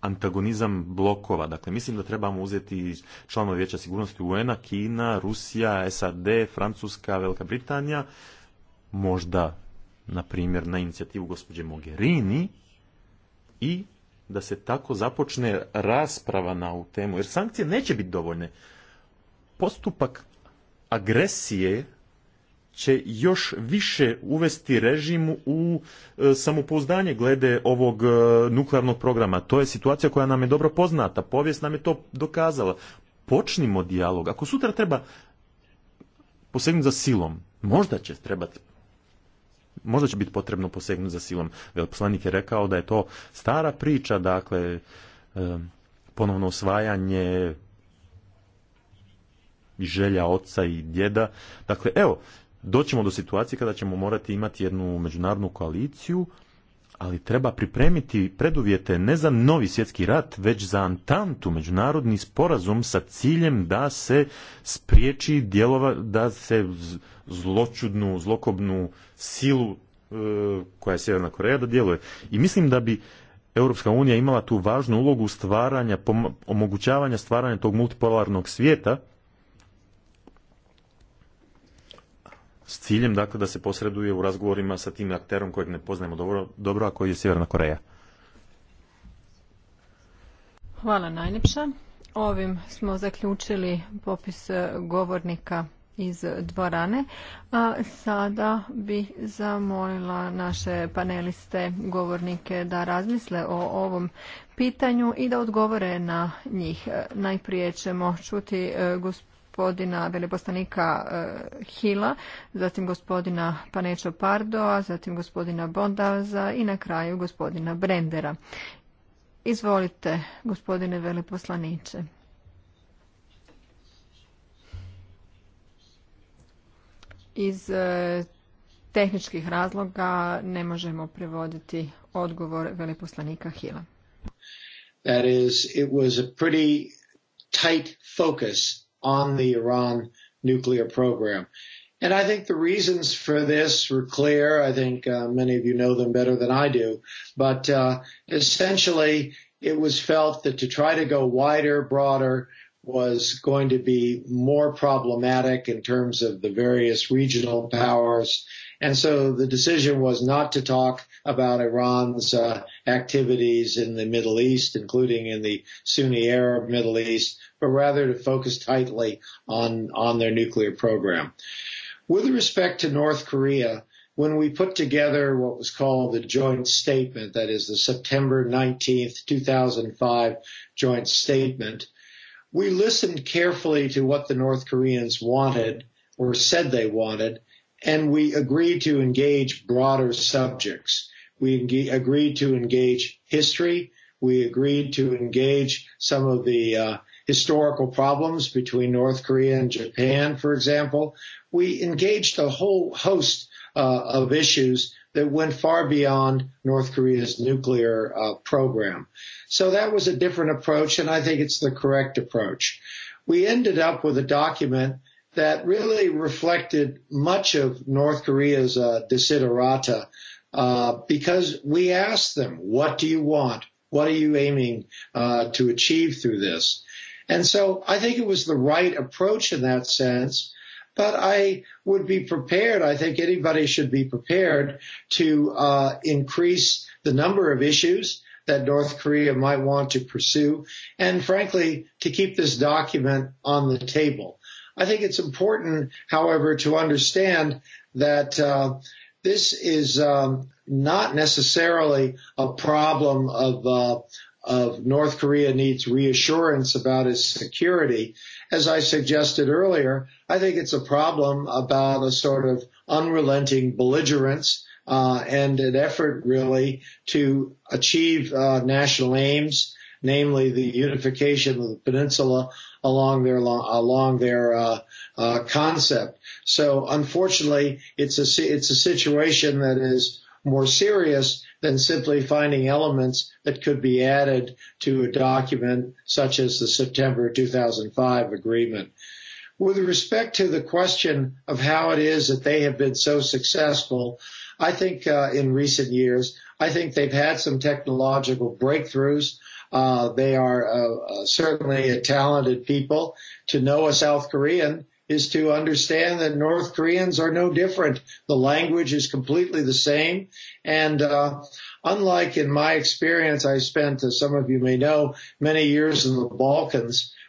antagonizam blokova. Dakle, mislim da trebamo uzeti članove vijeća sigurnosti un Kina, Rusija, SAD, Francuska, Velika Britanija, možda, na primjer, na inicijativu gospođe Mogherini i da se tako započne rasprava na ovu temu, jer sankcije neće biti dovoljne. Postupak agresije će još više uvesti režim u e, samopouzdanje glede ovog e, nuklearnog programa. To je situacija koja nam je dobro poznata, povijest nam je to dokazala. Počnimo dijalog. Ako sutra treba posegnuti za silom, možda će trebati možda će biti potrebno posegnuti za silom. Veleposlanik je rekao da je to stara priča, dakle, ponovno osvajanje i želja oca i djeda. Dakle, evo, doćemo do situacije kada ćemo morati imati jednu međunarodnu koaliciju ali treba pripremiti preduvjete ne za novi svjetski rat, već za Antantu, međunarodni sporazum sa ciljem da se spriječi djelova, da se zločudnu, zlokobnu silu e, koja je Sjeverna Koreja da djeluje. I mislim da bi Europska unija imala tu važnu ulogu stvaranja, omogućavanja stvaranja tog multipolarnog svijeta s ciljem dakle da se posreduje u razgovorima sa tim akterom kojeg ne poznajemo dobro, dobro a koji je Sjeverna Koreja. Hvala najljepša. Ovim smo zaključili popis e, govornika iz dvorane. A sada bi zamolila naše paneliste, govornike da razmisle o ovom pitanju i da odgovore na njih. E, najprije ćemo čuti e, gospodinu gospodina veleposlanika e, Hila, zatim gospodina Panečo Pardoa, zatim gospodina Bondaza i na kraju gospodina Brendera. Izvolite, gospodine veleposlaniče. Iz e, tehničkih razloga ne možemo prevoditi odgovor veleposlanika Hila. That is, it was a pretty tight focus on the Iran nuclear program. And I think the reasons for this were clear. I think uh, many of you know them better than I do. But uh, essentially, it was felt that to try to go wider, broader, was going to be more problematic in terms of the various regional powers And so the decision was not to talk about Iran's uh, activities in the Middle East, including in the Sunni Arab Middle East, but rather to focus tightly on, on their nuclear program. With respect to North Korea, when we put together what was called the joint statement, that is the September 19th, 2005 joint statement, we listened carefully to what the North Koreans wanted or said they wanted and we agreed to engage broader subjects. We agreed to engage history. We agreed to engage some of the uh, historical problems between North Korea and Japan, for example. We engaged a whole host uh, of issues that went far beyond North Korea's nuclear uh, program. So that was a different approach, and I think it's the correct approach. We ended up with a document that really reflected much of North Korea's uh, desiderata uh, because we asked them, what do you want? What are you aiming uh, to achieve through this? And so I think it was the right approach in that sense. But I would be prepared. I think anybody should be prepared to uh, increase the number of issues that North Korea might want to pursue, and frankly, to keep this document on the table. I think it's important, however, to understand that uh, this is um, not necessarily a problem of uh, of North Korea needs reassurance about its security. As I suggested earlier, I think it's a problem about a sort of unrelenting belligerence uh, and an effort really to achieve uh, national aims, namely the unification of the peninsula along their along their uh, uh, concept. So unfortunately, it's a it's a situation that is more serious than simply finding elements that could be added to a document such as the September 2005 agreement. With respect to the question of how it is that they have been so successful, I think uh, in recent years, I think they've had some technological breakthroughs. Uh, they are uh, uh, certainly a talented people. To know a South Korean is to understand that North Koreans are no different. The language is completely the same. And uh, unlike in my experience, I spent, as some of you may know, many years in the Balkans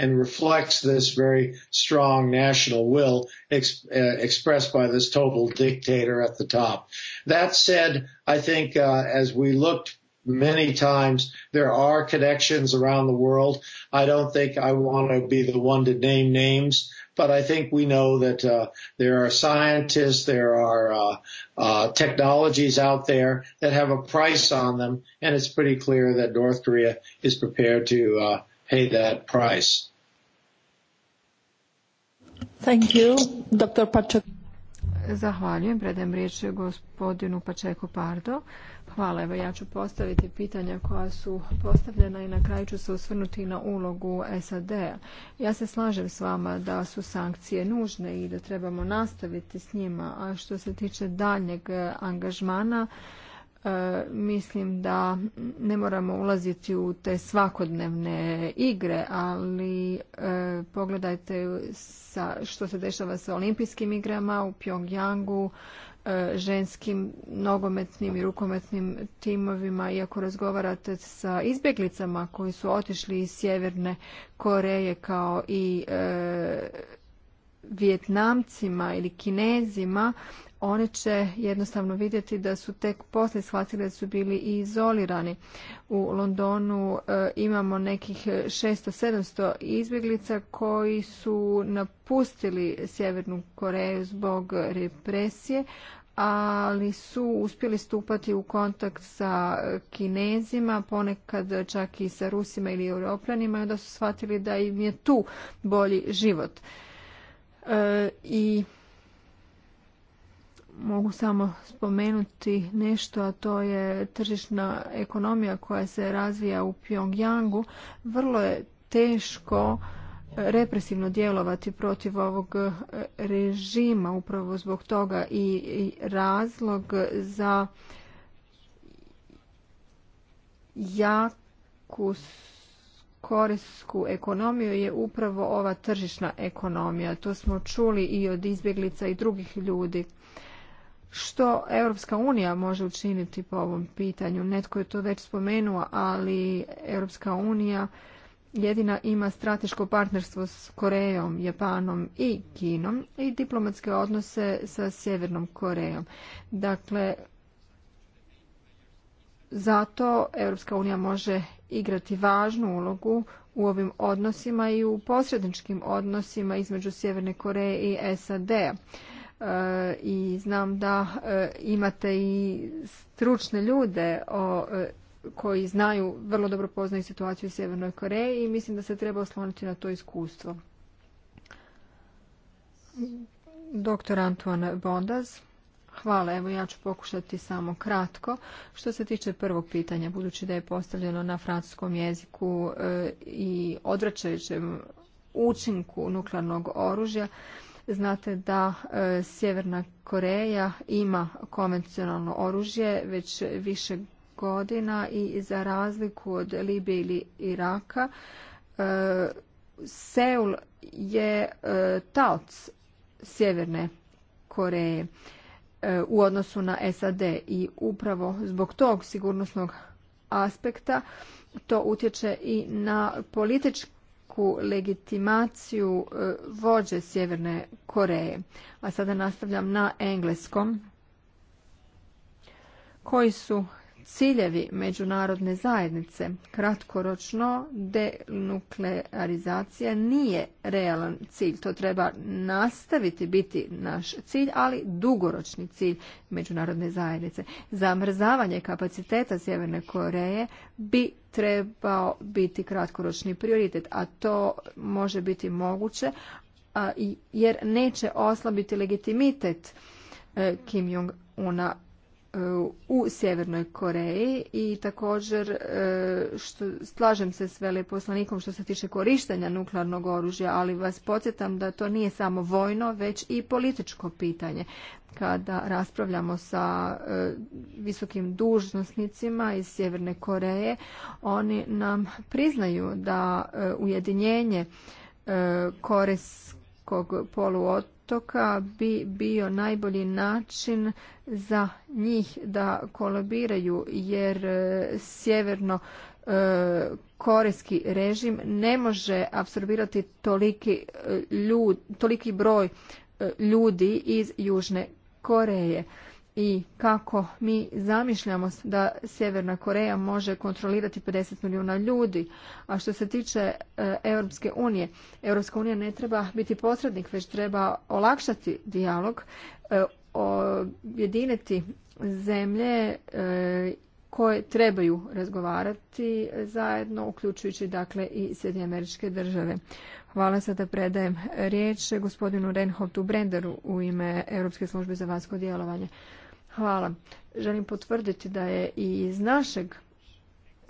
and reflects this very strong national will ex- uh, expressed by this total dictator at the top. That said, I think uh, as we looked many times there are connections around the world. I don't think I want to be the one to name names, but I think we know that uh, there are scientists, there are uh, uh, technologies out there that have a price on them, and it's pretty clear that North Korea is prepared to uh, pay that price. Thank you. Dr. Paček. Zahvaljujem. Predajem riječ gospodinu Pačeku Pardo. Hvala. Evo ja ću postaviti pitanja koja su postavljena i na kraju ću se osvrnuti na ulogu sad Ja se slažem s vama da su sankcije nužne i da trebamo nastaviti s njima. A što se tiče daljnjeg angažmana, E, mislim da ne moramo ulaziti u te svakodnevne igre, ali e, pogledajte sa, što se dešava sa olimpijskim igrama u Pyongyangu, e, ženskim nogometnim i rukometnim timovima Iako razgovarate sa izbjeglicama koji su otišli iz Sjeverne Koreje kao i e, Vjetnamcima ili Kinezima one će jednostavno vidjeti da su tek poslije shvatili da su bili i izolirani. U Londonu e, imamo nekih 600-700 izbjeglica koji su napustili Sjevernu Koreju zbog represije, ali su uspjeli stupati u kontakt sa kinezima, ponekad čak i sa rusima ili europljanima, da su shvatili da im je tu bolji život. E, I mogu samo spomenuti nešto, a to je tržišna ekonomija koja se razvija u Pyongyangu. Vrlo je teško e, represivno djelovati protiv ovog e, režima upravo zbog toga i razlog za jaku korisku ekonomiju je upravo ova tržišna ekonomija. To smo čuli i od izbjeglica i drugih ljudi što Europska unija može učiniti po ovom pitanju. Netko je to već spomenuo, ali Europska unija jedina ima strateško partnerstvo s Korejom, Japanom i Kinom i diplomatske odnose sa Sjevernom Korejom. Dakle, zato Europska unija može igrati važnu ulogu u ovim odnosima i u posredničkim odnosima između Sjeverne Koreje i SAD-a i znam da e, imate i stručne ljude e, koji znaju, vrlo dobro poznaju situaciju u Sjevernoj Koreji i mislim da se treba osloniti na to iskustvo. Doktor Antoine Bondaz. Hvala, evo ja ću pokušati samo kratko. Što se tiče prvog pitanja, budući da je postavljeno na francuskom jeziku e, i odvraćajućem učinku nuklearnog oružja, Znate da e, Sjeverna Koreja ima konvencionalno oružje već više godina i za razliku od Libije ili Iraka, e, Seul je e, taoc Sjeverne Koreje u odnosu na SAD i upravo zbog tog sigurnosnog aspekta to utječe i na politički političku legitimaciju e, vođe Sjeverne Koreje. A sada nastavljam na engleskom. Koji su ciljevi međunarodne zajednice. Kratkoročno denuklearizacija nije realan cilj. To treba nastaviti biti naš cilj, ali dugoročni cilj međunarodne zajednice. Zamrzavanje kapaciteta Sjeverne Koreje bi trebao biti kratkoročni prioritet, a to može biti moguće jer neće oslabiti legitimitet e, Kim Jong-una u Sjevernoj Koreji i također e, što, slažem se s veleposlanikom što se tiče korištenja nuklearnog oružja, ali vas podsjetam da to nije samo vojno, već i političko pitanje. Kada raspravljamo sa e, visokim dužnosnicima iz Sjeverne Koreje, oni nam priznaju da e, ujedinjenje Korejske Polu poluotoka bi bio najbolji način za njih da kolabiraju jer e, sjeverno e, korejski režim ne može apsorbirati toliki, e, ljud, toliki broj ljudi iz Južne Koreje i kako mi zamišljamo da Sjeverna Koreja može kontrolirati 50 milijuna ljudi. A što se tiče e, Europske unije, Europska unija ne treba biti posrednik, već treba olakšati dijalog, e, objediniti zemlje e, koje trebaju razgovarati zajedno, uključujući dakle i Sjedinje američke države. Hvala sada predajem riječ gospodinu Renholtu Brenderu u ime Europske službe za vanjsko djelovanje. Hvala. Želim potvrditi da je i iz našeg,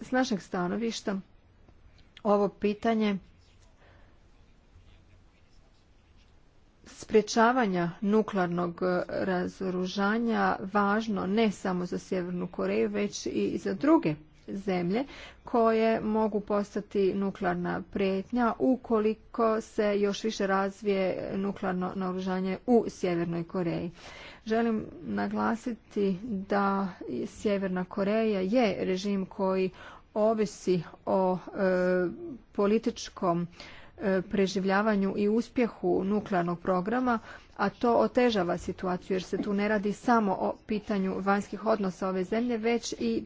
s našeg stanovišta ovo pitanje sprječavanja nuklearnog e, razoružanja važno ne samo za Sjevernu Koreju, već i za druge zemlje koje mogu postati nuklearna prijetnja ukoliko se još više razvije nuklearno naoružanje u Sjevernoj Koreji. Želim naglasiti da Sjeverna Koreja je režim koji ovisi o e, političkom e, preživljavanju i uspjehu nuklearnog programa, a to otežava situaciju jer se tu ne radi samo o pitanju vanjskih odnosa ove zemlje, već i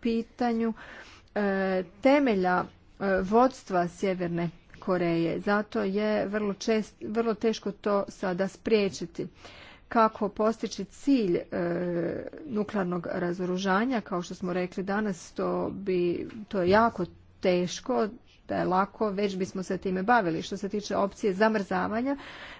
pitanju e, temelja vodstva Sjeverne Koreje. Zato je vrlo, čest, vrlo teško to sada spriječiti kako postići cilj e, nuklearnog razoružanja, kao što smo rekli danas, to, bi, to je jako teško, da je lako, već bismo se time bavili. Što se tiče opcije zamrzavanja,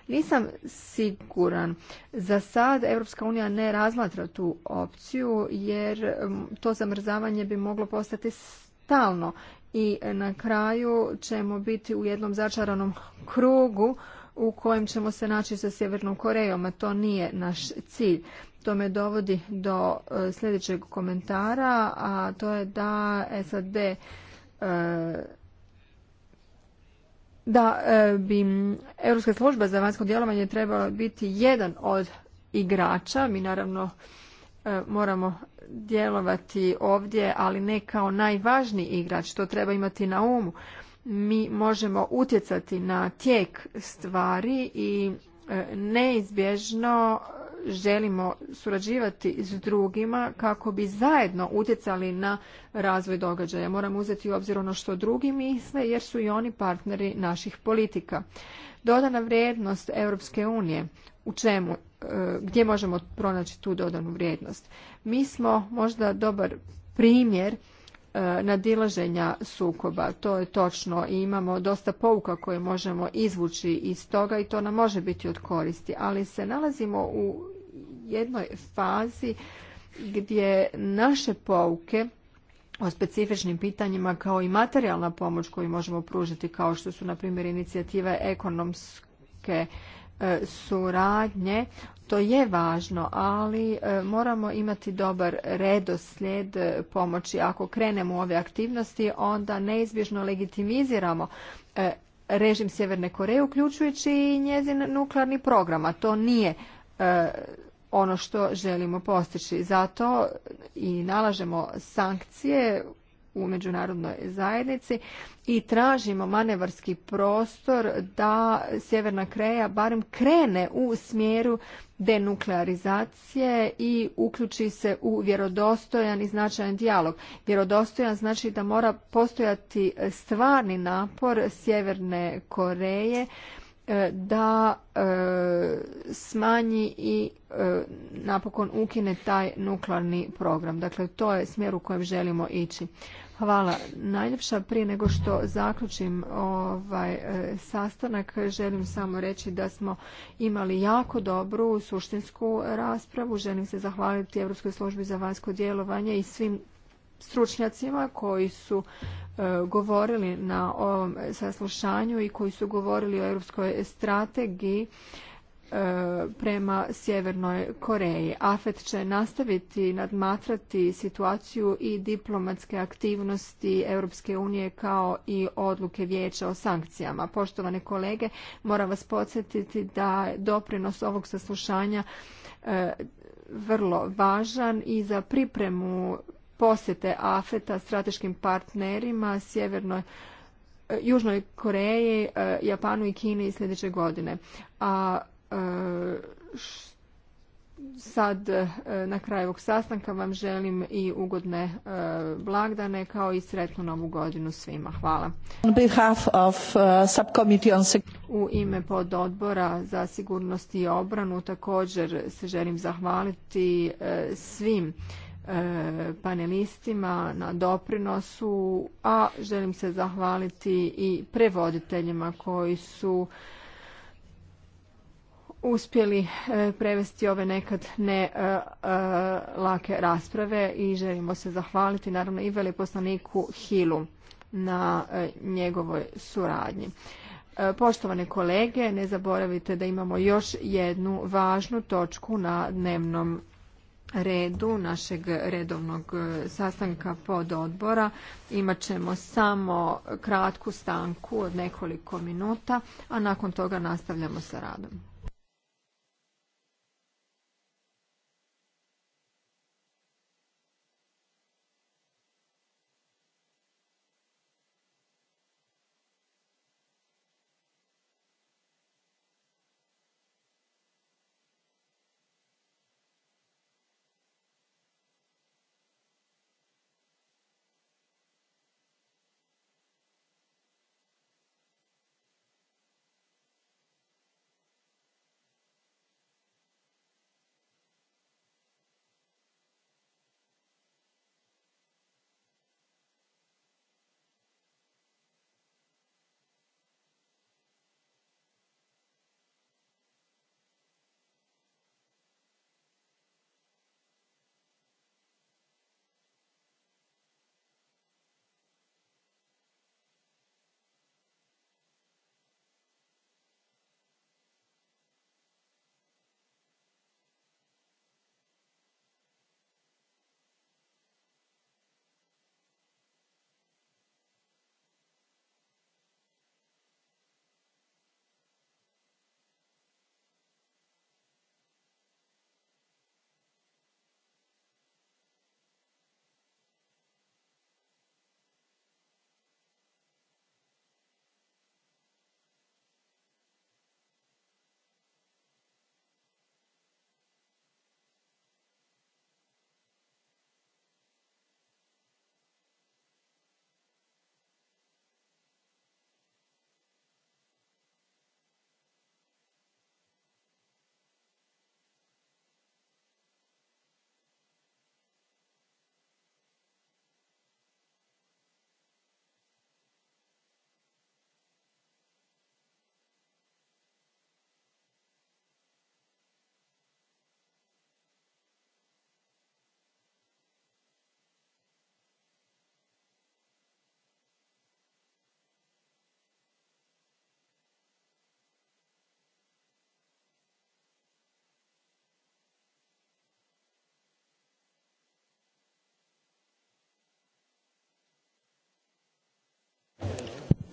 nisam siguran. Za sad Europska unija ne razmatra tu opciju jer to zamrzavanje bi moglo postati stalno i na kraju ćemo biti u jednom začaranom krugu u kojem ćemo se naći sa Sjevernom Korejom, a to nije naš cilj. To me dovodi do e, sljedećeg komentara, a to je da SAD e, da e, bi Europska služba za vanjsko djelovanje trebala biti jedan od igrača. Mi naravno moramo djelovati ovdje, ali ne kao najvažniji igrač. To treba imati na umu mi možemo utjecati na tijek stvari i e, neizbježno želimo surađivati s drugima kako bi zajedno utjecali na razvoj događaja. Moramo uzeti u obzir ono što drugi misle jer su i oni partneri naših politika. Dodana vrijednost Europske unije u čemu, e, gdje možemo pronaći tu dodanu vrijednost? Mi smo možda dobar primjer E, nadilaženja sukoba. To je točno i imamo dosta pouka koje možemo izvući iz toga i to nam može biti od koristi, ali se nalazimo u jednoj fazi gdje naše pouke o specifičnim pitanjima kao i materijalna pomoć koju možemo pružiti kao što su na primjer inicijative ekonomske E, suradnje to je važno, ali e, moramo imati dobar redoslijed e, pomoći. Ako krenemo u ove aktivnosti, onda neizbježno legitimiziramo režim Sjeverne Koreje, uključujući i njezin nuklearni program, a to nije ono što želimo postići. Zato i nalažemo sankcije u međunarodnoj zajednici i tražimo manevarski prostor da Sjeverna Kreja barem krene u smjeru denuklearizacije i uključi se u vjerodostojan i značajan dijalog. Vjerodostojan znači da mora postojati stvarni napor Sjeverne Koreje e, da e, smanji i e, napokon ukine taj nuklearni program. Dakle, to je smjer u kojem želimo ići. Hvala. Najljepša prije nego što zaključim ovaj e, sastanak želim samo reći da smo imali jako dobru suštinsku raspravu. Želim se zahvaliti Europskoj službi za vanjsko djelovanje i svim stručnjacima koji su e, govorili na ovom saslušanju i koji su govorili o europskoj strategiji E, prema Sjevernoj Koreji. AFET će nastaviti nadmatrati situaciju i diplomatske aktivnosti Europske unije kao i odluke vijeća o sankcijama. Poštovane kolege, moram vas podsjetiti da je doprinos ovog saslušanja e, vrlo važan i za pripremu posjete AFETA strateškim partnerima Sjevernoj e, Južnoj Koreji, Japanu i Kini sljedeće godine. A E, sad e, na kraju ovog sastanka vam želim i ugodne e, blagdane kao i sretnu novu godinu svima. Hvala. U ime Odbora za sigurnost i obranu također se želim zahvaliti svim panelistima na doprinosu, a želim se zahvaliti i prevoditeljima koji su uspjeli e, prevesti ove nekad ne e, e, lake rasprave i želimo se zahvaliti naravno i veleposlaniku Hilu na njegovoj suradnji. Poštovane kolege, ne zaboravite da imamo još jednu važnu točku na dnevnom redu našeg redovnog sastanka pod odbora. Imat ćemo samo kratku stanku od nekoliko minuta, a nakon toga nastavljamo sa radom.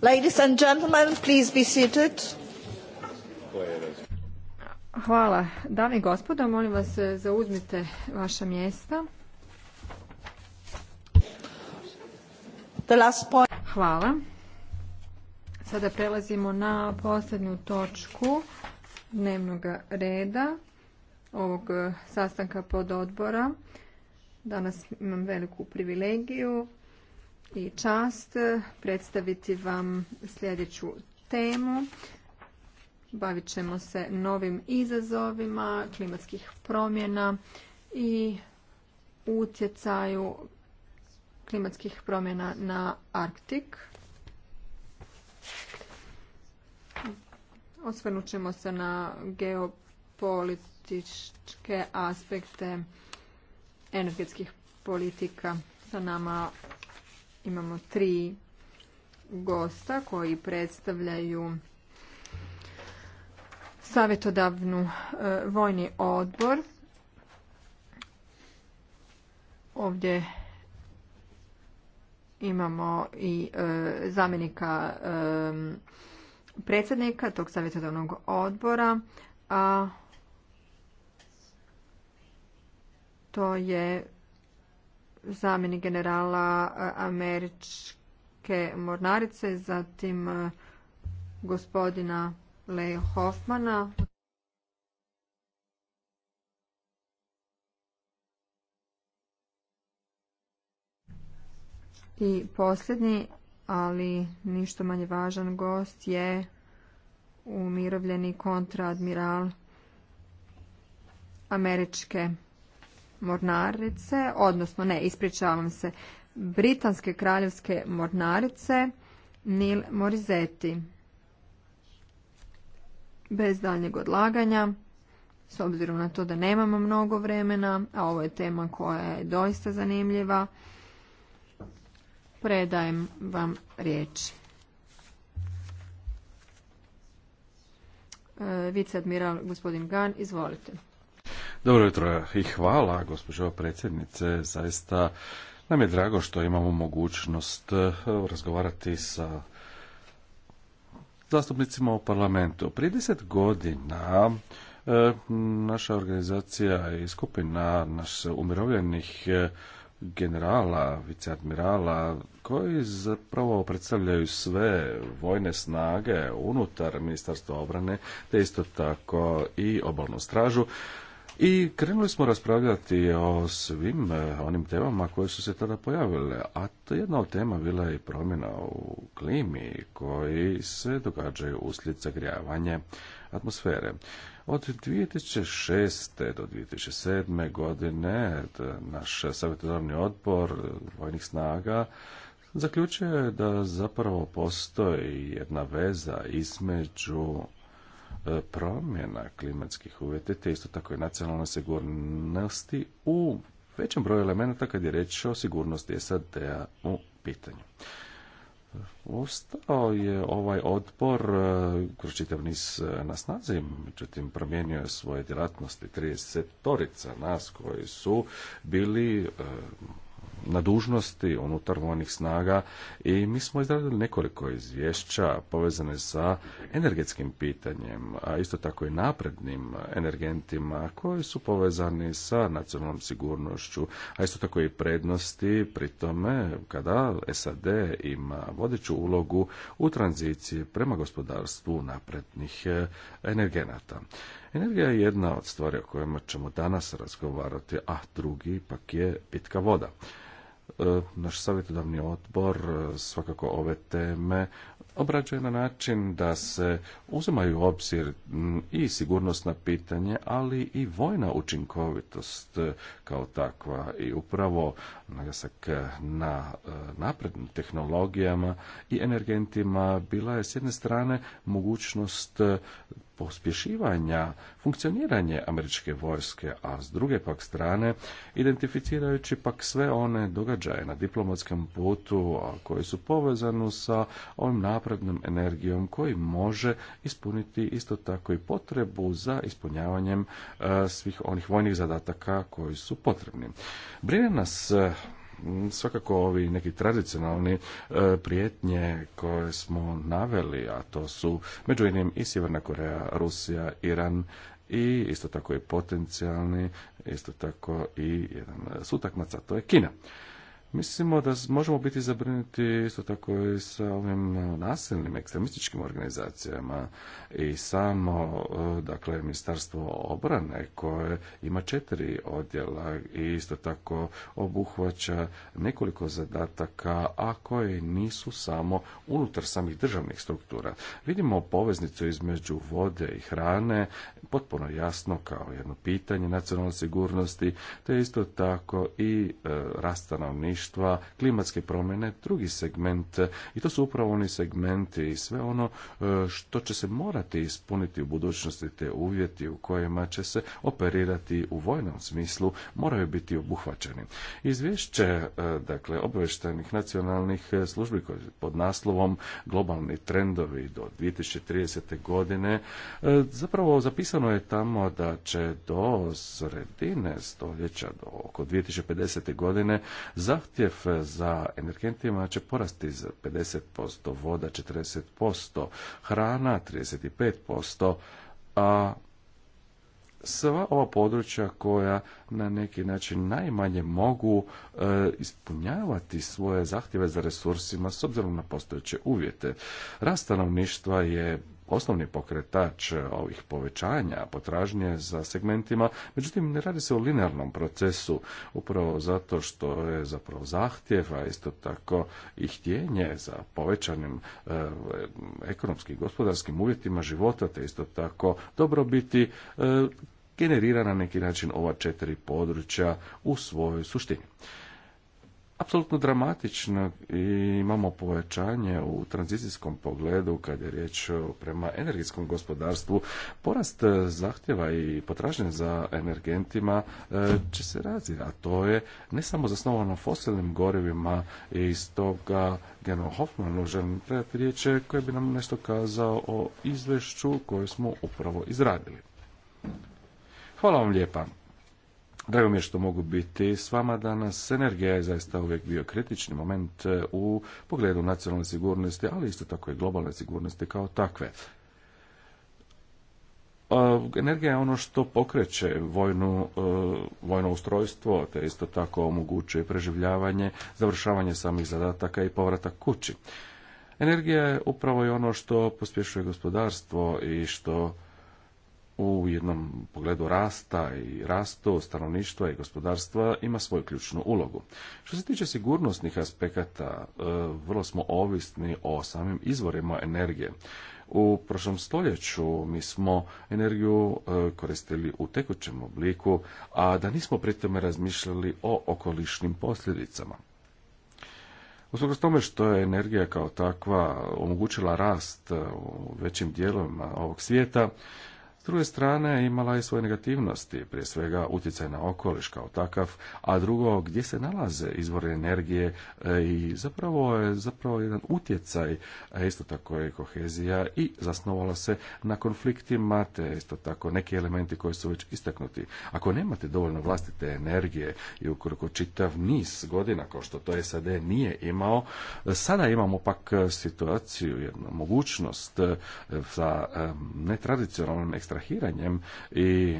Ladies and gentlemen, please be seated. Hvala. Dame i gospodo, molim vas e, zauzmite vaša mjesta. The Hvala. Sada prelazimo na posljednju točku dnevnog reda ovog e, sastanka pod odbora. Danas imam veliku privilegiju i čast predstaviti vam sljedeću temu. Bavit ćemo se novim izazovima klimatskih promjena i utjecaju klimatskih promjena na Arktik. Osvrnut ćemo se na geopolitičke aspekte energetskih politika. Sa nama Imamo tri gosta koji predstavljaju savjetodavnu e, vojni odbor. Ovdje imamo i e, zamjenika e, predsjednika tog savjetodavnog odbora, a to je zamjenik generala e, američke mornarice, zatim e, gospodina Leo Hoffmana. I posljednji, ali ništa manje važan gost je umirovljeni kontraadmiral američke mornarice, odnosno ne, ispričavam se, britanske kraljevske mornarice Nil Morizeti. Bez daljnjeg odlaganja, s obzirom na to da nemamo mnogo vremena, a ovo je tema koja je doista zanimljiva, predajem vam riječ. E, Vice admiral gospodin Gan, izvolite. Dobro jutro i hvala, gospođo predsjednice. Zaista nam je drago što imamo mogućnost eh, razgovarati sa zastupnicima u parlamentu. Prije deset godina eh, naša organizacija i skupina naš umirovljenih eh, generala, viceadmirala, koji zapravo predstavljaju sve vojne snage unutar Ministarstva obrane, te isto tako i obalnu stražu, i krenuli smo raspravljati o svim e, onim temama koje su se tada pojavile, a to jedna od tema bila je promjena u klimi koji se događaju uslijed zagrijavanja atmosfere. Od 2006. do 2007. godine naš savjetodavni odbor vojnih snaga zaključuje da zapravo postoji jedna veza između E, promjena klimatskih uvjeta, te isto tako i nacionalne sigurnosti u većem broju elemenata kad je reč o sigurnosti SAD-a u pitanju. Ostao je ovaj odbor e, kroz čitav niz e, na snazi, međutim promijenio je svoje djelatnosti. 30 torica nas koji su bili na dužnosti unutar vojnih snaga i mi smo izradili nekoliko izvješća povezane sa energetskim pitanjem, a isto tako i naprednim energentima koji su povezani sa nacionalnom sigurnošću, a isto tako i prednosti pri tome kada SAD ima vodeću ulogu u tranziciji prema gospodarstvu naprednih e, energenata. Energija je jedna od stvari o kojima ćemo danas razgovarati, a drugi pak je pitka voda. E, naš savjetodavni odbor e, svakako ove teme obrađuje na način da se uzimaju u obzir i sigurnosna pitanje, ali i vojna učinkovitost e, kao takva. I upravo naglasak eh, na eh, naprednim tehnologijama i energentima bila je s jedne strane mogućnost eh, pospješivanja funkcioniranje američke vojske, a s druge pak strane identificirajući pak sve one događaje na diplomatskom putu koji su povezani sa ovim naprednom energijom koji može ispuniti isto tako i potrebu za ispunjavanjem svih onih vojnih zadataka koji su potrebni. Brine nas Mm, svakako ovi neki tradicionalni e, prijetnje koje smo naveli, a to su među inim i Sjeverna Koreja, Rusija, Iran, i isto tako i potencijalni, isto tako i jedan sutakmac, a to je Kina. Mislimo da možemo biti zabrinuti isto tako i sa ovim e, nasilnim ekstremističkim organizacijama i samo e, dakle Ministarstvo obrane koje ima četiri odjela i isto tako obuhvaća nekoliko zadataka, a koje nisu samo unutar samih državnih struktura. Vidimo poveznicu između vode i hrane, potpuno jasno kao jedno pitanje nacionalne sigurnosti, te isto tako i e, stanovništva stanovništva, klimatske promjene, drugi segment i to su upravo oni segmenti i sve ono e, što će se morati ispuniti u budućnosti te uvjeti u kojima će se operirati u vojnom smislu moraju biti obuhvaćeni. Izvješće e, dakle obavještajnih nacionalnih e, službi pod naslovom globalni trendovi do 2030. godine zapravo zapisano je tamo da će do sredine stoljeća do oko 2050. godine zahtjev zahtjev za energentima će porasti za 50%, voda 40%, hrana 35%, a sva ova područja koja na neki način najmanje mogu e, ispunjavati svoje zahtjeve za resursima s obzirom na postojeće uvjete. Rast stanovništva je osnovni pokretač e, ovih povećanja potražnje za segmentima, međutim ne radi se o linearnom procesu, upravo zato što je zapravo zahtjev, a isto tako i htjenje za povećanim e, ekonomskim i gospodarskim uvjetima života, te isto tako dobrobiti e, generira na neki način ova četiri područja u svojoj suštini apsolutno dramatično i imamo povećanje u tranzicijskom pogledu kad je riječ prema energetskom gospodarstvu. Porast zahtjeva i potražnje za energentima e, će se razviti, a to je ne samo zasnovano fosilnim gorivima i stoga Geno Hoffmanu želim predati riječ koje bi nam nešto kazao o izvešću koje smo upravo izradili. Hvala vam lijepa. Drago mi je što mogu biti s vama danas. Energija je zaista uvijek bio kritični moment e, u pogledu nacionalne sigurnosti, ali isto tako i globalne sigurnosti kao takve. Energija je ono što pokreće vojnu, e, vojno ustrojstvo, te isto tako omogućuje preživljavanje, završavanje samih zadataka i povratak kući. Energija je upravo i ono što pospješuje gospodarstvo i što u jednom pogledu rasta i rastu stanovništva i gospodarstva ima svoju ključnu ulogu. Što se tiče sigurnosnih aspekata, e, vrlo smo ovisni o samim izvorima energije. U prošlom stoljeću mi smo energiju e, koristili u tekućem obliku, a da nismo pri tome razmišljali o okolišnim posljedicama. Usprkos tome što je energija kao takva omogućila rast e, u većim dijelovima ovog svijeta, s druge strane, imala je svoje negativnosti, prije svega utjecaj na okoliš kao takav, a drugo, gdje se nalaze izvore energije e, i zapravo je zapravo jedan utjecaj, a isto tako je kohezija i zasnovala se na konfliktima, te isto tako neki elementi koji su već istaknuti. Ako nemate dovoljno vlastite energije i ukoliko čitav niz godina, kao što to SAD nije imao, sada imamo pak situaciju, jednu mogućnost e, za e, netradicionalnom ekstrahiranjem i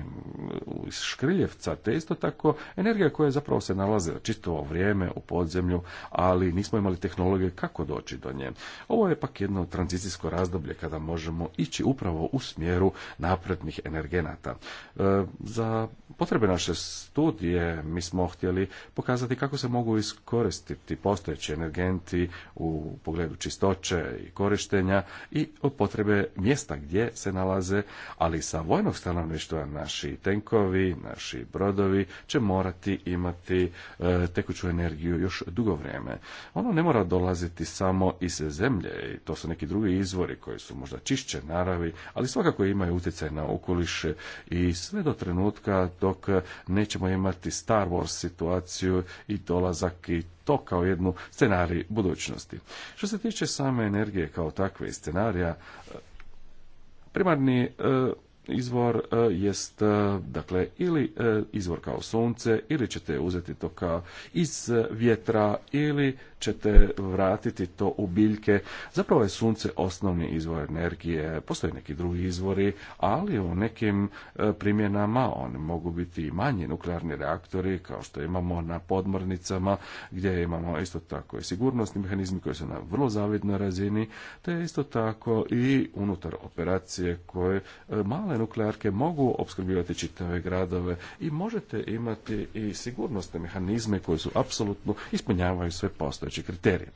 iz škriljevca, te isto tako energija koja zapravo se nalaze čisto vrijeme u podzemlju, ali nismo imali tehnologije kako doći do nje. Ovo je pak jedno tranzicijsko razdoblje kada možemo ići upravo u smjeru naprednih energenata. E, za potrebe naše studije mi smo htjeli pokazati kako se mogu iskoristiti postojeći energenti u pogledu čistoće i korištenja i od potrebe mjesta gdje se nalaze, ali sa vojnog stanovništva naši tenkovi, naši brodovi će morati imati e, tekuću energiju još dugo vrijeme. Ono ne mora dolaziti samo iz zemlje i to su neki drugi izvori koji su možda čišće naravi, ali svakako imaju utjecaj na okoliš i sve do trenutka dok nećemo imati Star Wars situaciju i dolazak i to kao jednu scenarij budućnosti. Što se tiče same energije kao takve i scenarija, e, primarni e, izvor e, jest e, dakle ili e, izvor kao sunce ili ćete uzeti to kao iz vjetra ili ćete vratiti to u biljke. Zapravo je sunce osnovni izvor energije, postoje neki drugi izvori, ali u nekim e, primjenama oni mogu biti i manji nuklearni reaktori, kao što imamo na podmornicama, gdje imamo isto tako i sigurnosni mehanizmi koji su na vrlo zavidnoj razini, te isto tako i unutar operacije koje e, male nuklearke mogu opskrbljivati čitave gradove i možete imati i sigurnosne mehanizme koji su apsolutno ispunjavaju sve postoje odgovarajući kriterij.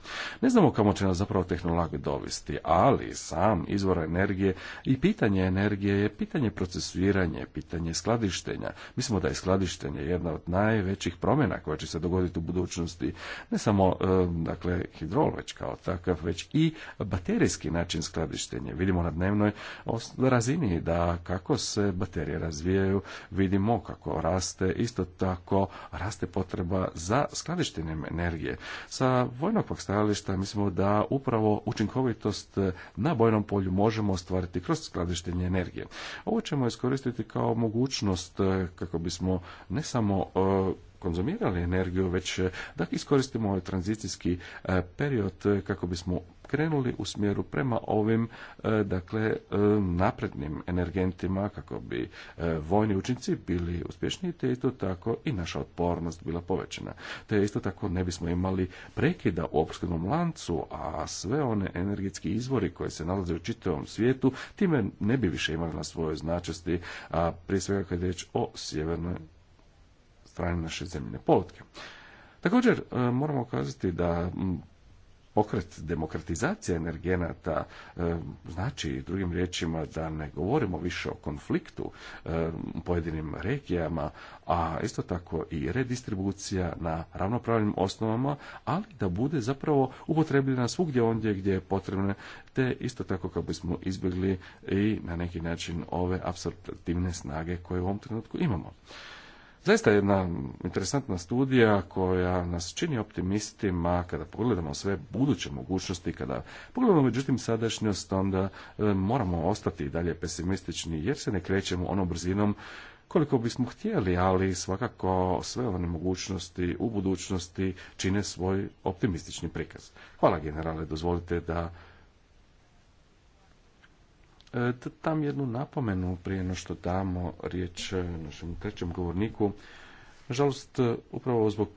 Ne znamo kamo će nas zapravo tehnologiju dovesti, ali sam izvor energije i pitanje energije je pitanje procesuiranja, pitanje skladištenja. Mislimo da je skladištenje jedna od najvećih promjena koja će se dogoditi u budućnosti, ne samo e, dakle hidrol već kao takav, već i baterijski način skladištenja. Vidimo na dnevnoj razini da kako se baterije razvijaju, vidimo kako raste isto tako raste potreba za skladištenjem energije. Sa vojnog stajališta mislimo da upravo učinkovitost eh, na bojnom polju možemo ostvariti kroz skladištenje energije. Ovo ćemo iskoristiti kao mogućnost eh, kako bismo ne samo eh, konzumirali energiju, već da iskoristimo ovaj tranzicijski period kako bismo krenuli u smjeru prema ovim e, dakle e, naprednim energentima kako bi e, vojni učinci bili uspješniji te isto tako i naša otpornost bila povećana. Te isto tako ne bismo imali prekida u opskrbnom lancu, a sve one energetski izvori koji se nalaze u čitavom svijetu time ne bi više imali na svojoj značasti, a prije svega kad je riječ o sjevernoj strani naše zemljine polutke. Također moramo kazati da pokret demokratizacije energenata e, znači drugim riječima da ne govorimo više o konfliktu e, u pojedinim regijama, a isto tako i redistribucija na ravnopravnim osnovama, ali da bude zapravo upotrebljena svugdje ondje gdje je potrebno, te isto tako kako bismo izbjegli i na neki način ove apsorptivne snage koje u ovom trenutku imamo. Zaista jedna interesantna studija koja nas čini optimistima kada pogledamo sve buduće mogućnosti, kada pogledamo međutim sadašnjost, onda e, moramo ostati i dalje pesimistični jer se ne krećemo onom brzinom koliko bismo htjeli, ali svakako sve one mogućnosti u budućnosti čine svoj optimistični prikaz. Hvala generale, dozvolite da E, tam jednu napomenu prije no što damo riječ e, našem trećem govorniku. Nažalost, e, upravo zbog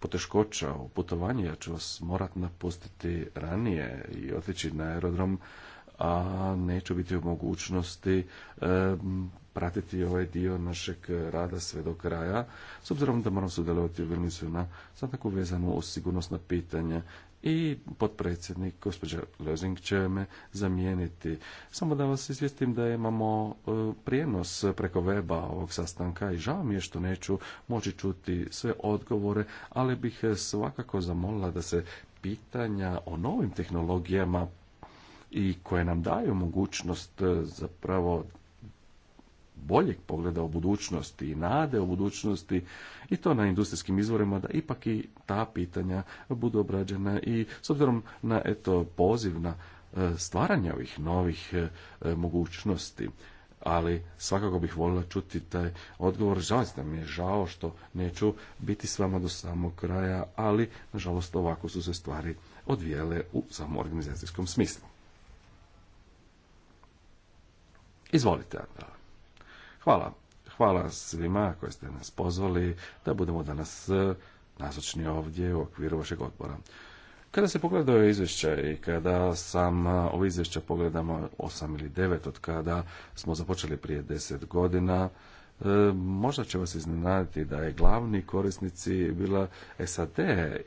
poteškoća u putovanju, ja ću vas morat napustiti ranije i otići na aerodrom, a neću biti u mogućnosti pratiti ovaj dio našeg rada sve do kraja, s obzirom da moram sudjelovati u Vilnicu na tako vezano uz sigurnosna pitanja i potpredsjednik gospođa Lozing će me zamijeniti. Samo da vas izvijestim da imamo e, prijenos preko weba ovog sastanka i žao mi je što neću moći čuti sve odgovore, ali bih e, svakako zamolila da se pitanja o novim tehnologijama i koje nam daju mogućnost e, zapravo boljeg pogleda o budućnosti i nade o budućnosti i to na industrijskim izvorima da ipak i ta pitanja budu obrađena i s obzirom na eto poziv na e, stvaranje ovih novih e, mogućnosti ali svakako bih volila čuti taj odgovor. Žalost da mi je žao što neću biti s vama do samog kraja, ali nažalost ovako su se stvari odvijele u samoorganizacijskom smislu. Izvolite, Hvala. Hvala svima koji ste nas pozvali da budemo danas e, nazočni ovdje u okviru vašeg odbora. Kada se pogledaju izvješća i kada sam e, ovo izvješća pogledamo 8 ili 9 od kada smo započeli prije 10 godina, E, možda će vas iznenaditi da je glavni korisnici bila SAD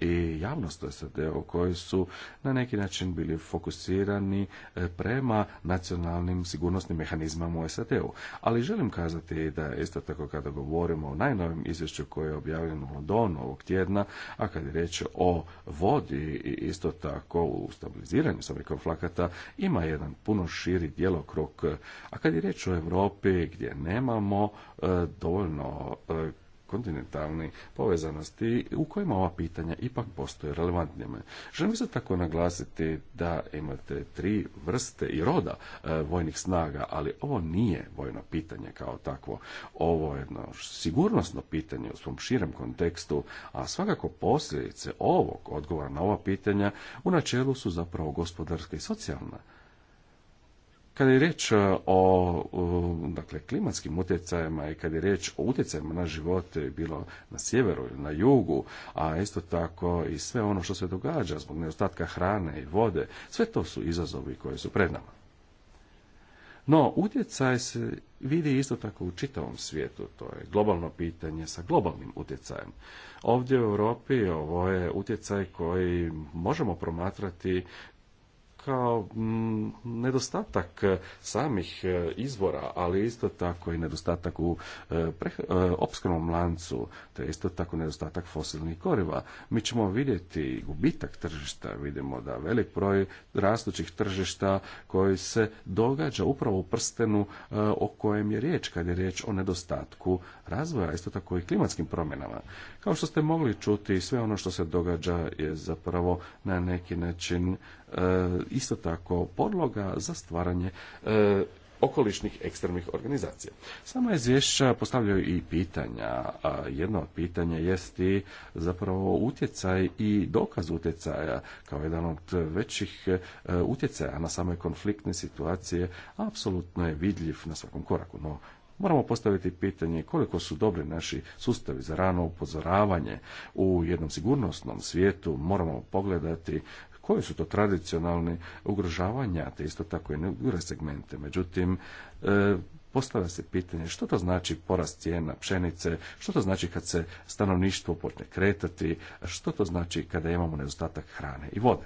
i javnost SAD u kojoj su na neki način bili fokusirani e, prema nacionalnim sigurnosnim mehanizmama u SAD-u. Ali želim kazati da isto tako kada govorimo o najnovijem izvješću koje je objavljeno u Londonu ovog tjedna, a kad je riječ o vodi i isto tako u stabiliziranju samih flakata ima jedan puno širi djelokrug. A kad je riječ o Europi gdje nemamo E, dovoljno e, kontinentalni povezanosti u kojima ova pitanja ipak postoje relevantnima. Želim se tako naglasiti da imate tri vrste i roda e, vojnih snaga, ali ovo nije vojno pitanje kao takvo. Ovo je jedno sigurnosno pitanje u svom širem kontekstu, a svakako posljedice ovog odgovora na ova pitanja u načelu su zapravo gospodarska i socijalna kada je riječ e, o dakle, klimatskim utjecajima i kada je riječ o utjecajima na život bilo na sjeveru ili na jugu, a isto tako i sve ono što se događa zbog nedostatka hrane i vode, sve to su izazovi koji su pred nama. No, utjecaj se vidi isto tako u čitavom svijetu. To je globalno pitanje sa globalnim utjecajem. Ovdje u Europi ovo je utjecaj koji možemo promatrati kao mm, nedostatak e, samih e, izvora, ali isto tako i nedostatak u e, opskrbnom lancu, te isto tako nedostatak fosilnih koriva. Mi ćemo vidjeti gubitak tržišta, vidimo da velik broj rastućih tržišta koji se događa upravo u prstenu o kojem je riječ, kad je riječ o nedostatku razvoja, isto tako i klimatskim promjenama. Kao što ste mogli čuti, sve ono što se događa je zapravo na neki način E, isto tako podloga za stvaranje e, okolišnih ekstremnih organizacija. Sama izvješća postavljaju i pitanja. A jedno od pitanja jest i zapravo utjecaj i dokaz utjecaja kao jedan od većih e, utjecaja na same konfliktne situacije. Apsolutno je vidljiv na svakom koraku, no Moramo postaviti pitanje koliko su dobri naši sustavi za rano upozoravanje u jednom sigurnosnom svijetu. Moramo pogledati koji su to tradicionalni ugrožavanja, te isto tako i druge segmente. Međutim, e, postavlja se pitanje što to znači porast cijena pšenice, što to znači kad se stanovništvo počne kretati, što to znači kada imamo nedostatak hrane i vode.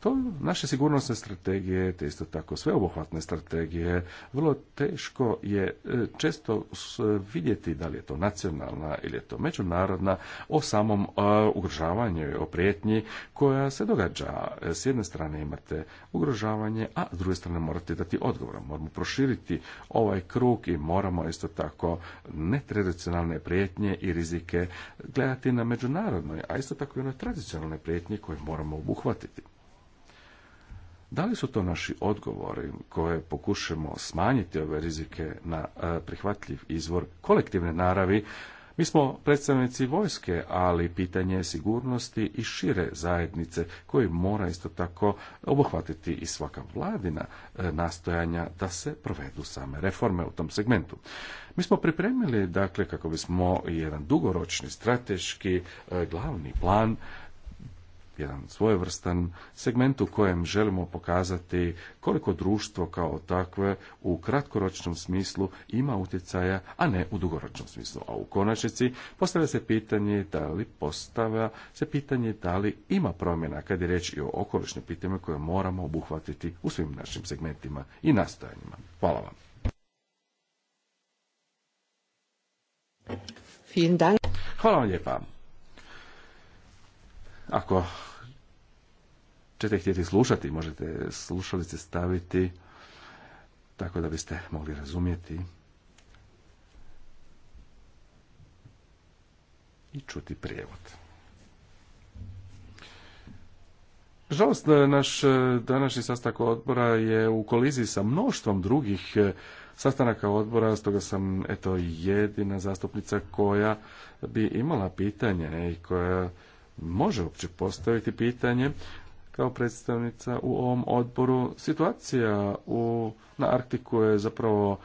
To naše sigurnosne strategije, te isto tako sveobuhvatne strategije, vrlo teško je e, često e, vidjeti da li je to nacionalna ili je to međunarodna o samom e, ugrožavanju i o prijetnji koja se događa. S jedne strane imate ugrožavanje, a s druge strane morate dati odgovor. Moramo proširiti ovaj krug i moramo isto tako netradicionalne prijetnje i rizike gledati na međunarodnoj, a isto tako i na tradicionalne prijetnje koje moramo obuhvatiti. Da li su to naši odgovori koje pokušamo smanjiti ove rizike na e, prihvatljiv izvor kolektivne naravi? Mi smo predstavnici vojske, ali pitanje sigurnosti i šire zajednice koji mora isto tako obuhvatiti i svaka vladina e, nastojanja da se provedu same reforme u tom segmentu. Mi smo pripremili, dakle, kako bismo jedan dugoročni strateški e, glavni plan jedan svojevrstan segment u kojem želimo pokazati koliko društvo kao takve u kratkoročnom smislu ima utjecaja, a ne u dugoročnom smislu. A u konačnici postavlja se pitanje da li postavlja se pitanje da li ima promjena kad je reč i o okolišnim pitanjima koje moramo obuhvatiti u svim našim segmentima i nastojanjima. Hvala vam. Hvala vam lijepa. Ako ćete htjeti slušati, možete slušalice staviti tako da biste mogli razumjeti i čuti prijevod. Žalost, naš današnji sastanak odbora je u koliziji sa mnoštvom drugih sastanaka odbora, stoga sam eto jedina zastupnica koja bi imala pitanje i koja može uopće postaviti pitanje kao predstavnica u ovom odboru. Situacija u, na Arktiku je zapravo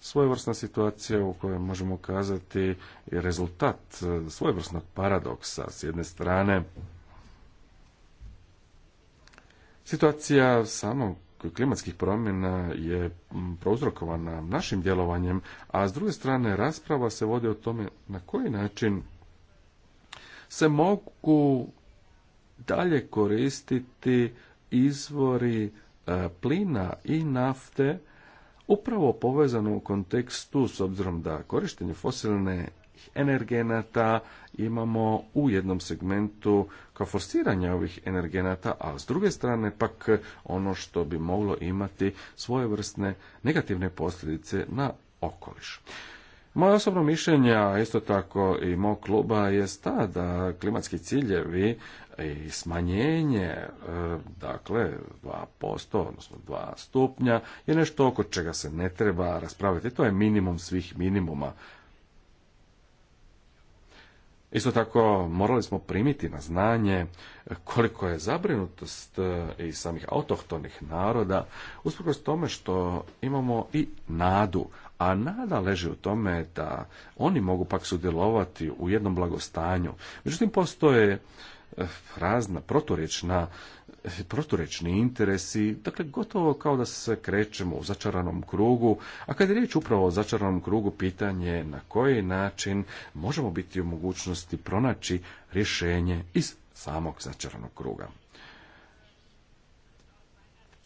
svojevrsna situacija u kojoj možemo kazati rezultat svojevrsnog paradoksa. S jedne strane, situacija samog klimatskih promjena je prouzrokovana našim djelovanjem, a s druge strane rasprava se vodi o tome na koji način se mogu dalje koristiti izvori e, plina i nafte upravo povezano u kontekstu s obzirom da korištenje fosilne energenata imamo u jednom segmentu kao forsiranja ovih energenata, a s druge strane pak ono što bi moglo imati svojevrsne negativne posljedice na okoliš. Moje osobno mišljenja, isto tako i mog kluba, je ta da klimatski ciljevi i smanjenje, e, dakle 2%, odnosno 2 stupnja, je nešto oko čega se ne treba raspraviti. To je minimum svih minimuma. Isto tako morali smo primiti na znanje koliko je zabrinutost e, i samih autohtonih naroda, usprkos tome što imamo i nadu, a nada leži u tome da oni mogu pak sudjelovati u jednom blagostanju. Međutim, postoje eh, razna proturečna, eh, proturečni interesi, dakle gotovo kao da se krećemo u začaranom krugu, a kad je riječ upravo o začaranom krugu, pitanje je na koji način možemo biti u mogućnosti pronaći rješenje iz samog začaranog kruga.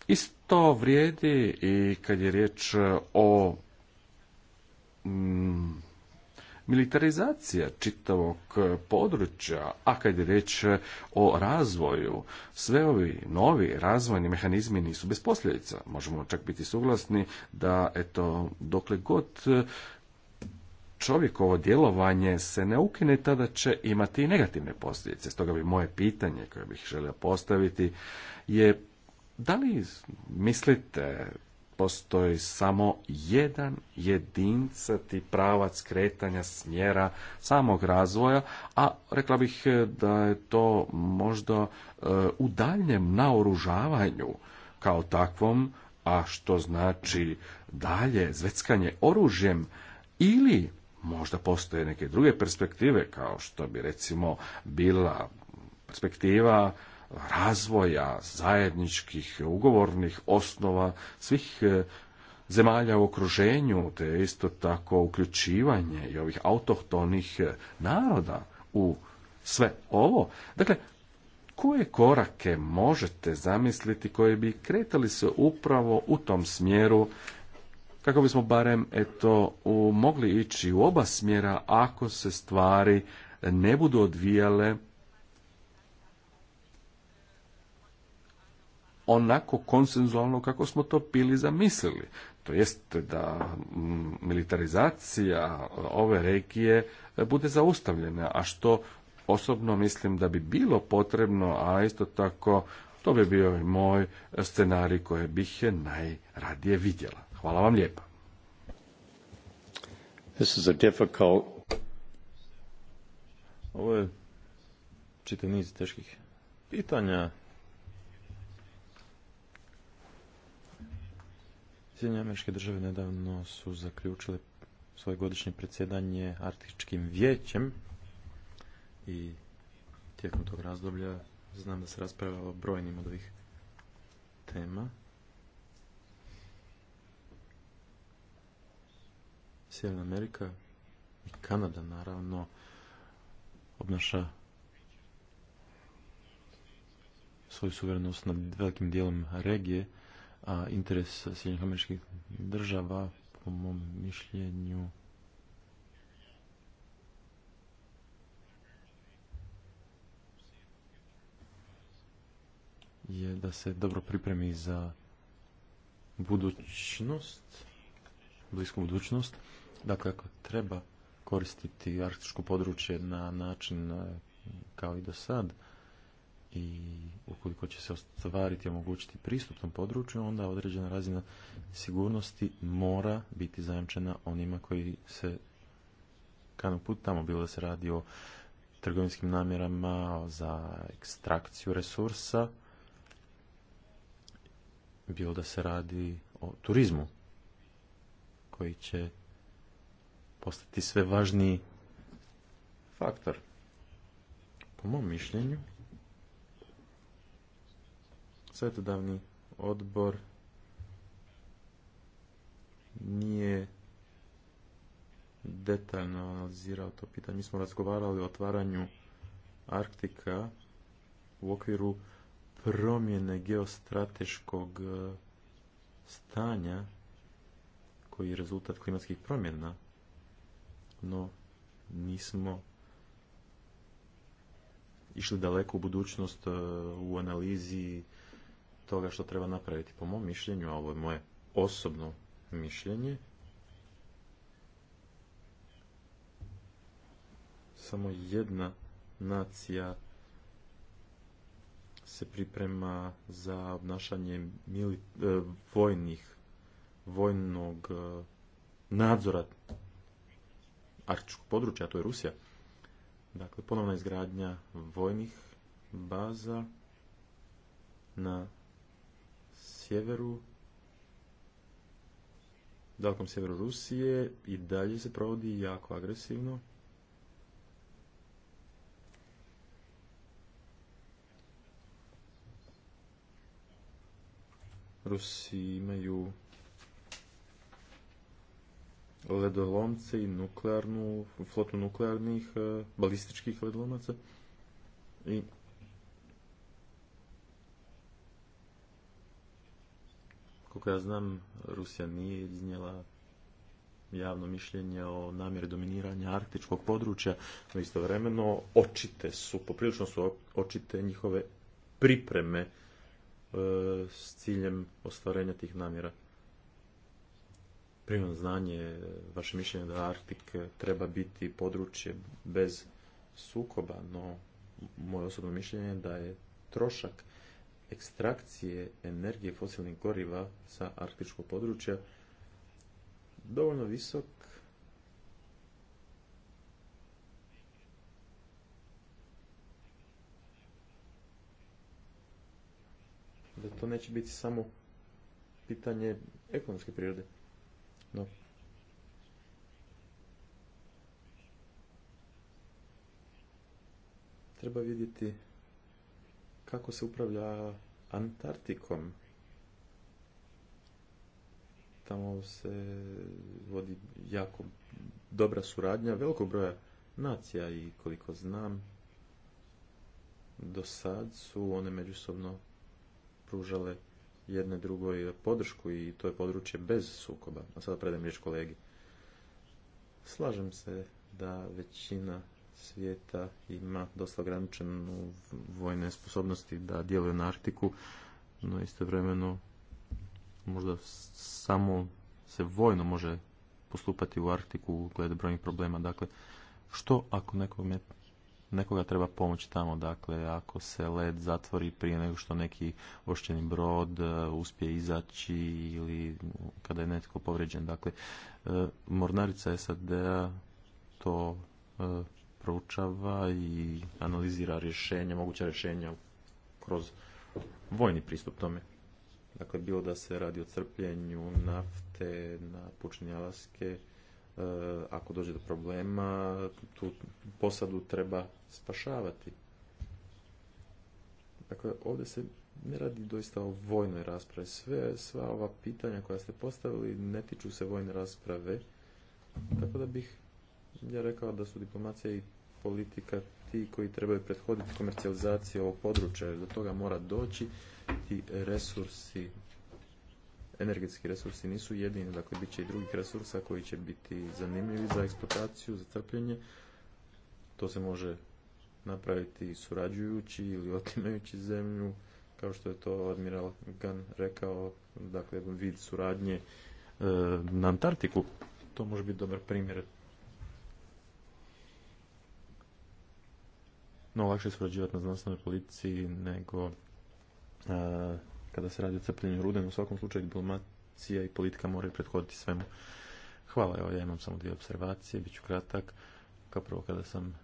Isto vrijedi i kad je riječ o Mm, militarizacija čitavog e, područja, a kad je reč e, o razvoju, sve ovi novi razvojni mehanizmi nisu bez posljedica. Možemo čak biti suglasni da, eto, dokle god e, čovjekovo djelovanje se ne ukine, tada će imati i negativne posljedice. Stoga bi moje pitanje koje bih želio postaviti je da li mislite postoji samo jedan jedincati pravac kretanja smjera samog razvoja, a rekla bih e, da je to možda e, u daljnjem naoružavanju kao takvom, a što znači dalje zveckanje oružjem ili možda postoje neke druge perspektive kao što bi recimo bila perspektiva razvoja zajedničkih ugovornih osnova svih e, zemalja u okruženju, te isto tako uključivanje i ovih autohtonih e, naroda u sve ovo. Dakle, koje korake možete zamisliti koje bi kretali se upravo u tom smjeru kako bismo barem eto mogli ići u oba smjera ako se stvari ne budu odvijale onako konsenzualno kako smo to bili zamislili. To jest da militarizacija ove regije bude zaustavljena, a što osobno mislim da bi bilo potrebno, a isto tako to bi bio i moj scenarij koje bih je najradije vidjela. Hvala vam lijepa. Ovo je čitav niz teških pitanja Sjedinjene američke države nedavno su zaključile svoje godišnje predsjedanje Arktičkim vijećem i tijekom tog razdoblja znam da se raspravljalo o brojnim od ovih tema. Sjeverna Amerika i Kanada naravno obnaša svoju suverenost nad velikim dijelom regije a interes Sjedinjenih američkih država po mom mišljenju je da se dobro pripremi za budućnost, blisku budućnost. Dakle, ako treba koristiti arktičko područje na način eh, kao i do sad, i ukoliko će se ostvariti i omogućiti pristup području, onda određena razina sigurnosti mora biti zajamčena onima koji se kanu put tamo, bilo da se radi o trgovinskim namjerama za ekstrakciju resursa, bilo da se radi o turizmu koji će postati sve važniji faktor. Po mom mišljenju, Savjetodavni odbor nije detaljno analizirao to pitanje. Mi smo razgovarali o otvaranju Arktika u okviru promjene geostrateškog e, stanja koji je rezultat klimatskih promjena, no nismo išli daleko u budućnost e, u analizi toga što treba napraviti. Po mom mišljenju, a ovo je moje osobno mišljenje, samo jedna nacija se priprema za obnašanje e, vojnih, vojnog e, nadzora arktičkog područja, a to je Rusija. Dakle, ponovna izgradnja vojnih baza na sjeveru, dalkom sjeveru Rusije i dalje se provodi jako agresivno. Rusi imaju ledolomce i nuklearnu, flotu nuklearnih, e, balističkih ledolomaca. I Koliko ja znam, Rusija nije iznijela javno mišljenje o namjeri dominiranja arktičkog područja, no istovremeno očite su, poprilično su očite njihove pripreme e, s ciljem ostvarenja tih namjera. Primam znanje, vaše mišljenje da Arktik treba biti područje bez sukoba, no moje osobno mišljenje je da je trošak ekstrakcije energije fosilnih goriva sa arktičkog područja dovoljno visok da to neće biti samo pitanje ekonomske prirode. No. Treba vidjeti kako se upravlja Antarktikom. Tamo se vodi jako dobra suradnja velikog broja nacija i koliko znam do sad su one međusobno pružale jedne drugoj podršku i to je područje bez sukoba. A sada predam riječ kolegi. Slažem se da većina svijeta ima dosta ograničenu vojne sposobnosti da djeluje na Arktiku, no istovremeno možda samo se vojno može postupati u Arktiku glede brojnih problema. Dakle, što ako nekome, nekoga treba pomoći tamo? Dakle, ako se led zatvori prije nego što neki ošćeni brod e, uspije izaći ili kada je netko povrijeđen. Dakle, e, mornarica SAD-a to e, ručava i analizira rješenja, moguća rješenja kroz vojni pristup tome. Dakle, bilo da se radi o crpljenju nafte na pučini Alaske, e, ako dođe do problema, tu posadu treba spašavati. Dakle, ovdje se ne radi doista o vojnoj raspravi. Sve, sva ova pitanja koja ste postavili ne tiču se vojne rasprave. Tako da bih ja rekao da su diplomacija i politika ti koji trebaju prethoditi komercijalizaciji ovog područja, jer do toga mora doći ti resursi, energetski resursi nisu jedini, dakle bit će i drugih resursa koji će biti zanimljivi za eksploataciju, za crpljenje. To se može napraviti surađujući ili otimajući zemlju, kao što je to admiral Gunn rekao, dakle vid suradnje e, na Antarktiku. To može biti dobar primjer no lakše surađivati na znanstvenoj politici nego e, kada se radi o crpljenju rude. U svakom slučaju diplomacija i politika moraju prethoditi svemu. Hvala, evo ja imam samo dvije observacije, bit ću kratak. Kao prvo kada sam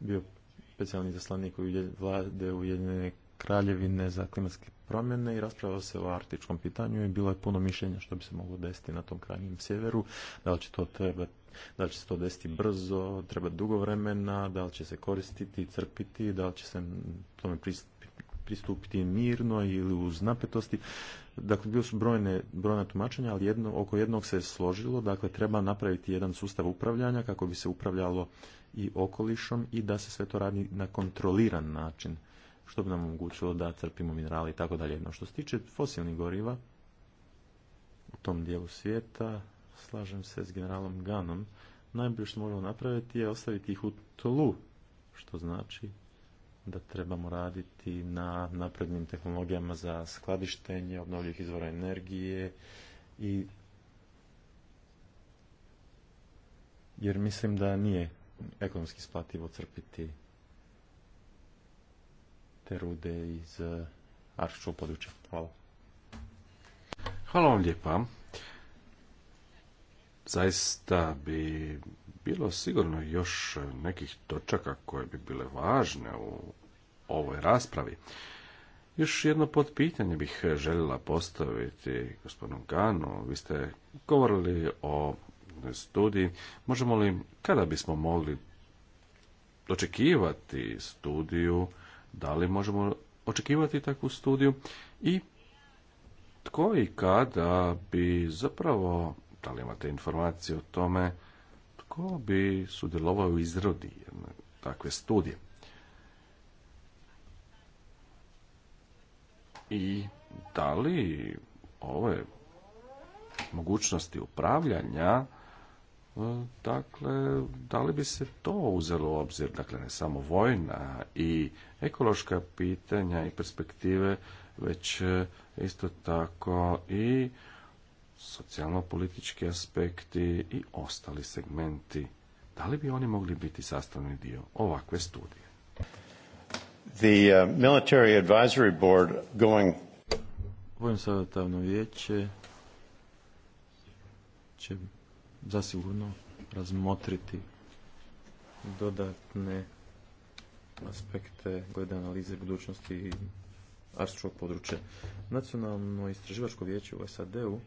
bio specijalni zaslanik vlade Ujedinjene kraljevine za klimatske promjene i raspravljao se o artičkom pitanju i bilo je puno mišljenja što bi se moglo desiti na tom krajnjem sjeveru, da li će to trebati da li će se to desiti brzo, treba dugo vremena, da li će se koristiti, crpiti, da li će se tome pristupiti mirno ili uz napetosti. Dakle, bilo su brojne, brojna tumačenja, ali jedno, oko jednog se je složilo, dakle, treba napraviti jedan sustav upravljanja kako bi se upravljalo i okolišom i da se sve to radi na kontroliran način što bi nam omogućilo da crpimo minerali i tako dalje. No što se tiče fosilnih goriva u tom dijelu svijeta, slažem se s generalom Ganom, najbolje što možemo napraviti je ostaviti ih u tlu, što znači da trebamo raditi na naprednim tehnologijama za skladištenje obnovljivih izvora energije i jer mislim da nije ekonomski isplativo crpiti te rude iz arhičkog područja. Hvala. Hvala vam lijepa zaista bi bilo sigurno još nekih točaka koje bi bile važne u ovoj raspravi. Još jedno pitanje bih željela postaviti gospodinu Ganu. Vi ste govorili o studiji. Možemo li, kada bismo mogli očekivati studiju, da li možemo očekivati takvu studiju i tko i kada bi zapravo da li imate informacije o tome tko bi sudjelovao u izradi jedne takve studije. I da li ove mogućnosti upravljanja e, Dakle, da li bi se to uzelo u obzir, dakle ne samo vojna i ekološka pitanja i perspektive, već e, isto tako i socijalno-politički aspekti i ostali segmenti. Da li bi oni mogli biti sastavni dio ovakve studije? The uh, Military Advisory Board going... Vojno savjetavno vijeće će zasigurno razmotriti dodatne aspekte glede analize budućnosti arstičkog područja. Nacionalno istraživačko vijeće u SAD-u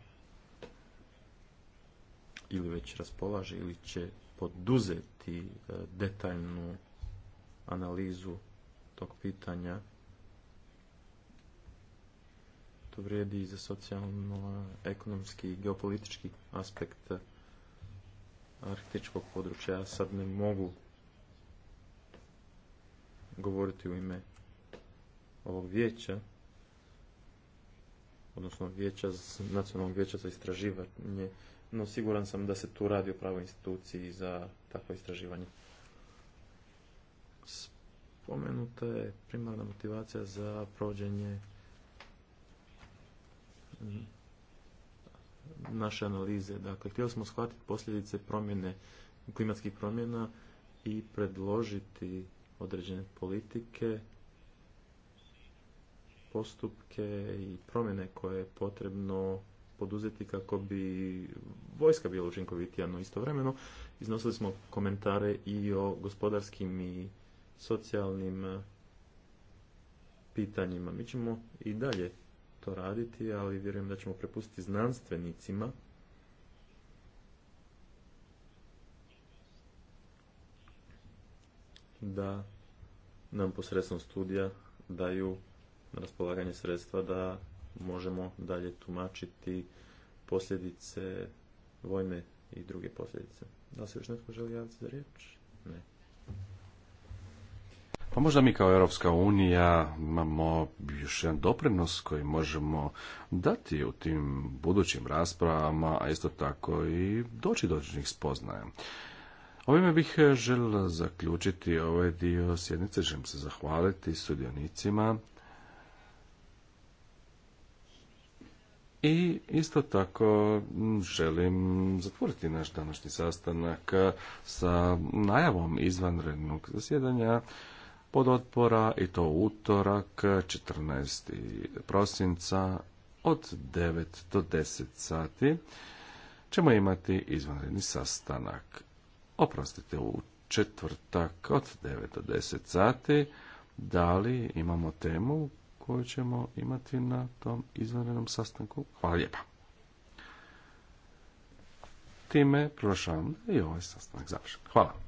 ili već raspolaže ili će poduzeti e, detaljnu analizu tog pitanja. To vrijedi i za socijalno, ekonomski i geopolitički aspekt arktičkog područja. Ja sad ne mogu govoriti u ime ovog vijeća, odnosno vijeća, nacionalnog vijeća za istraživanje no siguran sam da se tu radi o pravoj instituciji za takvo istraživanje. Spomenuta je primarna motivacija za provođenje mm, naše analize. Dakle, htjeli smo shvatiti posljedice promjene, klimatskih promjena i predložiti određene politike, postupke i promjene koje je potrebno poduzeti kako bi vojska bila učinkovitija, no istovremeno iznosili smo komentare i o gospodarskim i socijalnim eh, pitanjima. Mi ćemo i dalje to raditi, ali vjerujem da ćemo prepustiti znanstvenicima da nam posredstvom studija daju na raspolaganje sredstva da možemo dalje tumačiti posljedice vojne i druge posljedice. Da li se još netko želi javiti za riječ? Ne. Pa možda mi kao Europska unija imamo još jedan doprinos koji možemo dati u tim budućim raspravama, a isto tako i doći do određenih spoznaja. Ovime bih želio zaključiti ovaj dio sjednice. Želim se zahvaliti sudionicima I isto tako želim zatvoriti naš današnji sastanak e, sa najavom izvanrednog zasjedanja pod otpora i to utorak 14. prosinca od 9 do 10 sati ćemo imati izvanredni sastanak. Oprostite, u četvrtak od 9 do 10 sati da li imamo temu koju ćemo imati na tom izvanrednom sastanku. Hvala lijepa. Time proglašavam i ovaj sastanak završen. Hvala.